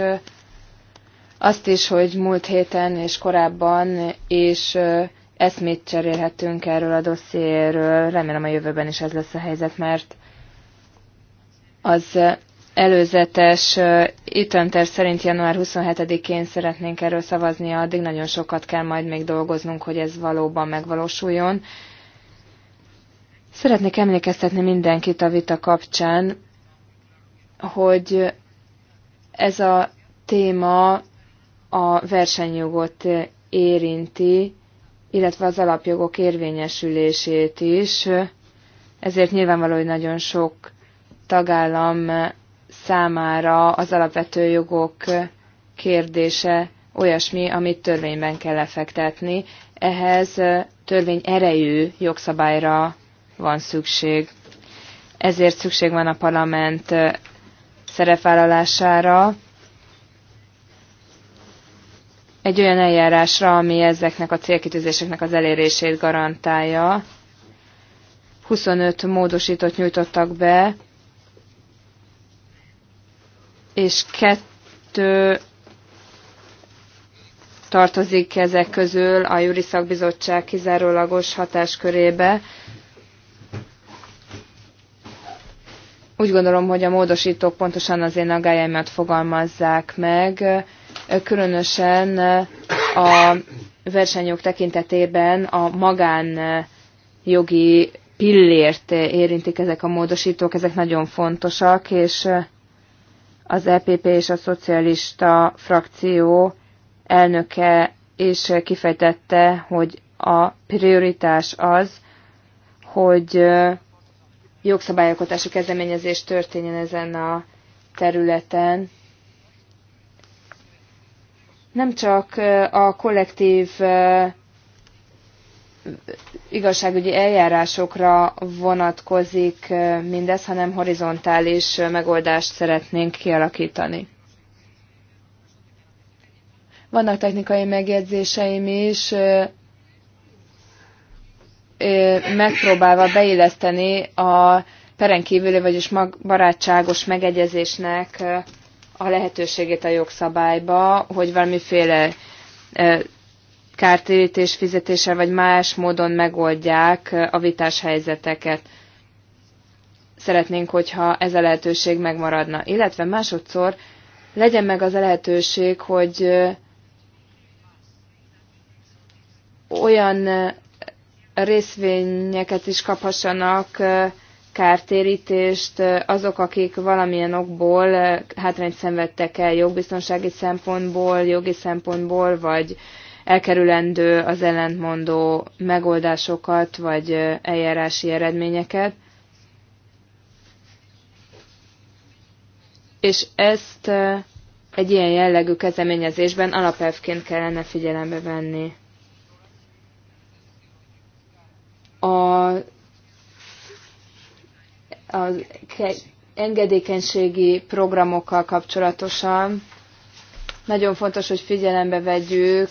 azt is, hogy múlt héten és korábban is eszmét cserélhetünk erről a dossziéről. Remélem a jövőben is ez lesz a helyzet, mert az előzetes ütemter szerint január 27-én szeretnénk erről szavazni, addig nagyon sokat kell majd még dolgoznunk, hogy ez valóban megvalósuljon. Szeretnék emlékeztetni mindenkit a vita kapcsán, hogy ez a téma a versenyjogot érinti, illetve az alapjogok érvényesülését is. Ezért nyilvánvaló, hogy nagyon sok tagállam számára az alapvető jogok kérdése olyasmi, amit törvényben kell lefektetni. Ehhez törvény erejű jogszabályra van szükség. Ezért szükség van a parlament szerepvállalására, egy olyan eljárásra, ami ezeknek a célkitűzéseknek az elérését garantálja. 25 módosítót nyújtottak be, és kettő tartozik ezek közül a Júri Szakbizottság kizárólagos hatáskörébe. Úgy gondolom, hogy a módosítók pontosan az én aggályaimat fogalmazzák meg, különösen a versenyok tekintetében a magánjogi pillért érintik ezek a módosítók, ezek nagyon fontosak, és az EPP és a szocialista frakció elnöke is kifejtette, hogy a prioritás az, hogy jogszabályalkotási kezdeményezés történjen ezen a területen, nem csak a kollektív igazságügyi eljárásokra vonatkozik mindez, hanem horizontális megoldást szeretnénk kialakítani. Vannak technikai megjegyzéseim is, megpróbálva beilleszteni a perenkívüli, vagyis barátságos megegyezésnek a lehetőségét a jogszabályba, hogy valamiféle kártérítés fizetése vagy más módon megoldják a vitás helyzeteket. Szeretnénk, hogyha ez a lehetőség megmaradna. Illetve másodszor legyen meg az a lehetőség, hogy olyan részvényeket is kaphassanak, kártérítést azok, akik valamilyen okból hátrányt szenvedtek el jogbiztonsági szempontból, jogi szempontból, vagy elkerülendő az ellentmondó megoldásokat, vagy eljárási eredményeket. És ezt egy ilyen jellegű kezdeményezésben alapelvként kellene figyelembe venni. A az engedékenységi programokkal kapcsolatosan nagyon fontos, hogy figyelembe vegyük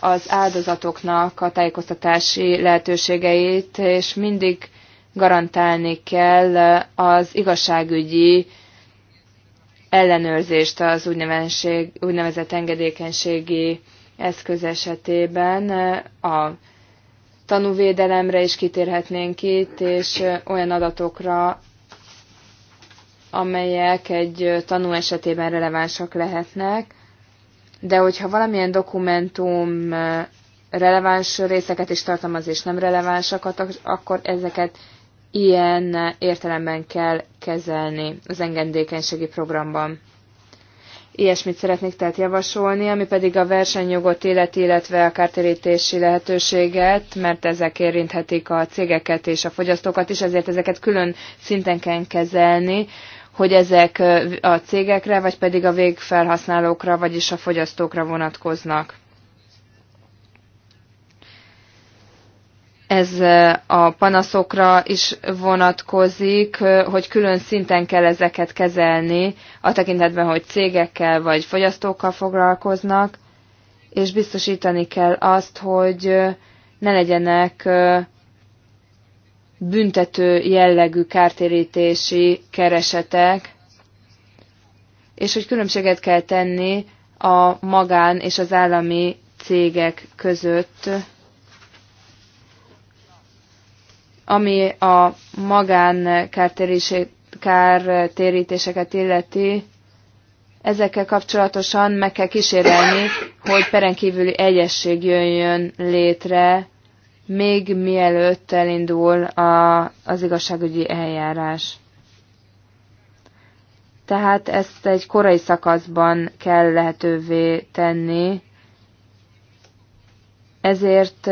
az áldozatoknak a tájékoztatási lehetőségeit, és mindig garantálni kell az igazságügyi ellenőrzést az úgynevezett engedékenységi eszköz esetében. A tanúvédelemre is kitérhetnénk itt, és olyan adatokra, amelyek egy tanú esetében relevánsak lehetnek, de hogyha valamilyen dokumentum releváns részeket is tartalmaz, és nem relevánsakat, akkor ezeket ilyen értelemben kell kezelni az engedékenységi programban. Ilyesmit szeretnék tehát javasolni, ami pedig a versenyjogot élet, illetve a kártérítési lehetőséget, mert ezek érinthetik a cégeket és a fogyasztókat is, ezért ezeket külön szinten kell kezelni, hogy ezek a cégekre, vagy pedig a végfelhasználókra, vagyis a fogyasztókra vonatkoznak. Ez a panaszokra is vonatkozik, hogy külön szinten kell ezeket kezelni, a tekintetben, hogy cégekkel vagy fogyasztókkal foglalkoznak, és biztosítani kell azt, hogy ne legyenek büntető jellegű kártérítési keresetek, és hogy különbséget kell tenni a magán és az állami cégek között, ami a magán kártérítéseket illeti, ezekkel kapcsolatosan meg kell kísérelni, hogy perenkívüli egyesség jöjjön létre még mielőtt elindul a, az igazságügyi eljárás. Tehát ezt egy korai szakaszban kell lehetővé tenni, ezért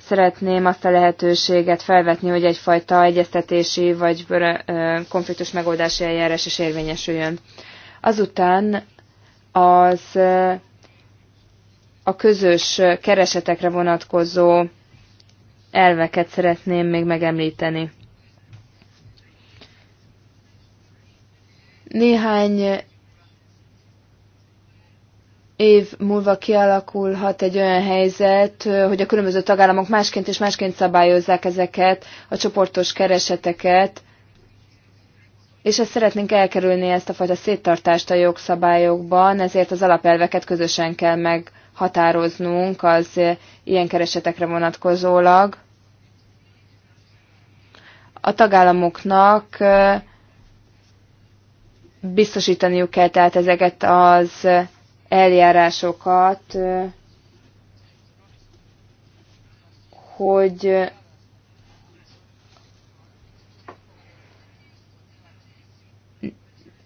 szeretném azt a lehetőséget felvetni, hogy egyfajta egyeztetési vagy konfliktus megoldási eljárás is érvényesüljön. Azután az a közös keresetekre vonatkozó elveket szeretném még megemlíteni. Néhány év múlva kialakulhat egy olyan helyzet, hogy a különböző tagállamok másként és másként szabályozzák ezeket a csoportos kereseteket, és ezt szeretnénk elkerülni, ezt a fajta széttartást a jogszabályokban, ezért az alapelveket közösen kell meg határoznunk az ilyen keresetekre vonatkozólag. A tagállamoknak biztosítaniuk kell tehát ezeket az eljárásokat, hogy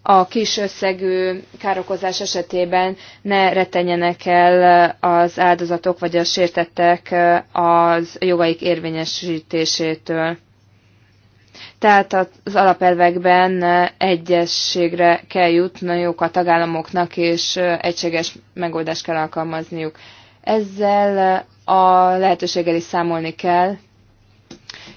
a kis összegű károkozás esetében ne retenjenek el az áldozatok vagy a sértettek az jogaik érvényesítésétől. Tehát az alapelvekben egyességre kell jutniuk a tagállamoknak, és egységes megoldást kell alkalmazniuk. Ezzel a lehetőséggel is számolni kell,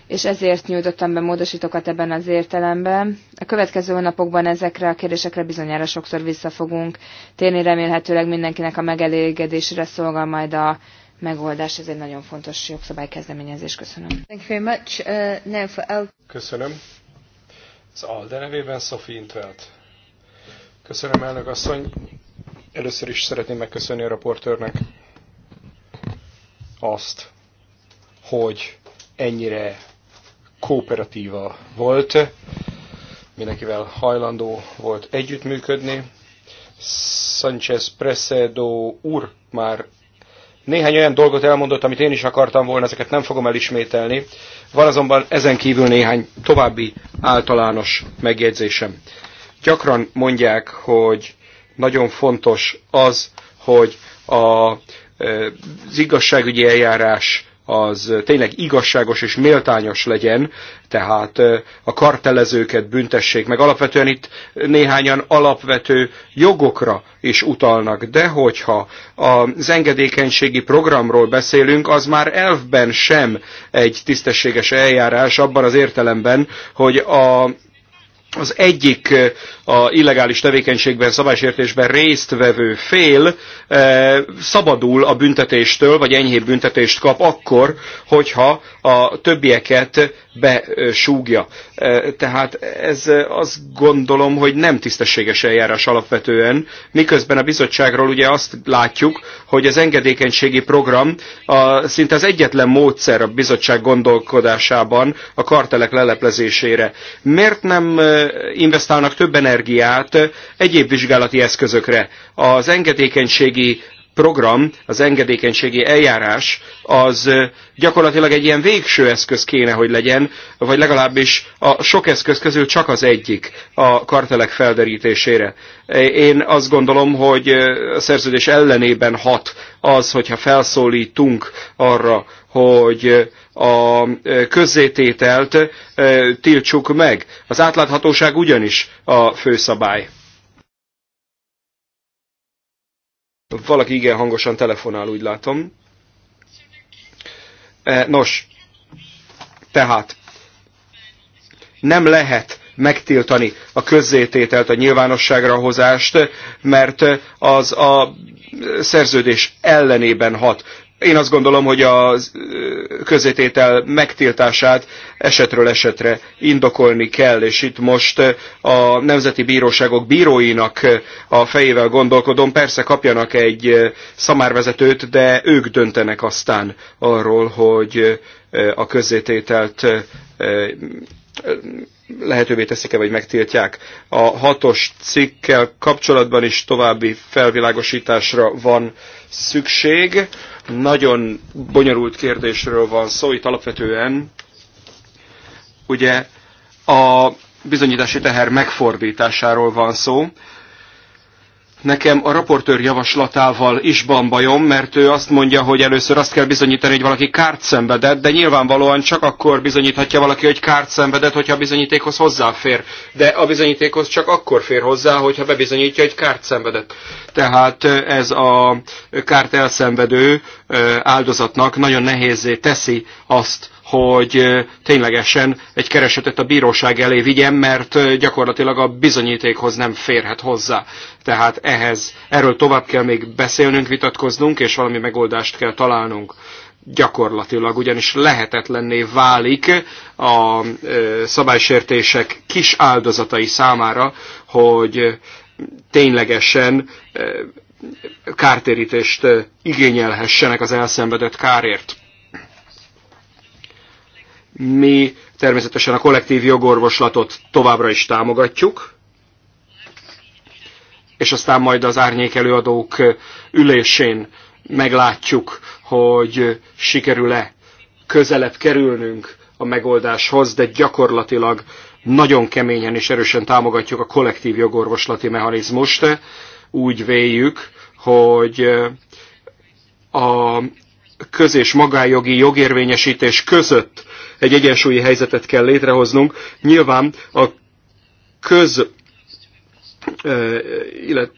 és ezért nyújtottam be módosítókat ebben az értelemben. A következő hónapokban ezekre a kérdésekre bizonyára sokszor vissza fogunk térni, remélhetőleg mindenkinek a megelégedésére szolgál majd a megoldás. Ez egy nagyon fontos jogszabálykezdeményezés. Köszönöm. Thank you very much. Uh, now for Köszönöm. Az ALDE nevében Sophie Intvelt. Köszönöm, elnök asszony. Először is szeretném megköszönni a raportőrnek azt, hogy ennyire kooperatíva volt, mindenkivel hajlandó volt együttműködni. Sanchez Presedo úr már néhány olyan dolgot elmondott, amit én is akartam volna, ezeket nem fogom elismételni. Van azonban ezen kívül néhány további általános megjegyzésem. Gyakran mondják, hogy nagyon fontos az, hogy a, eh, az igazságügyi eljárás az tényleg igazságos és méltányos legyen, tehát a kartelezőket büntessék meg. Alapvetően itt néhányan alapvető jogokra is utalnak, de hogyha az engedékenységi programról beszélünk, az már elfben sem egy tisztességes eljárás abban az értelemben, hogy a az egyik eh, a illegális tevékenységben, szabálysértésben résztvevő fél eh, szabadul a büntetéstől, vagy enyhébb büntetést kap akkor, hogyha a többieket besúgja. Eh, tehát ez azt gondolom, hogy nem tisztességes eljárás alapvetően, miközben a bizottságról ugye azt látjuk, hogy az engedékenységi program a, szinte az egyetlen módszer a bizottság gondolkodásában a kartelek leleplezésére. Miért nem investálnak több energiát egyéb vizsgálati eszközökre. Az engedékenységi program, az engedékenységi eljárás, az gyakorlatilag egy ilyen végső eszköz kéne, hogy legyen, vagy legalábbis a sok eszköz közül csak az egyik a kartelek felderítésére. Én azt gondolom, hogy a szerződés ellenében hat az, hogyha felszólítunk arra, hogy a közzétételt tiltsuk meg. Az átláthatóság ugyanis a főszabály. Valaki igen hangosan telefonál, úgy látom. E, nos, tehát nem lehet megtiltani a közzétételt, a nyilvánosságra hozást, mert az a szerződés ellenében hat. Én azt gondolom, hogy a közététel megtiltását esetről esetre indokolni kell, és itt most a nemzeti bíróságok bíróinak a fejével gondolkodom, persze kapjanak egy szamárvezetőt, de ők döntenek aztán arról, hogy a közétételt lehetővé teszik-e, vagy megtiltják. A hatos cikkkel kapcsolatban is további felvilágosításra van szükség nagyon bonyolult kérdésről van szó, itt alapvetően ugye a bizonyítási teher megfordításáról van szó, Nekem a raportőr javaslatával is van bajom, mert ő azt mondja, hogy először azt kell bizonyítani, hogy valaki kárt szenvedett, de nyilvánvalóan csak akkor bizonyíthatja valaki, hogy kárt szenvedett, hogyha a bizonyítékhoz hozzáfér. De a bizonyítékhoz csak akkor fér hozzá, hogyha bebizonyítja, hogy kárt szenvedett. Tehát ez a kárt elszenvedő áldozatnak nagyon nehézé teszi azt, hogy ténylegesen egy keresetet a bíróság elé vigyen, mert gyakorlatilag a bizonyítékhoz nem férhet hozzá. Tehát ehhez, erről tovább kell még beszélnünk, vitatkoznunk, és valami megoldást kell találnunk gyakorlatilag, ugyanis lehetetlenné válik a szabálysértések kis áldozatai számára, hogy ténylegesen kártérítést igényelhessenek az elszenvedett kárért. Mi természetesen a kollektív jogorvoslatot továbbra is támogatjuk, és aztán majd az árnyékelőadók ülésén meglátjuk, hogy sikerül-e közelebb kerülnünk a megoldáshoz, de gyakorlatilag nagyon keményen és erősen támogatjuk a kollektív jogorvoslati mechanizmust. Úgy véljük, hogy a köz- és magánjogi jogérvényesítés között egy egyensúlyi helyzetet kell létrehoznunk. Nyilván a köz, illet,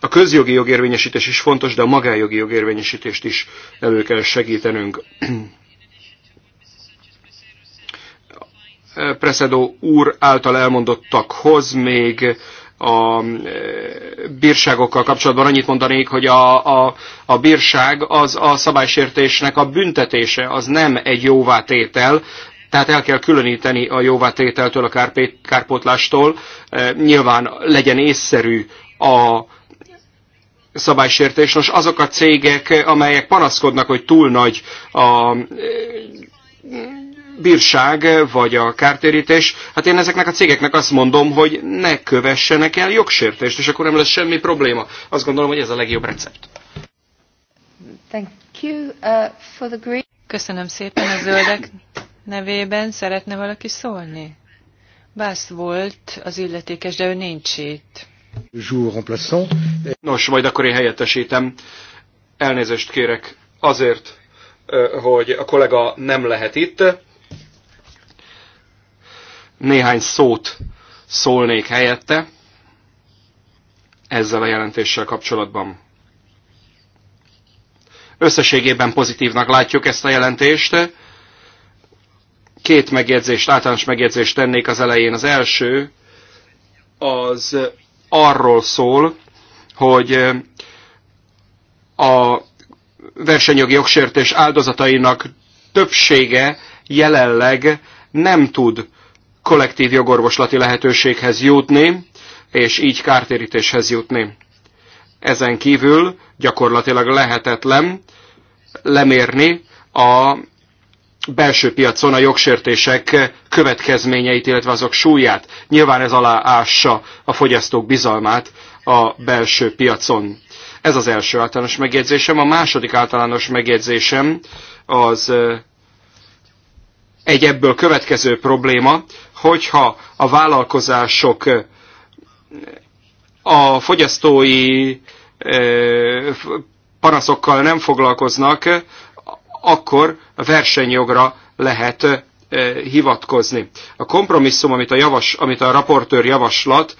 a közjogi jogérvényesítés is fontos, de a magájogi jogérvényesítést is elő kell segítenünk. Preszedó úr által elmondottakhoz még a bírságokkal kapcsolatban annyit mondanék, hogy a, a, a bírság az a szabálysértésnek a büntetése, az nem egy jóvátétel, tehát el kell különíteni a jóvátételtől, a kárpótlástól. E, nyilván legyen észszerű a szabálysértés. Nos, azok a cégek, amelyek panaszkodnak, hogy túl nagy a bírság eh, vagy a kártérítés, hát én ezeknek a cégeknek azt mondom, hogy ne kövessenek el jogsértést, és akkor nem lesz semmi probléma. Azt gondolom, hogy ez a legjobb recept. Thank you, uh, for the green... Köszönöm szépen a zöldek nevében. Szeretne valaki szólni? Bász volt az illetékes, de ő nincs itt. Nos, majd akkor én helyettesítem. Elnézést kérek azért, eh, hogy a kollega nem lehet itt néhány szót szólnék helyette ezzel a jelentéssel kapcsolatban. Összességében pozitívnak látjuk ezt a jelentést. Két megjegyzést, általános megjegyzést tennék az elején. Az első az arról szól, hogy a versenyjogi jogsértés áldozatainak többsége jelenleg nem tud kollektív jogorvoslati lehetőséghez jutni, és így kártérítéshez jutni. Ezen kívül gyakorlatilag lehetetlen lemérni a belső piacon a jogsértések következményeit, illetve azok súlyát. Nyilván ez aláássa a fogyasztók bizalmát a belső piacon. Ez az első általános megjegyzésem. A második általános megjegyzésem az eh, egy ebből következő probléma, hogyha a vállalkozások a fogyasztói panaszokkal nem foglalkoznak, akkor a versenyjogra lehet hivatkozni. A kompromisszum, amit a, javas, amit a raportőr javaslat,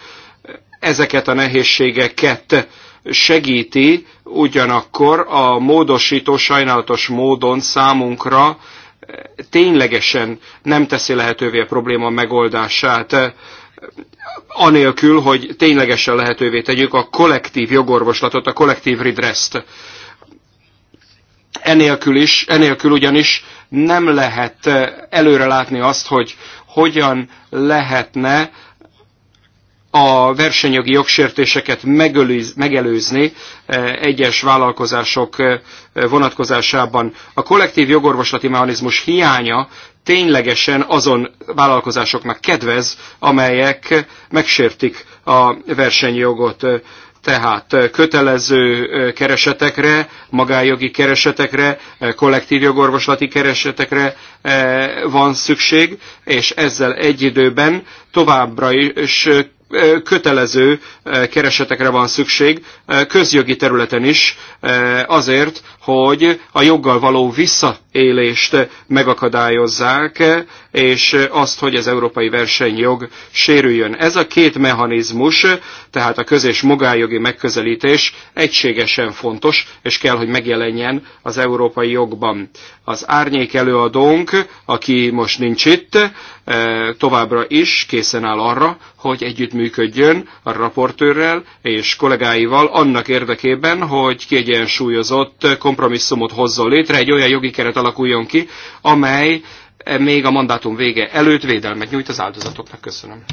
ezeket a nehézségeket segíti, ugyanakkor a módosító sajnálatos módon számunkra ténylegesen nem teszi lehetővé a probléma megoldását, eh, anélkül, hogy ténylegesen lehetővé tegyük a kollektív jogorvoslatot, a kollektív redresszt. Enélkül, is, enélkül ugyanis nem lehet eh, előre látni azt, hogy hogyan lehetne a versenyjogi jogsértéseket megelőzni eh, egyes vállalkozások eh, vonatkozásában. A kollektív jogorvoslati mechanizmus hiánya ténylegesen azon vállalkozásoknak kedvez, amelyek megsértik a versenyjogot tehát eh, kötelező keresetekre, magájogi keresetekre, kollektív jogorvoslati keresetekre van szükség, és ezzel egy időben továbbra is kötelező keresetekre van szükség közjogi területen is azért, hogy a joggal való vissza élést megakadályozzák, és azt, hogy az európai versenyjog sérüljön. Ez a két mechanizmus, tehát a köz- magájogi megközelítés egységesen fontos, és kell, hogy megjelenjen az európai jogban. Az árnyék előadónk, aki most nincs itt, e, továbbra is készen áll arra, hogy együttműködjön a raportőrrel és kollégáival annak érdekében, hogy kiegyensúlyozott kompromisszumot hozzon létre, egy olyan jogi keret alakuljon ki, amely eh, még a mandátum vége előtt védelmet nyújt az áldozatoknak. Köszönöm.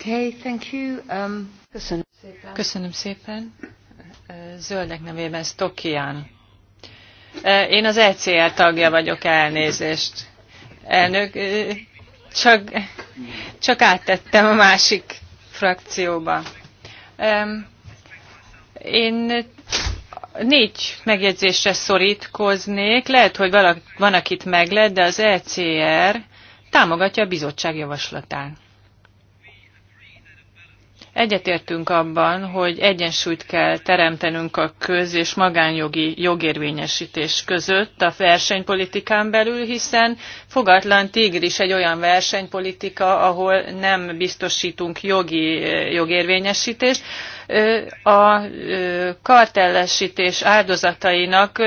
Okay, thank you. Um, köszönöm szépen. Köszönöm szépen. Eh, zöldek nevében Stokian. Eh, én az ECR tagja vagyok, elnézést. Elnök, csak, csak áttettem a másik frakcióba. Én Négy megjegyzésre szorítkoznék. Lehet, hogy valak, van, akit meglett, de az ECR támogatja a bizottság javaslatán. Egyetértünk abban, hogy egyensúlyt kell teremtenünk a köz- és magánjogi jogérvényesítés között a versenypolitikán belül, hiszen fogatlan tigris egy olyan versenypolitika, ahol nem biztosítunk jogi eh, jogérvényesítést, a kartellesítés áldozatainak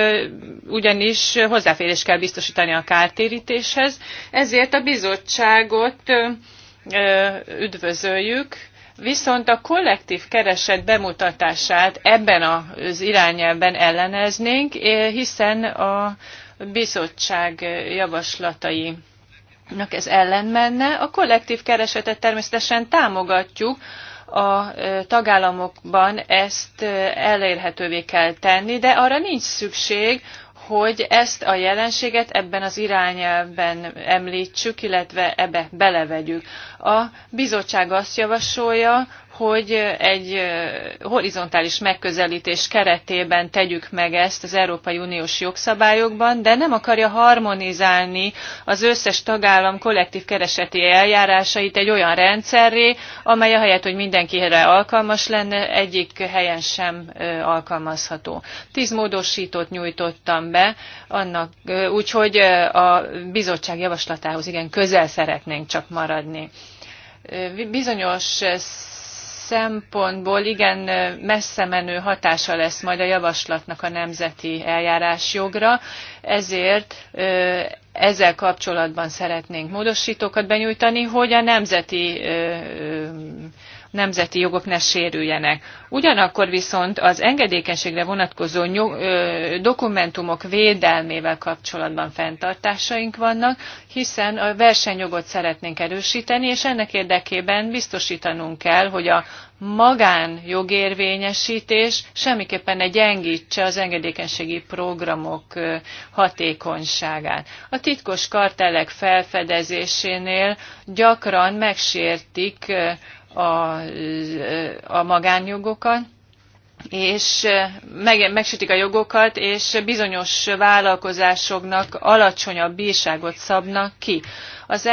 ugyanis hozzáférés kell biztosítani a kártérítéshez, ezért a bizottságot üdvözöljük, viszont a kollektív kereset bemutatását ebben az irányelben elleneznénk, hiszen a bizottság javaslatai ez ellen menne. A kollektív keresetet természetesen támogatjuk, a tagállamokban ezt elérhetővé kell tenni, de arra nincs szükség, hogy ezt a jelenséget ebben az irányelben említsük, illetve ebbe belevegyük. A bizottság azt javasolja, hogy egy horizontális megközelítés keretében tegyük meg ezt az Európai Uniós jogszabályokban, de nem akarja harmonizálni az összes tagállam kollektív kereseti eljárásait egy olyan rendszerré, amely ahelyett, hogy mindenkire alkalmas lenne, egyik helyen sem alkalmazható. Tíz módosítót nyújtottam be, annak, úgyhogy a bizottság javaslatához igen közel szeretnénk csak maradni. Bizonyos szempontból igen messze menő hatása lesz majd a javaslatnak a nemzeti eljárásjogra, ezért ezzel kapcsolatban szeretnénk módosítókat benyújtani, hogy a nemzeti nemzeti jogok ne sérüljenek. Ugyanakkor viszont az engedékenységre vonatkozó dokumentumok védelmével kapcsolatban fenntartásaink vannak, hiszen a versenyjogot szeretnénk erősíteni, és ennek érdekében biztosítanunk kell, hogy a magán jogérvényesítés semmiképpen ne gyengítse az engedékenységi programok hatékonyságát. A titkos kartelek felfedezésénél gyakran megsértik a, a magánjogokat, és meg, megsütik a jogokat, és bizonyos vállalkozásoknak alacsonyabb bírságot szabnak ki. Az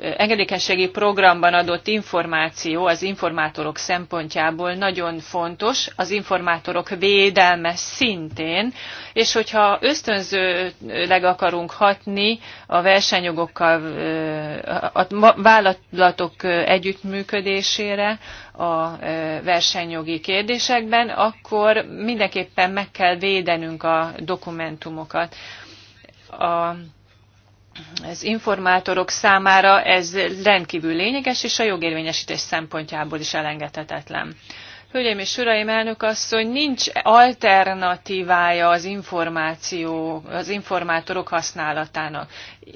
engedékenységi programban adott információ az informátorok szempontjából nagyon fontos, az informátorok védelme szintén, és hogyha ösztönzőleg akarunk hatni a versenyjogokkal, a vállalatok együttműködésére, a versenyjogi kérdésekben, akkor mindenképpen meg kell védenünk a dokumentumokat. A, az informátorok számára ez rendkívül lényeges, és a jogérvényesítés szempontjából is elengedhetetlen. Hölgyeim és Uraim, elnök asszony, nincs alternatívája az információ, az informátorok használatának.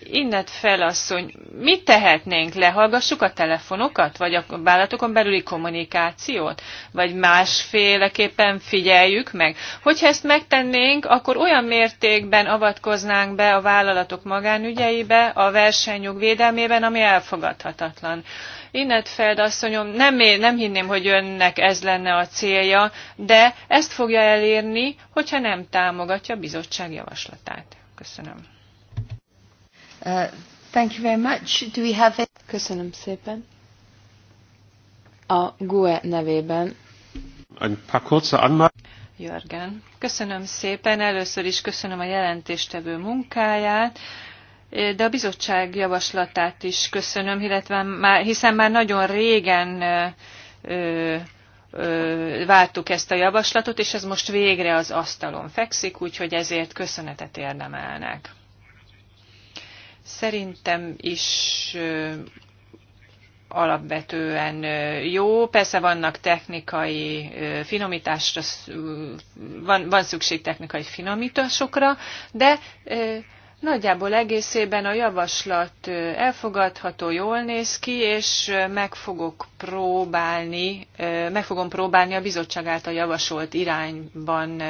Innet fel, asszony, mit tehetnénk? Lehallgassuk a telefonokat, vagy a vállalatokon belüli kommunikációt? Vagy másféleképpen figyeljük meg? Hogyha ezt megtennénk, akkor olyan mértékben avatkoznánk be a vállalatok magánügyeibe, a versenyjog védelmében, ami elfogadhatatlan. Inetfeld asszonyom, nem, nem hinném, hogy önnek ez lenne a célja, de ezt fogja elérni, hogyha nem támogatja a bizottság javaslatát. Köszönöm. Uh, thank you very much. Do we have Köszönöm szépen. A GUE nevében. Ein paar kurze Anmerkungen. Jörgen. Köszönöm szépen. Először is köszönöm a jelentéstevő munkáját de a bizottság javaslatát is köszönöm, illetve már, hiszen már nagyon régen ö, ö, vártuk ezt a javaslatot, és ez most végre az asztalon fekszik, úgyhogy ezért köszönetet érdemelnek. Szerintem is ö, alapvetően jó. Persze vannak technikai finomításra, van, van szükség technikai finomításokra, de Nagyjából egészében a javaslat elfogadható, jól néz ki, és meg fogok próbálni, meg fogom próbálni a bizottság által javasolt irányban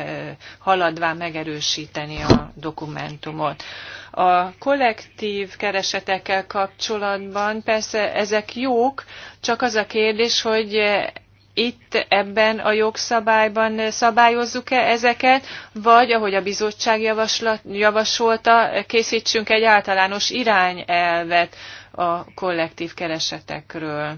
haladva megerősíteni a dokumentumot. A kollektív keresetekkel kapcsolatban persze ezek jók, csak az a kérdés, hogy itt ebben a jogszabályban szabályozzuk-e ezeket, vagy ahogy a bizottság javaslat, javasolta, készítsünk egy általános irányelvet a kollektív keresetekről.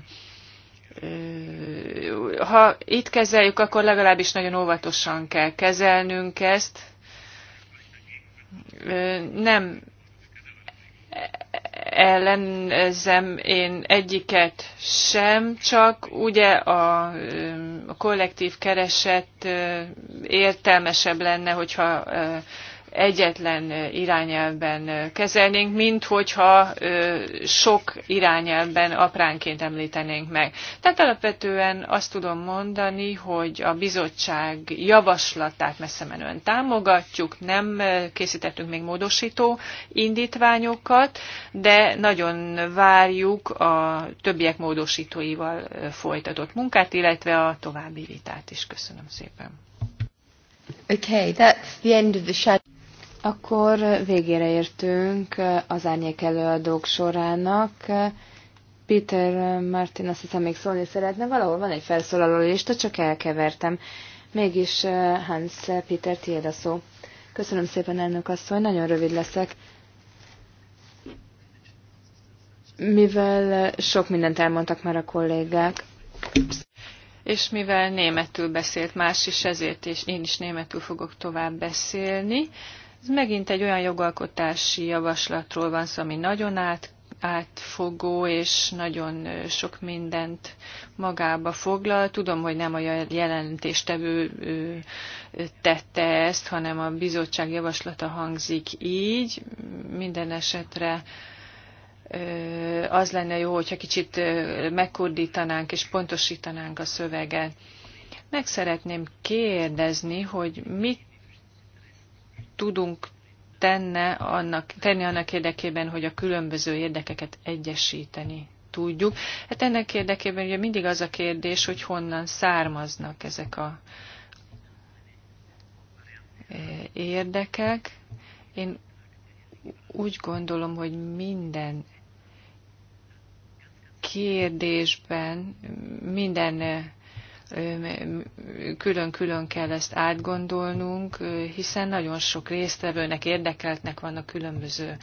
Ha itt kezeljük, akkor legalábbis nagyon óvatosan kell kezelnünk ezt. Nem ellenzem én egyiket sem, csak ugye a, a kollektív kereset értelmesebb lenne, hogyha egyetlen irányelvben kezelnénk, mint hogyha sok irányelvben apránként említenénk meg. Tehát alapvetően azt tudom mondani, hogy a bizottság javaslatát messze menően támogatjuk, nem készítettünk még módosító indítványokat, de nagyon várjuk a többiek módosítóival folytatott munkát, illetve a további vitát is. Köszönöm szépen. Okay, that's the end of the shadow. Akkor végére értünk az árnyék előadók sorának. Peter Martin azt hiszem még szólni szeretne, valahol van egy felszólaló lista, csak elkevertem. Mégis eh, Hans Peter, tiéd a szó. Köszönöm szépen, elnök asszony, nagyon rövid leszek. Mivel sok mindent elmondtak már a kollégák, és mivel németül beszélt más is, ezért és én is németül fogok tovább beszélni. Ez megint egy olyan jogalkotási javaslatról van szó, ami nagyon át, átfogó és nagyon sok mindent magába foglal. Tudom, hogy nem a jelentéstevő tette ezt, hanem a bizottság javaslata hangzik így. Minden esetre az lenne jó, hogyha kicsit megkordítanánk és pontosítanánk a szöveget. Meg szeretném kérdezni, hogy mit tudunk tenne annak, tenni annak érdekében, hogy a különböző érdekeket egyesíteni tudjuk. Hát ennek érdekében ugye mindig az a kérdés, hogy honnan származnak ezek a e, érdekek. Én úgy gondolom, hogy minden kérdésben, minden külön-külön kell ezt átgondolnunk, hiszen nagyon sok résztvevőnek, érdekeltnek vannak különböző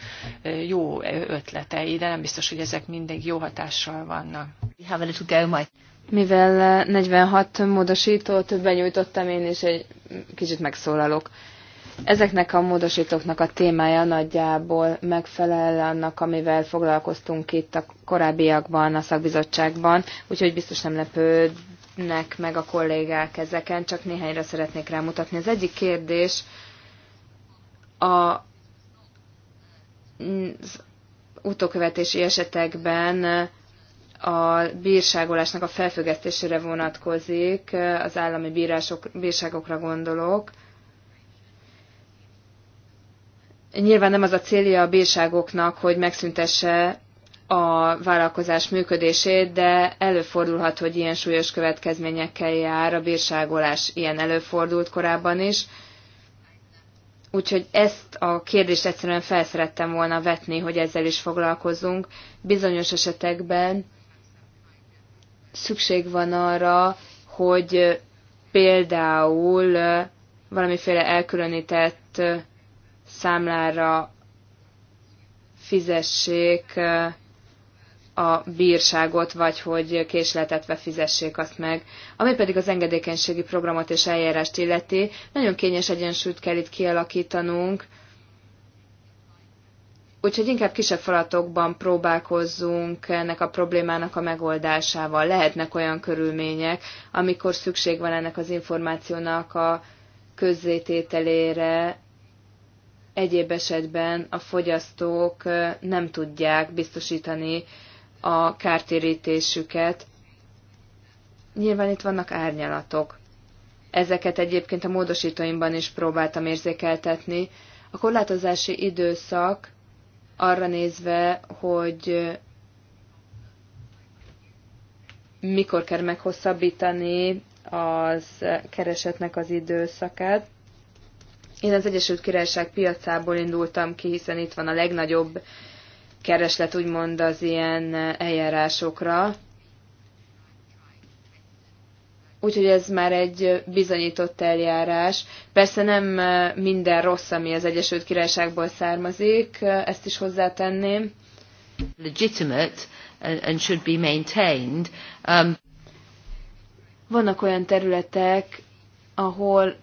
jó ötletei, de nem biztos, hogy ezek mindig jó hatással vannak. Mivel 46 többen nyújtottam én és egy kicsit megszólalok. Ezeknek a módosítóknak a témája nagyjából megfelel annak, amivel foglalkoztunk itt a korábbiakban, a szakbizottságban, úgyhogy biztos nem lepőd lepnek meg a kollégák ezeken, csak néhányra szeretnék rámutatni. Az egyik kérdés a utókövetési esetekben a bírságolásnak a felfüggesztésére vonatkozik, az állami bírások, bírságokra gondolok. Nyilván nem az a célja a bírságoknak, hogy megszüntesse a vállalkozás működését, de előfordulhat, hogy ilyen súlyos következményekkel jár a bírságolás. Ilyen előfordult korábban is. Úgyhogy ezt a kérdést egyszerűen felszerettem volna vetni, hogy ezzel is foglalkozunk. Bizonyos esetekben szükség van arra, hogy például valamiféle elkülönített számlára fizessék a bírságot, vagy hogy késletetve fizessék azt meg. Ami pedig az engedékenységi programot és eljárást illeti, nagyon kényes egyensúlyt kell itt kialakítanunk, Úgyhogy inkább kisebb falatokban próbálkozzunk ennek a problémának a megoldásával. Lehetnek olyan körülmények, amikor szükség van ennek az információnak a közzétételére, egyéb esetben a fogyasztók nem tudják biztosítani a kártérítésüket. Nyilván itt vannak árnyalatok. Ezeket egyébként a módosítóimban is próbáltam érzékeltetni. A korlátozási időszak arra nézve, hogy mikor kell meghosszabbítani az keresetnek az időszakát. Én az Egyesült Királyság piacából indultam ki, hiszen itt van a legnagyobb kereslet úgymond az ilyen eljárásokra. Úgyhogy ez már egy bizonyított eljárás. Persze nem eh, minden rossz, ami az Egyesült Királyságból származik, eh, ezt is hozzátenném. Legitimate and should be maintained. Um... Vannak olyan területek, ahol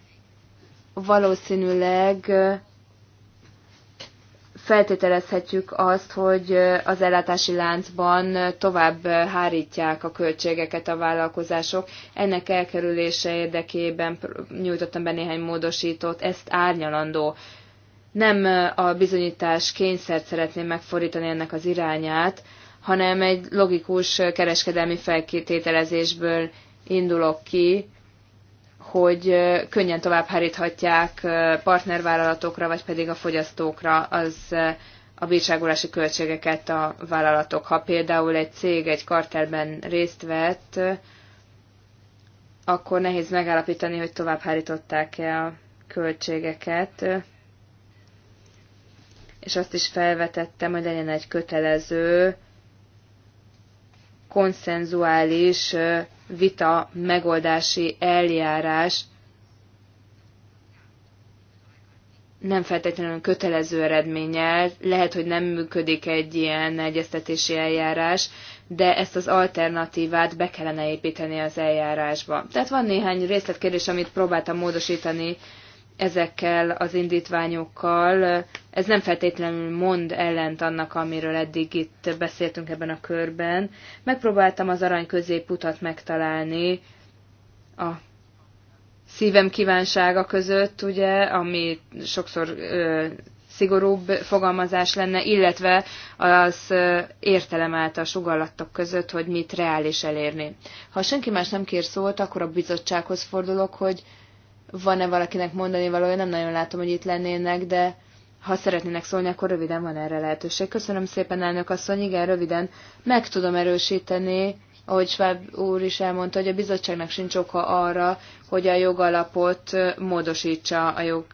valószínűleg eh, feltételezhetjük azt, hogy az ellátási láncban tovább hárítják a költségeket a vállalkozások. Ennek elkerülése érdekében nyújtottam be néhány módosítót, ezt árnyalandó. Nem a bizonyítás kényszert szeretném megfordítani ennek az irányát, hanem egy logikus kereskedelmi feltételezésből indulok ki, hogy könnyen tovább háríthatják partnervállalatokra, vagy pedig a fogyasztókra az a bírságolási költségeket a vállalatok. Ha például egy cég egy kartelben részt vett, akkor nehéz megállapítani, hogy tovább hárították-e a költségeket. És azt is felvetettem, hogy legyen egy kötelező, konszenzuális vita megoldási eljárás nem feltétlenül kötelező eredménnyel, lehet, hogy nem működik egy ilyen egyeztetési eljárás, de ezt az alternatívát be kellene építeni az eljárásba. Tehát van néhány részletkérdés, amit próbáltam módosítani ezekkel az indítványokkal, ez nem feltétlenül mond ellent annak, amiről eddig itt beszéltünk ebben a körben. Megpróbáltam az arany középutat megtalálni a szívem kívánsága között, ugye, ami sokszor ö, szigorúbb fogalmazás lenne, illetve az értelem által sugallattak között, hogy mit reális elérni. Ha senki más nem kér szót, akkor a bizottsághoz fordulok, hogy van-e valakinek mondani valója, nem nagyon látom, hogy itt lennének, de ha szeretnének szólni, akkor röviden van erre lehetőség. Köszönöm szépen, elnök asszony, igen, röviden meg tudom erősíteni, ahogy Schwab úr is elmondta, hogy a bizottságnak sincs oka arra, hogy a jogalapot módosítsa a jog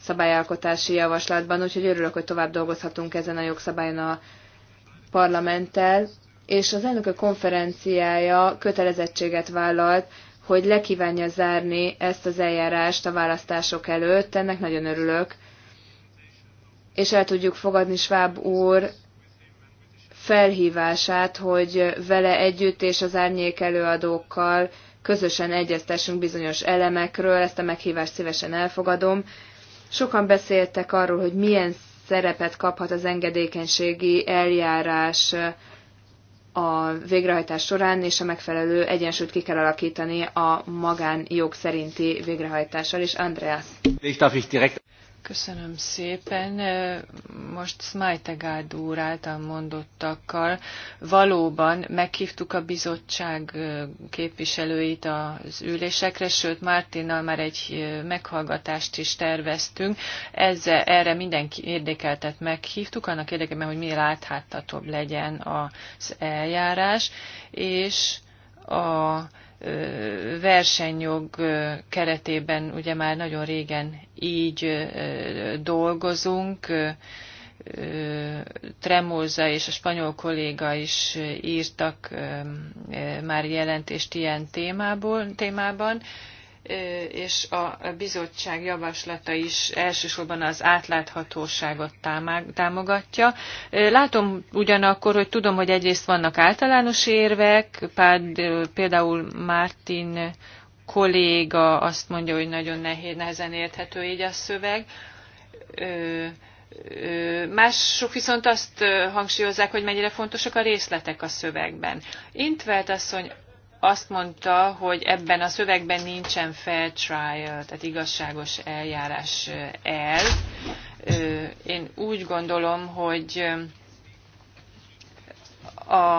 szabályalkotási javaslatban, úgyhogy örülök, hogy tovább dolgozhatunk ezen a jogszabályon a parlamenttel, és az elnökök konferenciája kötelezettséget vállalt hogy kívánja zárni ezt az eljárást a választások előtt, ennek nagyon örülök. És el tudjuk fogadni Schwab úr felhívását, hogy vele együtt és az árnyék előadókkal közösen egyeztessünk bizonyos elemekről, ezt a meghívást szívesen elfogadom. Sokan beszéltek arról, hogy milyen szerepet kaphat az engedékenységi eljárás a végrehajtás során, és a megfelelő egyensúlyt ki kell alakítani a magánjog szerinti végrehajtással. És Andreas. Köszönöm szépen. Most Smajtegárd úr által mondottakkal valóban meghívtuk a bizottság képviselőit az ülésekre, sőt Mártinnal már egy meghallgatást is terveztünk. Ezzel, erre mindenki érdekeltet meghívtuk, annak érdekében, hogy mi átháttatóbb legyen az eljárás, és a versenyjog keretében ugye már nagyon régen így dolgozunk. Tremolza és a spanyol kolléga is írtak már jelentést ilyen témából, témában és a bizottság javaslata is elsősorban az átláthatóságot támogatja. Látom ugyanakkor, hogy tudom, hogy egyrészt vannak általános érvek, például Martin kolléga azt mondja, hogy nagyon nehéz, nehezen érthető így a szöveg. Mások viszont azt hangsúlyozzák, hogy mennyire fontosak a részletek a szövegben. Intvelt asszony azt mondta, hogy ebben a szövegben nincsen fair trial, tehát igazságos eljárás el. Én úgy gondolom, hogy a,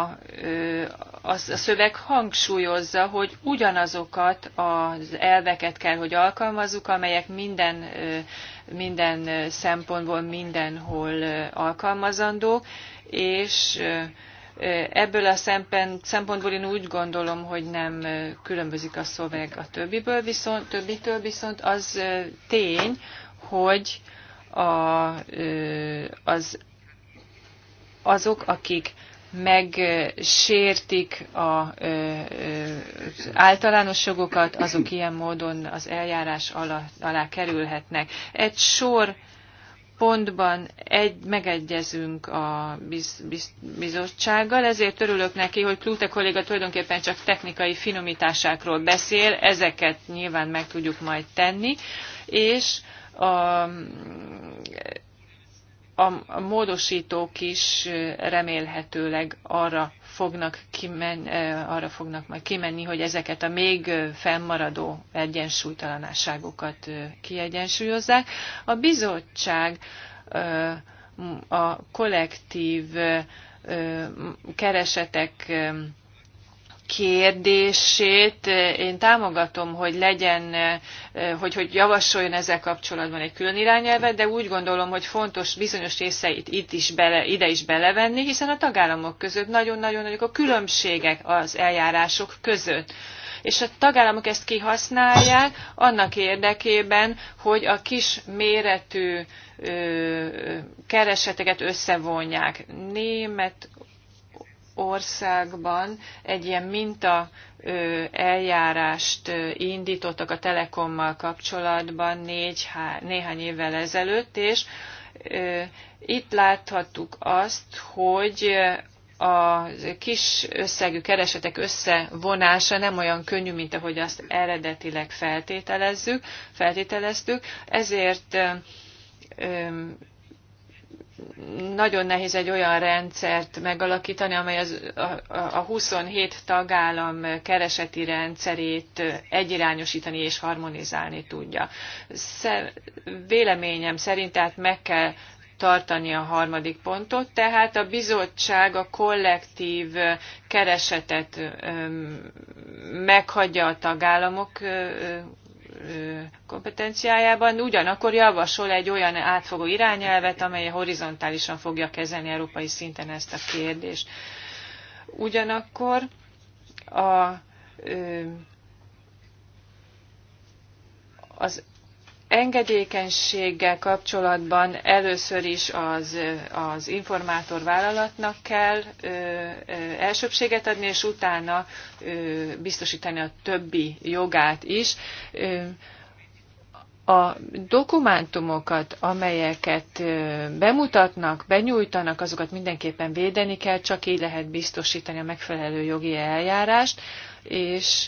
a szöveg hangsúlyozza, hogy ugyanazokat az elveket kell, hogy alkalmazzuk, amelyek minden, minden szempontból mindenhol alkalmazandók, és Ebből a szempontból én úgy gondolom, hogy nem különbözik a szöveg a többiből, viszont, többitől viszont az tény, hogy a, az, azok, akik megsértik az általános jogokat, azok ilyen módon az eljárás alá, alá kerülhetnek. Egy sor pontban egy, megegyezünk a biz, biz, bizottsággal, ezért örülök neki, hogy Klute kolléga tulajdonképpen csak technikai finomításákról beszél, ezeket nyilván meg tudjuk majd tenni, és a, a módosítók is remélhetőleg arra fognak, kimen, arra fognak majd kimenni, hogy ezeket a még fennmaradó egyensúlytalanságokat kiegyensúlyozzák. A bizottság a kollektív keresetek kérdését eh, én támogatom, hogy legyen, eh, eh, hogy, hogy javasoljon ezzel kapcsolatban egy külön irányelvet, de úgy gondolom, hogy fontos bizonyos részeit itt is bele, ide is belevenni, hiszen a tagállamok között nagyon-nagyon nagyok a különbségek az eljárások között és a tagállamok ezt kihasználják annak érdekében, hogy a kis méretű kereseteket összevonják. Német országban egy ilyen minta eljárást indítottak a Telekommal kapcsolatban négy, néhány évvel ezelőtt, és itt láthattuk azt, hogy a kis összegű keresetek összevonása nem olyan könnyű, mint ahogy azt eredetileg feltételezzük, feltételeztük, ezért nagyon nehéz egy olyan rendszert megalakítani, amely az, a, a 27 tagállam kereseti rendszerét egyirányosítani és harmonizálni tudja. Szer, véleményem szerint tehát meg kell tartani a harmadik pontot, tehát a bizottság a kollektív keresetet meghagyja a tagállamok kompetenciájában, ugyanakkor javasol egy olyan átfogó irányelvet, amely horizontálisan fogja kezelni európai szinten ezt a kérdést. Ugyanakkor a, az engedékenységgel kapcsolatban először is az, az informátor vállalatnak kell ö, elsőbséget adni, és utána ö, biztosítani a többi jogát is. Ö, a dokumentumokat, amelyeket bemutatnak, benyújtanak, azokat mindenképpen védeni kell, csak így lehet biztosítani a megfelelő jogi eljárást, és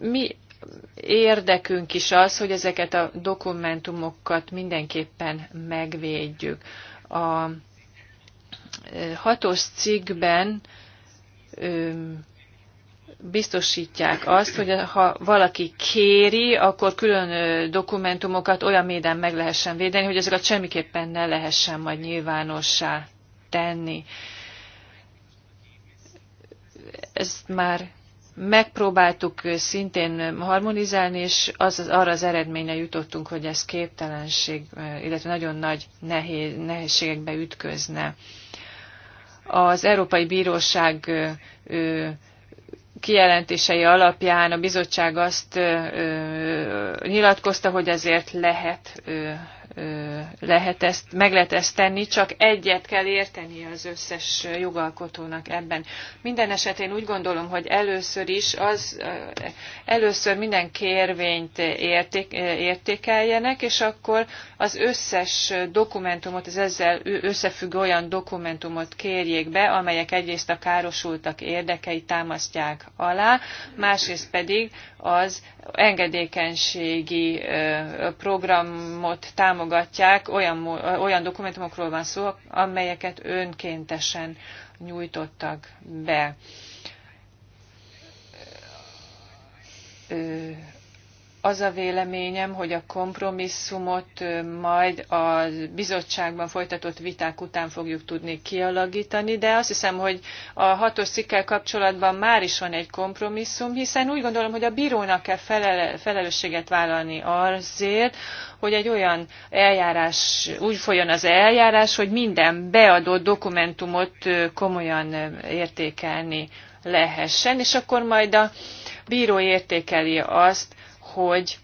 mi érdekünk is az, hogy ezeket a dokumentumokat mindenképpen megvédjük. A hatos cikkben biztosítják azt, hogy ha valaki kéri, akkor külön dokumentumokat olyan méden meg lehessen védeni, hogy ezeket semmiképpen ne lehessen majd nyilvánossá tenni. Ezt már megpróbáltuk szintén harmonizálni, és az, az, arra az eredményre jutottunk, hogy ez képtelenség, illetve nagyon nagy nehéz, nehézségekbe ütközne. Az Európai Bíróság kijelentései alapján a bizottság azt nyilatkozta, hogy ezért lehet lehet ezt, meg lehet ezt tenni, csak egyet kell érteni az összes jogalkotónak ebben. Minden esetén úgy gondolom, hogy először is az, először minden kérvényt érték, értékeljenek, és akkor az összes dokumentumot, az ezzel összefüggő olyan dokumentumot kérjék be, amelyek egyrészt a károsultak érdekeit támasztják alá, másrészt pedig az engedékenységi programot támogatják, olyan, olyan dokumentumokról van szó, amelyeket önkéntesen nyújtottak be az a véleményem, hogy a kompromisszumot majd a bizottságban folytatott viták után fogjuk tudni kialakítani, de azt hiszem, hogy a hatos cikkel kapcsolatban már is van egy kompromisszum, hiszen úgy gondolom, hogy a bírónak kell felel felelősséget vállalni azért, hogy egy olyan eljárás, úgy folyjon az eljárás, hogy minden beadott dokumentumot komolyan értékelni lehessen, és akkor majd a bíró értékeli azt, hogy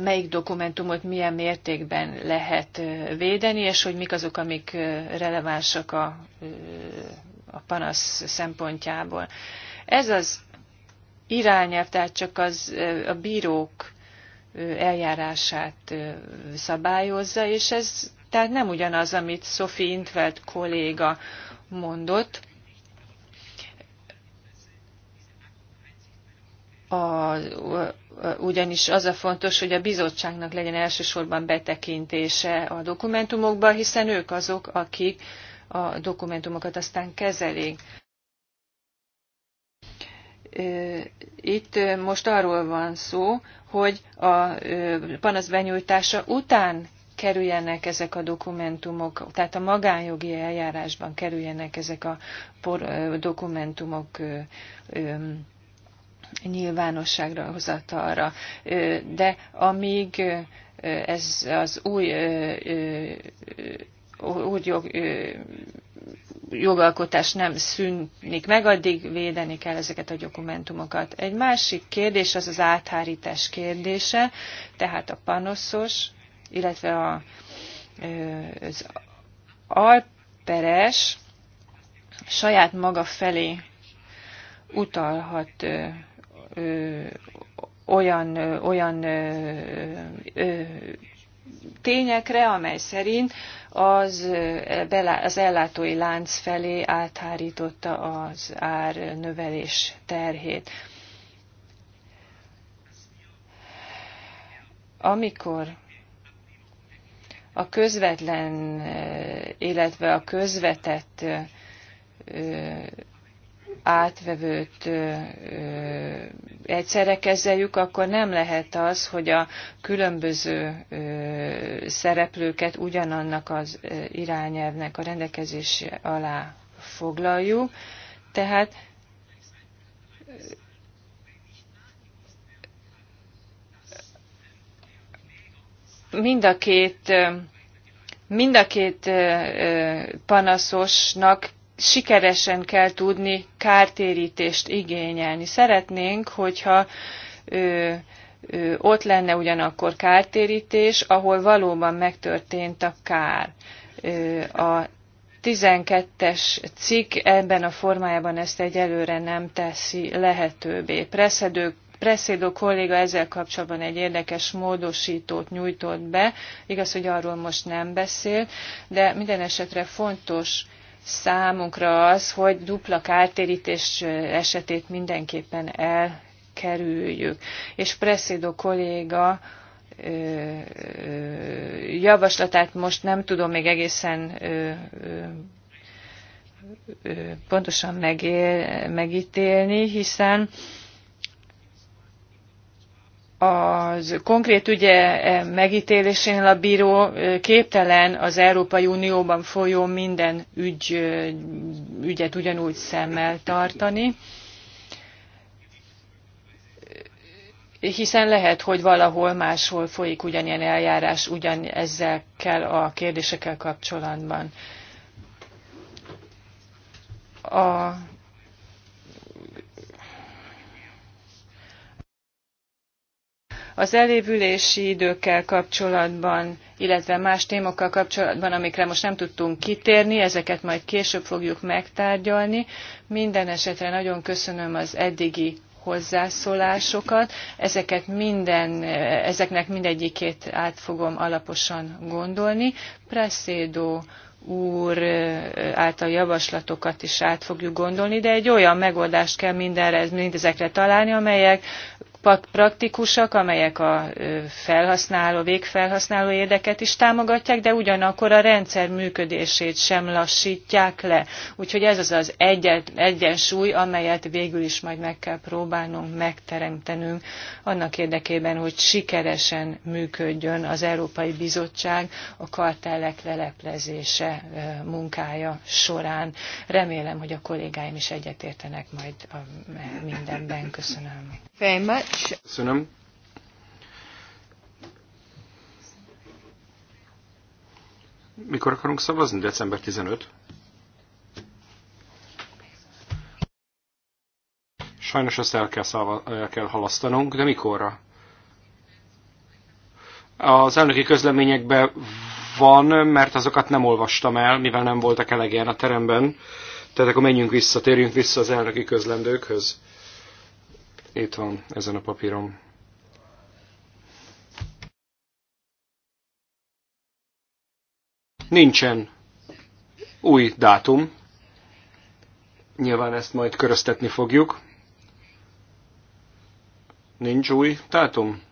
melyik dokumentumot milyen mértékben lehet védeni, és hogy mik azok, amik relevánsak a, a panasz szempontjából. Ez az irányelv, tehát csak az, a bírók eljárását szabályozza, és ez tehát nem ugyanaz, amit Sophie Intveld kolléga mondott, a, ugyanis az a fontos, hogy a bizottságnak legyen elsősorban betekintése a dokumentumokba, hiszen ők azok, akik a dokumentumokat aztán kezelik. Itt most arról van szó, hogy a panasz benyújtása után kerüljenek ezek a dokumentumok, tehát a magánjogi eljárásban kerüljenek ezek a dokumentumok nyilvánosságra hozatalra. De amíg ez az új úgy jog, jogalkotás nem szűnik meg, addig védeni kell ezeket a dokumentumokat. Egy másik kérdés az az áthárítás kérdése, tehát a panoszos, illetve a, az alperes saját maga felé utalhat olyan, olyan tényekre, amely szerint az, az ellátói lánc felé áthárította az ár növelés terhét. Amikor a közvetlen, illetve a közvetett átvevőt egyszerre kezeljük, akkor nem lehet az, hogy a különböző szereplőket ugyanannak az irányelvnek a rendelkezése alá foglaljuk. Tehát mind a két mind a két panaszosnak sikeresen kell tudni kártérítést igényelni. Szeretnénk, hogyha ö, ö, ott lenne ugyanakkor kártérítés, ahol valóban megtörtént a kár. Ö, a 12-es cikk ebben a formájában ezt egyelőre nem teszi lehetővé. Preszedők Preszédó kolléga ezzel kapcsolatban egy érdekes módosítót nyújtott be, igaz, hogy arról most nem beszél, de minden esetre fontos számunkra az, hogy dupla kártérítés esetét mindenképpen elkerüljük. És Presszédo kolléga javaslatát most nem tudom még egészen pontosan megél, megítélni, hiszen az konkrét ügye eh, megítélésénél a bíró eh, képtelen az Európai Unióban folyó minden ügy, eh, ügyet ugyanúgy szemmel tartani, hiszen lehet, hogy valahol máshol folyik ugyanilyen eljárás ugyan ezekkel a kérdésekkel kapcsolatban. A Az elévülési időkkel kapcsolatban, illetve más témokkal kapcsolatban, amikre most nem tudtunk kitérni, ezeket majd később fogjuk megtárgyalni. Minden esetre nagyon köszönöm az eddigi hozzászólásokat. Ezeket minden, ezeknek mindegyikét át fogom alaposan gondolni. Preszédó úr által javaslatokat is át fogjuk gondolni, de egy olyan megoldást kell mindenre, mindezekre találni, amelyek praktikusak, amelyek a felhasználó, végfelhasználó érdeket is támogatják, de ugyanakkor a rendszer működését sem lassítják le. Úgyhogy ez az az egyet, egyensúly, amelyet végül is majd meg kell próbálnunk megteremtenünk annak érdekében, hogy sikeresen működjön az Európai Bizottság a kartellek leleplezése munkája során. Remélem, hogy a kollégáim is egyetértenek majd a mindenben. Köszönöm. Very much. Köszönöm. Mikor akarunk szavazni? December 15? Sajnos ezt el kell, szava, el kell halasztanunk, de mikorra? Az elnöki közleményekben van, mert azokat nem olvastam el, mivel nem voltak elegen a teremben. Tehát akkor menjünk vissza, térjünk vissza az elnöki közlendőkhöz. Itt van ezen a papírom. Nincsen új dátum. Nyilván ezt majd köröztetni fogjuk. Nincs új dátum.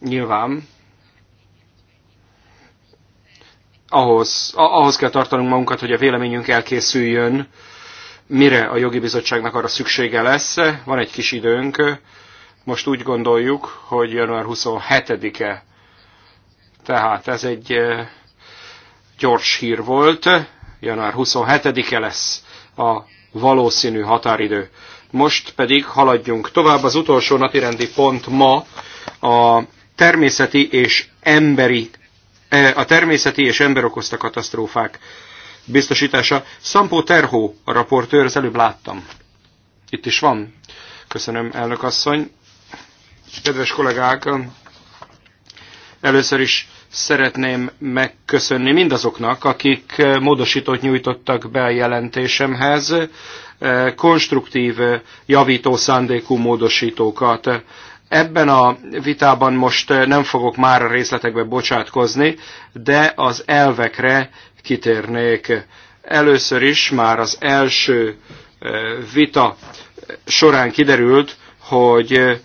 Nyilván ahhoz, ahhoz kell tartanunk magunkat, hogy a véleményünk elkészüljön mire a jogi bizottságnak arra szüksége lesz. Van egy kis időnk, most úgy gondoljuk, hogy január 27-e. Tehát ez egy eh, gyors hír volt, január 27-e lesz a valószínű határidő. Most pedig haladjunk tovább. Az utolsó napirendi pont ma a természeti és emberi eh, a természeti és emberokozta katasztrófák biztosítása. Szampó Terhó, a raportőr, az előbb láttam. Itt is van. Köszönöm, elnök asszony. Kedves kollégák, először is szeretném megköszönni mindazoknak, akik módosítót nyújtottak be a jelentésemhez, konstruktív javító szándékú módosítókat. Ebben a vitában most nem fogok már a részletekbe bocsátkozni, de az elvekre kitérnék. Először is már az első eh, vita eh, során kiderült, hogy eh,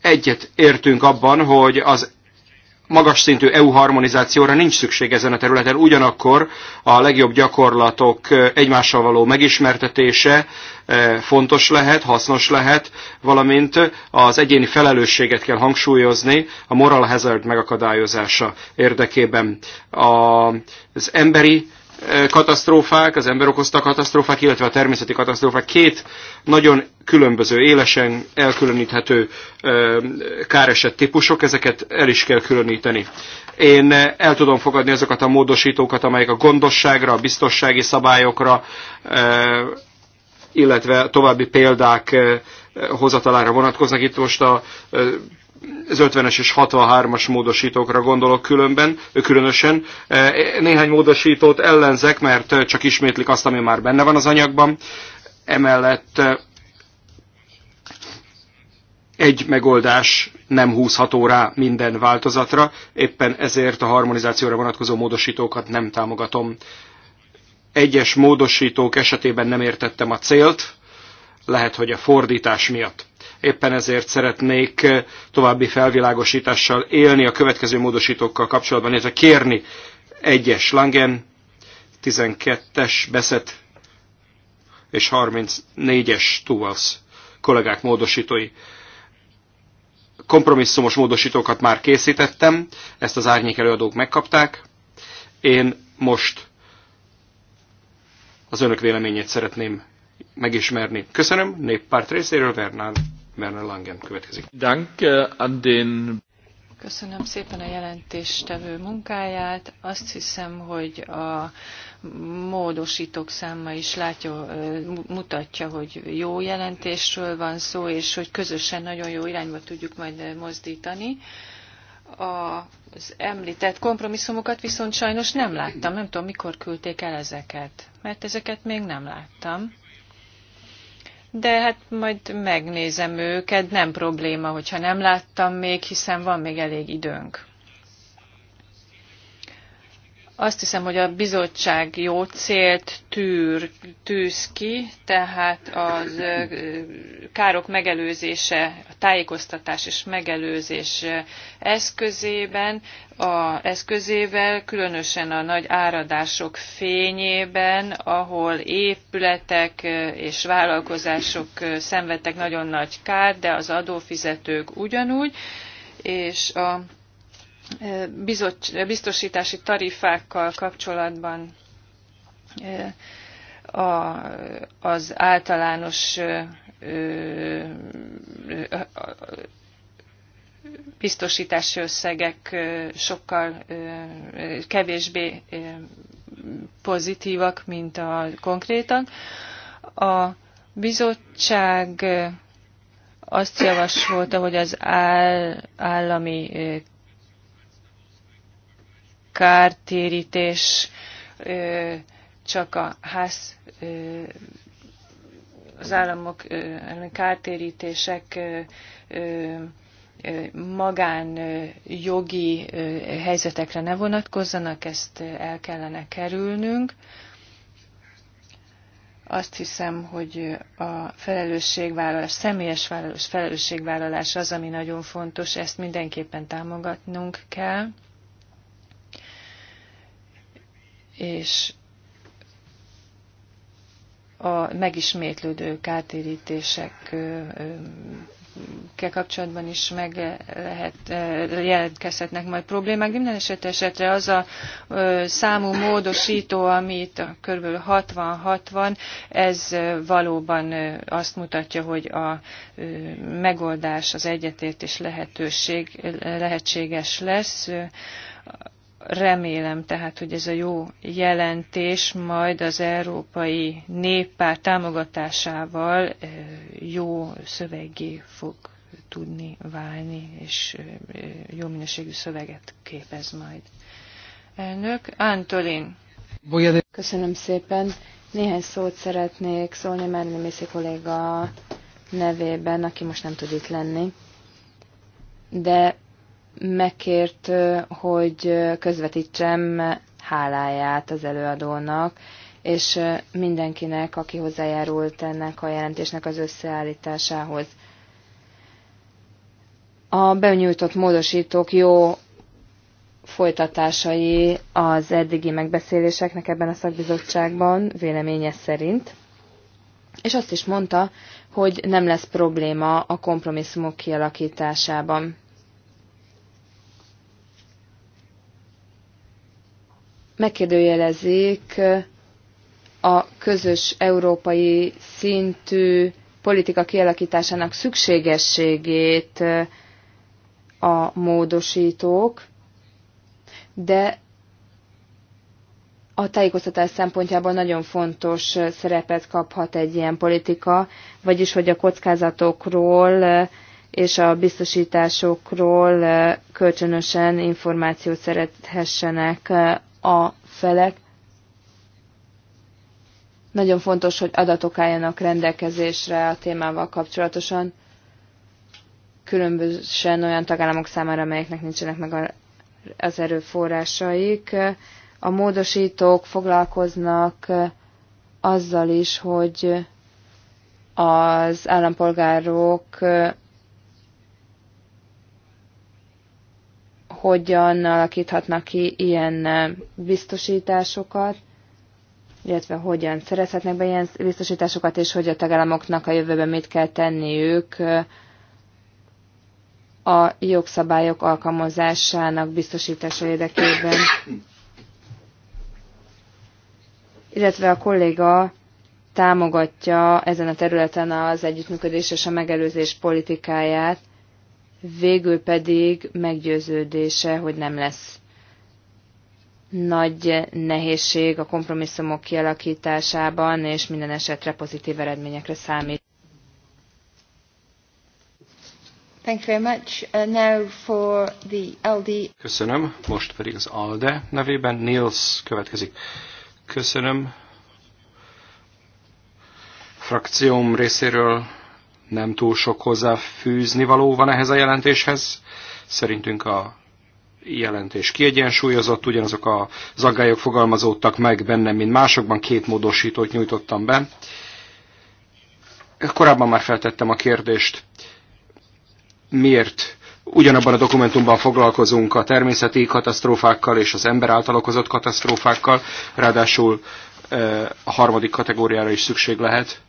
egyet értünk abban, hogy az magas szintű EU harmonizációra nincs szükség ezen a területen, ugyanakkor a legjobb gyakorlatok egymással való megismertetése fontos lehet, hasznos lehet, valamint az egyéni felelősséget kell hangsúlyozni a moral hazard megakadályozása érdekében. Az emberi katasztrófák, az ember okozta katasztrófák, illetve a természeti katasztrófák két nagyon különböző, élesen elkülöníthető káresett típusok, ezeket el is kell különíteni. Én el tudom fogadni azokat a módosítókat, amelyek a gondosságra, a biztossági szabályokra, illetve további példák hozatalára vonatkoznak. Itt most a az 50-es és 63-as módosítókra gondolok különben, különösen. E, néhány módosítót ellenzek, mert csak ismétlik azt, ami már benne van az anyagban. Emellett e, egy megoldás nem húzható rá minden változatra, éppen ezért a harmonizációra vonatkozó módosítókat nem támogatom. Egyes módosítók esetében nem értettem a célt, lehet, hogy a fordítás miatt Éppen ezért szeretnék eh, további felvilágosítással élni a következő módosítókkal kapcsolatban, illetve kérni egyes Langen, 12-es Beszet és 34-es Tuvasz kollégák módosítói. Kompromisszumos módosítókat már készítettem, ezt az árnyék előadók megkapták. Én most az önök véleményét szeretném megismerni. Köszönöm, néppárt részéről Vernán. Werner Langen következik. an den Köszönöm szépen a jelentéstevő munkáját. Azt hiszem, hogy a módosítók száma is látja, mutatja, hogy jó jelentésről van szó, és hogy közösen nagyon jó irányba tudjuk majd mozdítani. Az említett kompromisszumokat viszont sajnos nem láttam, nem tudom, mikor küldték el ezeket, mert ezeket még nem láttam de hát majd megnézem őket, nem probléma, hogyha nem láttam még, hiszen van még elég időnk. Azt hiszem, hogy a bizottság jó célt tűr, tűz ki, tehát az károk megelőzése, a tájékoztatás és megelőzés eszközében, a eszközével, különösen a nagy áradások fényében, ahol épületek és vállalkozások szenvedtek nagyon nagy kárt, de az adófizetők ugyanúgy, és a biztosítási tarifákkal kapcsolatban az általános biztosítási összegek sokkal kevésbé pozitívak, mint a konkrétan. A bizottság azt javasolta, hogy az állami kártérítés csak a ház az államok kártérítések magán jogi helyzetekre ne vonatkozzanak, ezt el kellene kerülnünk. Azt hiszem, hogy a felelősségvállalás, személyes felelősségvállalás az, ami nagyon fontos, ezt mindenképpen támogatnunk kell. és a megismétlődő kártérítésekkel kapcsolatban is meg lehet, jelentkezhetnek majd problémák. Minden esetre, esetre az a számú módosító, amit kb. 60-60, ez valóban azt mutatja, hogy a megoldás, az egyetértés lehetőség, lehetséges lesz Remélem tehát, hogy ez a jó jelentés majd az Európai Néppár támogatásával jó szövegé fog tudni válni, és jó minőségű szöveget képez majd. Elnök Antolin. Köszönöm szépen. Néhány szót szeretnék szólni Merni Mészi kolléga nevében, aki most nem tud itt lenni. De megkért, hogy közvetítsem háláját az előadónak, és mindenkinek, aki hozzájárult ennek a jelentésnek az összeállításához. A benyújtott módosítók jó folytatásai az eddigi megbeszéléseknek ebben a szakbizottságban véleménye szerint. És azt is mondta, hogy nem lesz probléma a kompromisszumok kialakításában. megkérdőjelezik a közös európai szintű politika kialakításának szükségességét a módosítók, de a tájékoztatás szempontjából nagyon fontos szerepet kaphat egy ilyen politika, vagyis hogy a kockázatokról és a biztosításokról kölcsönösen információt szerethessenek a felek. Nagyon fontos, hogy adatok álljanak rendelkezésre a témával kapcsolatosan, különbözően olyan tagállamok számára, amelyeknek nincsenek meg az erőforrásaik. A módosítók foglalkoznak azzal is, hogy az állampolgárok hogyan alakíthatnak ki ilyen biztosításokat, illetve hogyan szerezhetnek be ilyen biztosításokat, és hogy a tagállamoknak a jövőben mit kell tenniük a jogszabályok alkalmazásának biztosítása érdekében. Illetve a kolléga támogatja ezen a területen az együttműködés és a megelőzés politikáját, végül pedig meggyőződése, hogy nem lesz nagy nehézség a kompromisszumok kialakításában, és minden esetre pozitív eredményekre számít. Thank you very much. Uh, now for the LD. Köszönöm. Most pedig az ALDE nevében Niels következik. Köszönöm. Frakcióm részéről nem túl sok hozzáfűzni való van ehhez a jelentéshez. Szerintünk a jelentés kiegyensúlyozott, ugyanazok a zaggályok fogalmazódtak meg bennem, mint másokban, két módosítót nyújtottam be. Korábban már feltettem a kérdést, miért ugyanabban a dokumentumban foglalkozunk a természeti katasztrófákkal és az ember által okozott katasztrófákkal, ráadásul eh, a harmadik kategóriára is szükség lehet.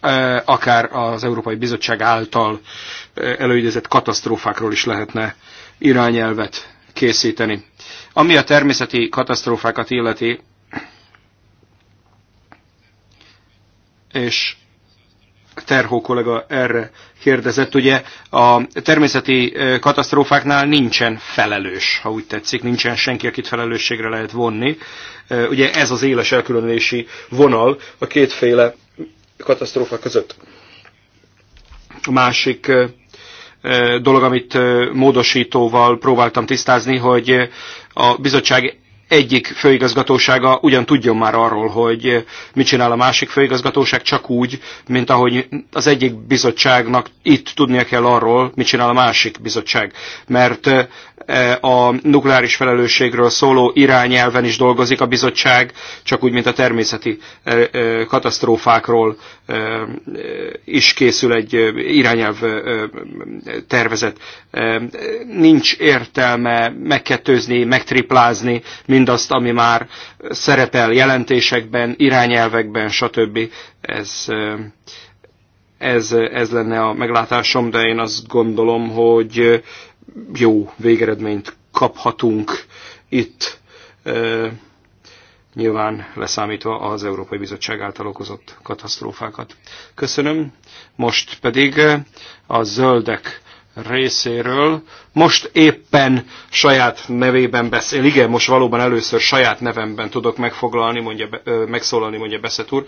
E, akár az Európai Bizottság által e, előidézett katasztrófákról is lehetne irányelvet készíteni. Ami a természeti katasztrófákat illeti, és Terhó kollega erre kérdezett, ugye a természeti e, katasztrófáknál nincsen felelős, ha úgy tetszik, nincsen senki, akit felelősségre lehet vonni. Ugye ez az éles elkülönülési vonal a kétféle katasztrófa között. A másik dolog, amit módosítóval próbáltam tisztázni, hogy a bizottság egyik főigazgatósága ugyan tudjon már arról, hogy mit csinál a másik főigazgatóság, csak úgy, mint ahogy az egyik bizottságnak itt tudnia kell arról, mit csinál a másik bizottság. Mert Eh, a nukleáris felelősségről szóló irányelven is dolgozik a bizottság, csak úgy, mint a természeti eh, eh, katasztrófákról is készül egy irányelv tervezet. Nincs értelme megkettőzni, megtriplázni mindazt, ami már szerepel jelentésekben, irányelvekben, stb. Ez, ez, ez lenne a meglátásom, de én azt gondolom, hogy jó végeredményt kaphatunk itt, nyilván leszámítva az Európai Bizottság által okozott katasztrófákat. Köszönöm. Most pedig a zöldek részéről. Most éppen saját nevében beszél. Igen, most valóban először saját nevemben tudok megfoglalni, mondja, megszólalni, mondja Beszet úr.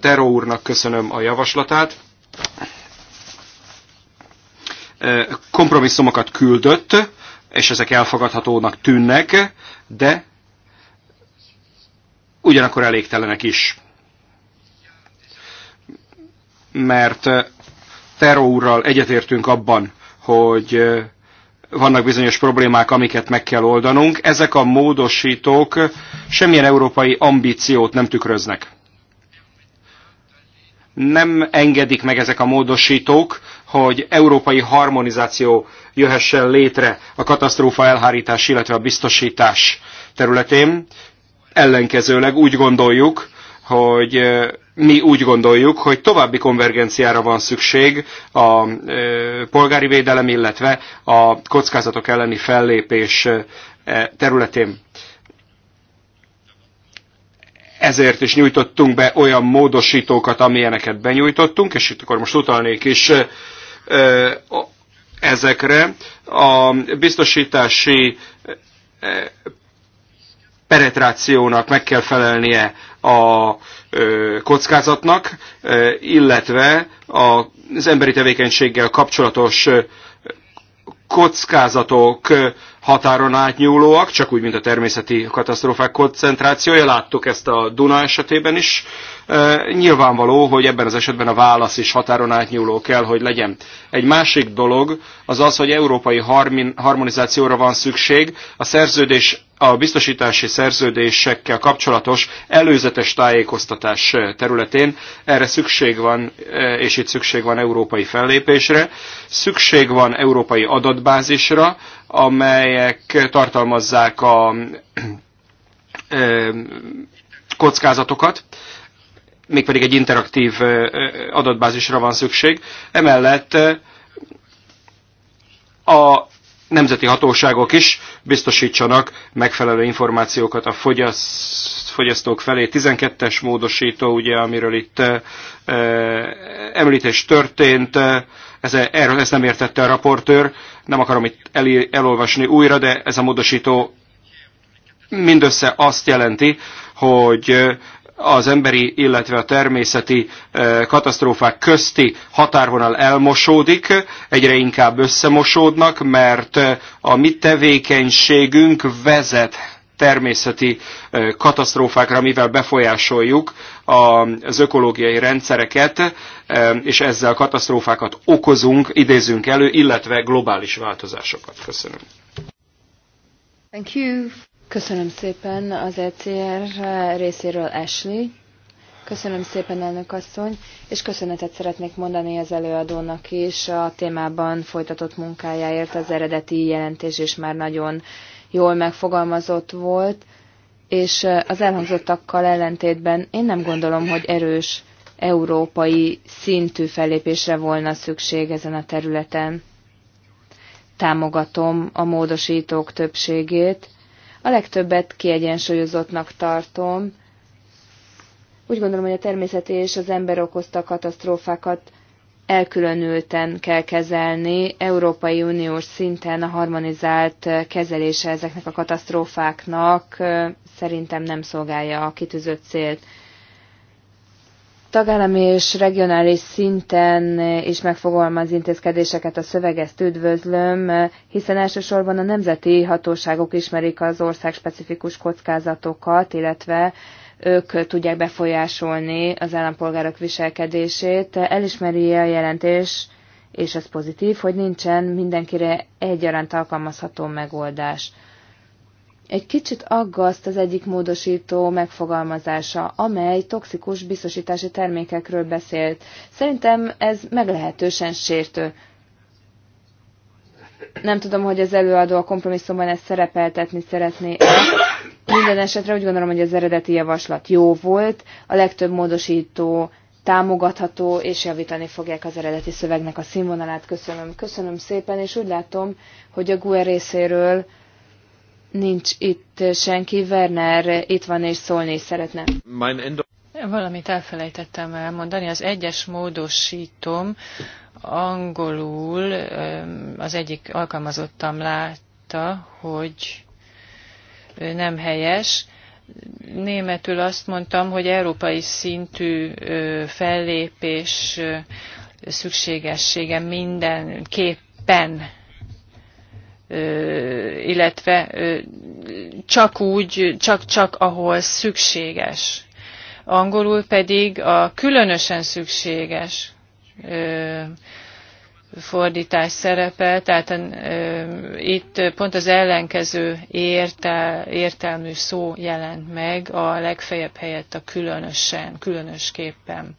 Teró úrnak köszönöm a javaslatát kompromisszumokat küldött, és ezek elfogadhatónak tűnnek, de ugyanakkor elégtelenek is. Mert Teró úrral egyetértünk abban, hogy vannak bizonyos problémák, amiket meg kell oldanunk. Ezek a módosítók semmilyen európai ambíciót nem tükröznek. Nem engedik meg ezek a módosítók, hogy európai harmonizáció jöhessen létre a katasztrófa elhárítás, illetve a biztosítás területén. Ellenkezőleg úgy gondoljuk, hogy mi úgy gondoljuk, hogy további konvergenciára van szükség a polgári védelem, illetve a kockázatok elleni fellépés e területén. Ezért is nyújtottunk be olyan módosítókat, amilyeneket benyújtottunk, és itt akkor most utalnék is ezekre. A biztosítási penetrációnak meg kell felelnie a kockázatnak, illetve az emberi tevékenységgel kapcsolatos kockázatok határon átnyúlóak, csak úgy, mint a természeti katasztrófák koncentrációja. Láttuk ezt a Duna esetében is. Nyilvánvaló, hogy ebben az esetben a válasz is határon átnyúló kell, hogy legyen. Egy másik dolog az az, hogy európai harmonizációra van szükség. A szerződés a biztosítási szerződésekkel kapcsolatos előzetes tájékoztatás területén. Erre szükség van, és itt szükség van európai fellépésre, szükség van európai adatbázisra, amelyek tartalmazzák a kockázatokat, mégpedig egy interaktív adatbázisra van szükség. Emellett a nemzeti hatóságok is biztosítsanak megfelelő információkat a fogyasztók felé. 12-es módosító, ugye, amiről itt említés történt, ez, erről ezt nem értette a raportőr, nem akarom itt el, elolvasni újra, de ez a módosító mindössze azt jelenti, hogy az emberi, illetve a természeti katasztrófák közti határvonal elmosódik, egyre inkább összemosódnak, mert a mi tevékenységünk vezet természeti katasztrófákra, mivel befolyásoljuk az ökológiai rendszereket, és ezzel katasztrófákat okozunk, idézünk elő, illetve globális változásokat. Köszönöm. Thank you. Köszönöm szépen az ECR részéről Ashley. Köszönöm szépen, elnök asszony, és köszönetet szeretnék mondani az előadónak is a témában folytatott munkájáért. Az eredeti jelentés és már nagyon jól megfogalmazott volt, és az elhangzottakkal ellentétben én nem gondolom, hogy erős európai szintű fellépésre volna szükség ezen a területen. Támogatom a módosítók többségét, a legtöbbet kiegyensúlyozottnak tartom. Úgy gondolom, hogy a természet és az ember okozta katasztrófákat elkülönülten kell kezelni Európai Uniós szinten a harmonizált kezelése ezeknek a katasztrófáknak szerintem nem szolgálja a kitűzött célt. Tagállami és regionális szinten is megfogalmaz intézkedéseket a szöveges üdvözlöm, hiszen elsősorban a nemzeti hatóságok ismerik az ország specifikus kockázatokat, illetve ők tudják befolyásolni az állampolgárok viselkedését. Elismeri a jelentés, és ez pozitív, hogy nincsen mindenkire egyaránt alkalmazható megoldás. Egy kicsit aggaszt az egyik módosító megfogalmazása, amely toxikus biztosítási termékekről beszélt. Szerintem ez meglehetősen sértő. Nem tudom, hogy az előadó a kompromisszumban ezt szerepeltetni szeretné minden esetre úgy gondolom, hogy az eredeti javaslat jó volt, a legtöbb módosító támogatható, és javítani fogják az eredeti szövegnek a színvonalát. Köszönöm. Köszönöm szépen, és úgy látom, hogy a GUE részéről nincs itt senki. Werner itt van, és szólni is szeretne. Valamit elfelejtettem elmondani. Az egyes módosítom angolul az egyik alkalmazottam látta, hogy nem helyes. Németül azt mondtam, hogy európai szintű fellépés szükségessége mindenképpen illetve csak úgy, csak-csak ahol szükséges. Angolul pedig a különösen szükséges fordítás szerepel, tehát e, itt pont az ellenkező értel, értelmű szó jelent meg, a legfeljebb helyett a különösen, különösképpen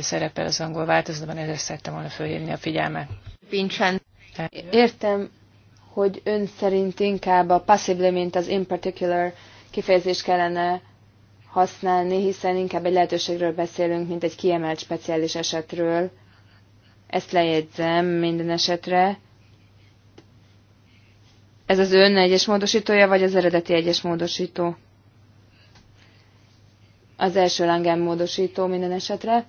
szerepel az angol változatban, ezért szerettem volna fölhívni a figyelmet. Vincent. Értem, hogy ön szerint inkább a passively, mint az in particular kifejezést kellene használni, hiszen inkább egy lehetőségről beszélünk, mint egy kiemelt speciális esetről ezt lejegyzem minden esetre. Ez az ön egyes módosítója, vagy az eredeti egyes módosító? Az első lángem módosító minden esetre.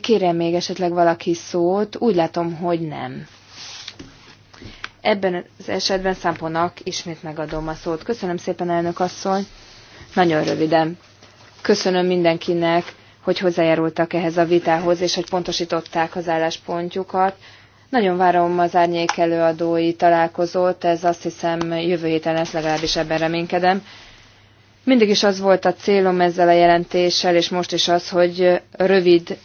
Kérem még esetleg valaki szót, úgy látom, hogy nem. Ebben az esetben Szamponak ismét megadom a szót. Köszönöm szépen, elnök asszony. Nagyon röviden. Köszönöm mindenkinek hogy hozzájárultak ehhez a vitához, és hogy pontosították az álláspontjukat. Nagyon várom az árnyék előadói találkozót, ez azt hiszem jövő héten lesz, legalábbis ebben reménykedem. Mindig is az volt a célom ezzel a jelentéssel, és most is az, hogy rövid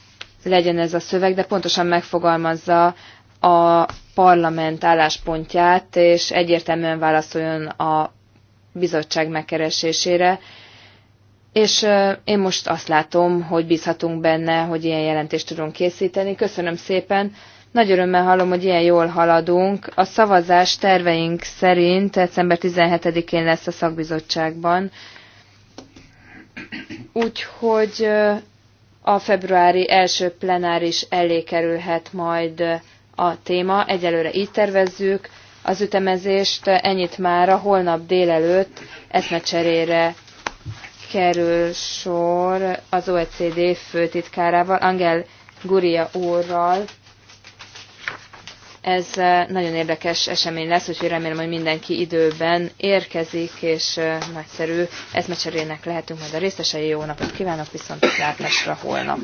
legyen ez a szöveg, de pontosan megfogalmazza a parlament álláspontját, és egyértelműen válaszoljon a bizottság megkeresésére, és én most azt látom, hogy bízhatunk benne, hogy ilyen jelentést tudunk készíteni. Köszönöm szépen. Nagy örömmel hallom, hogy ilyen jól haladunk. A szavazás terveink szerint december 17-én lesz a szakbizottságban. Úgyhogy a februári első plenáris elé kerülhet majd a téma. Egyelőre így tervezzük az ütemezést. Ennyit már a holnap délelőtt eszmecserére kerül sor az OECD főtitkárával, Angel Guria úrral. Ez eh, nagyon érdekes esemény lesz, úgyhogy remélem, hogy mindenki időben érkezik, és eh, nagyszerű eszmecserének lehetünk majd a részesei. Jó napot kívánok, viszont látásra holnap!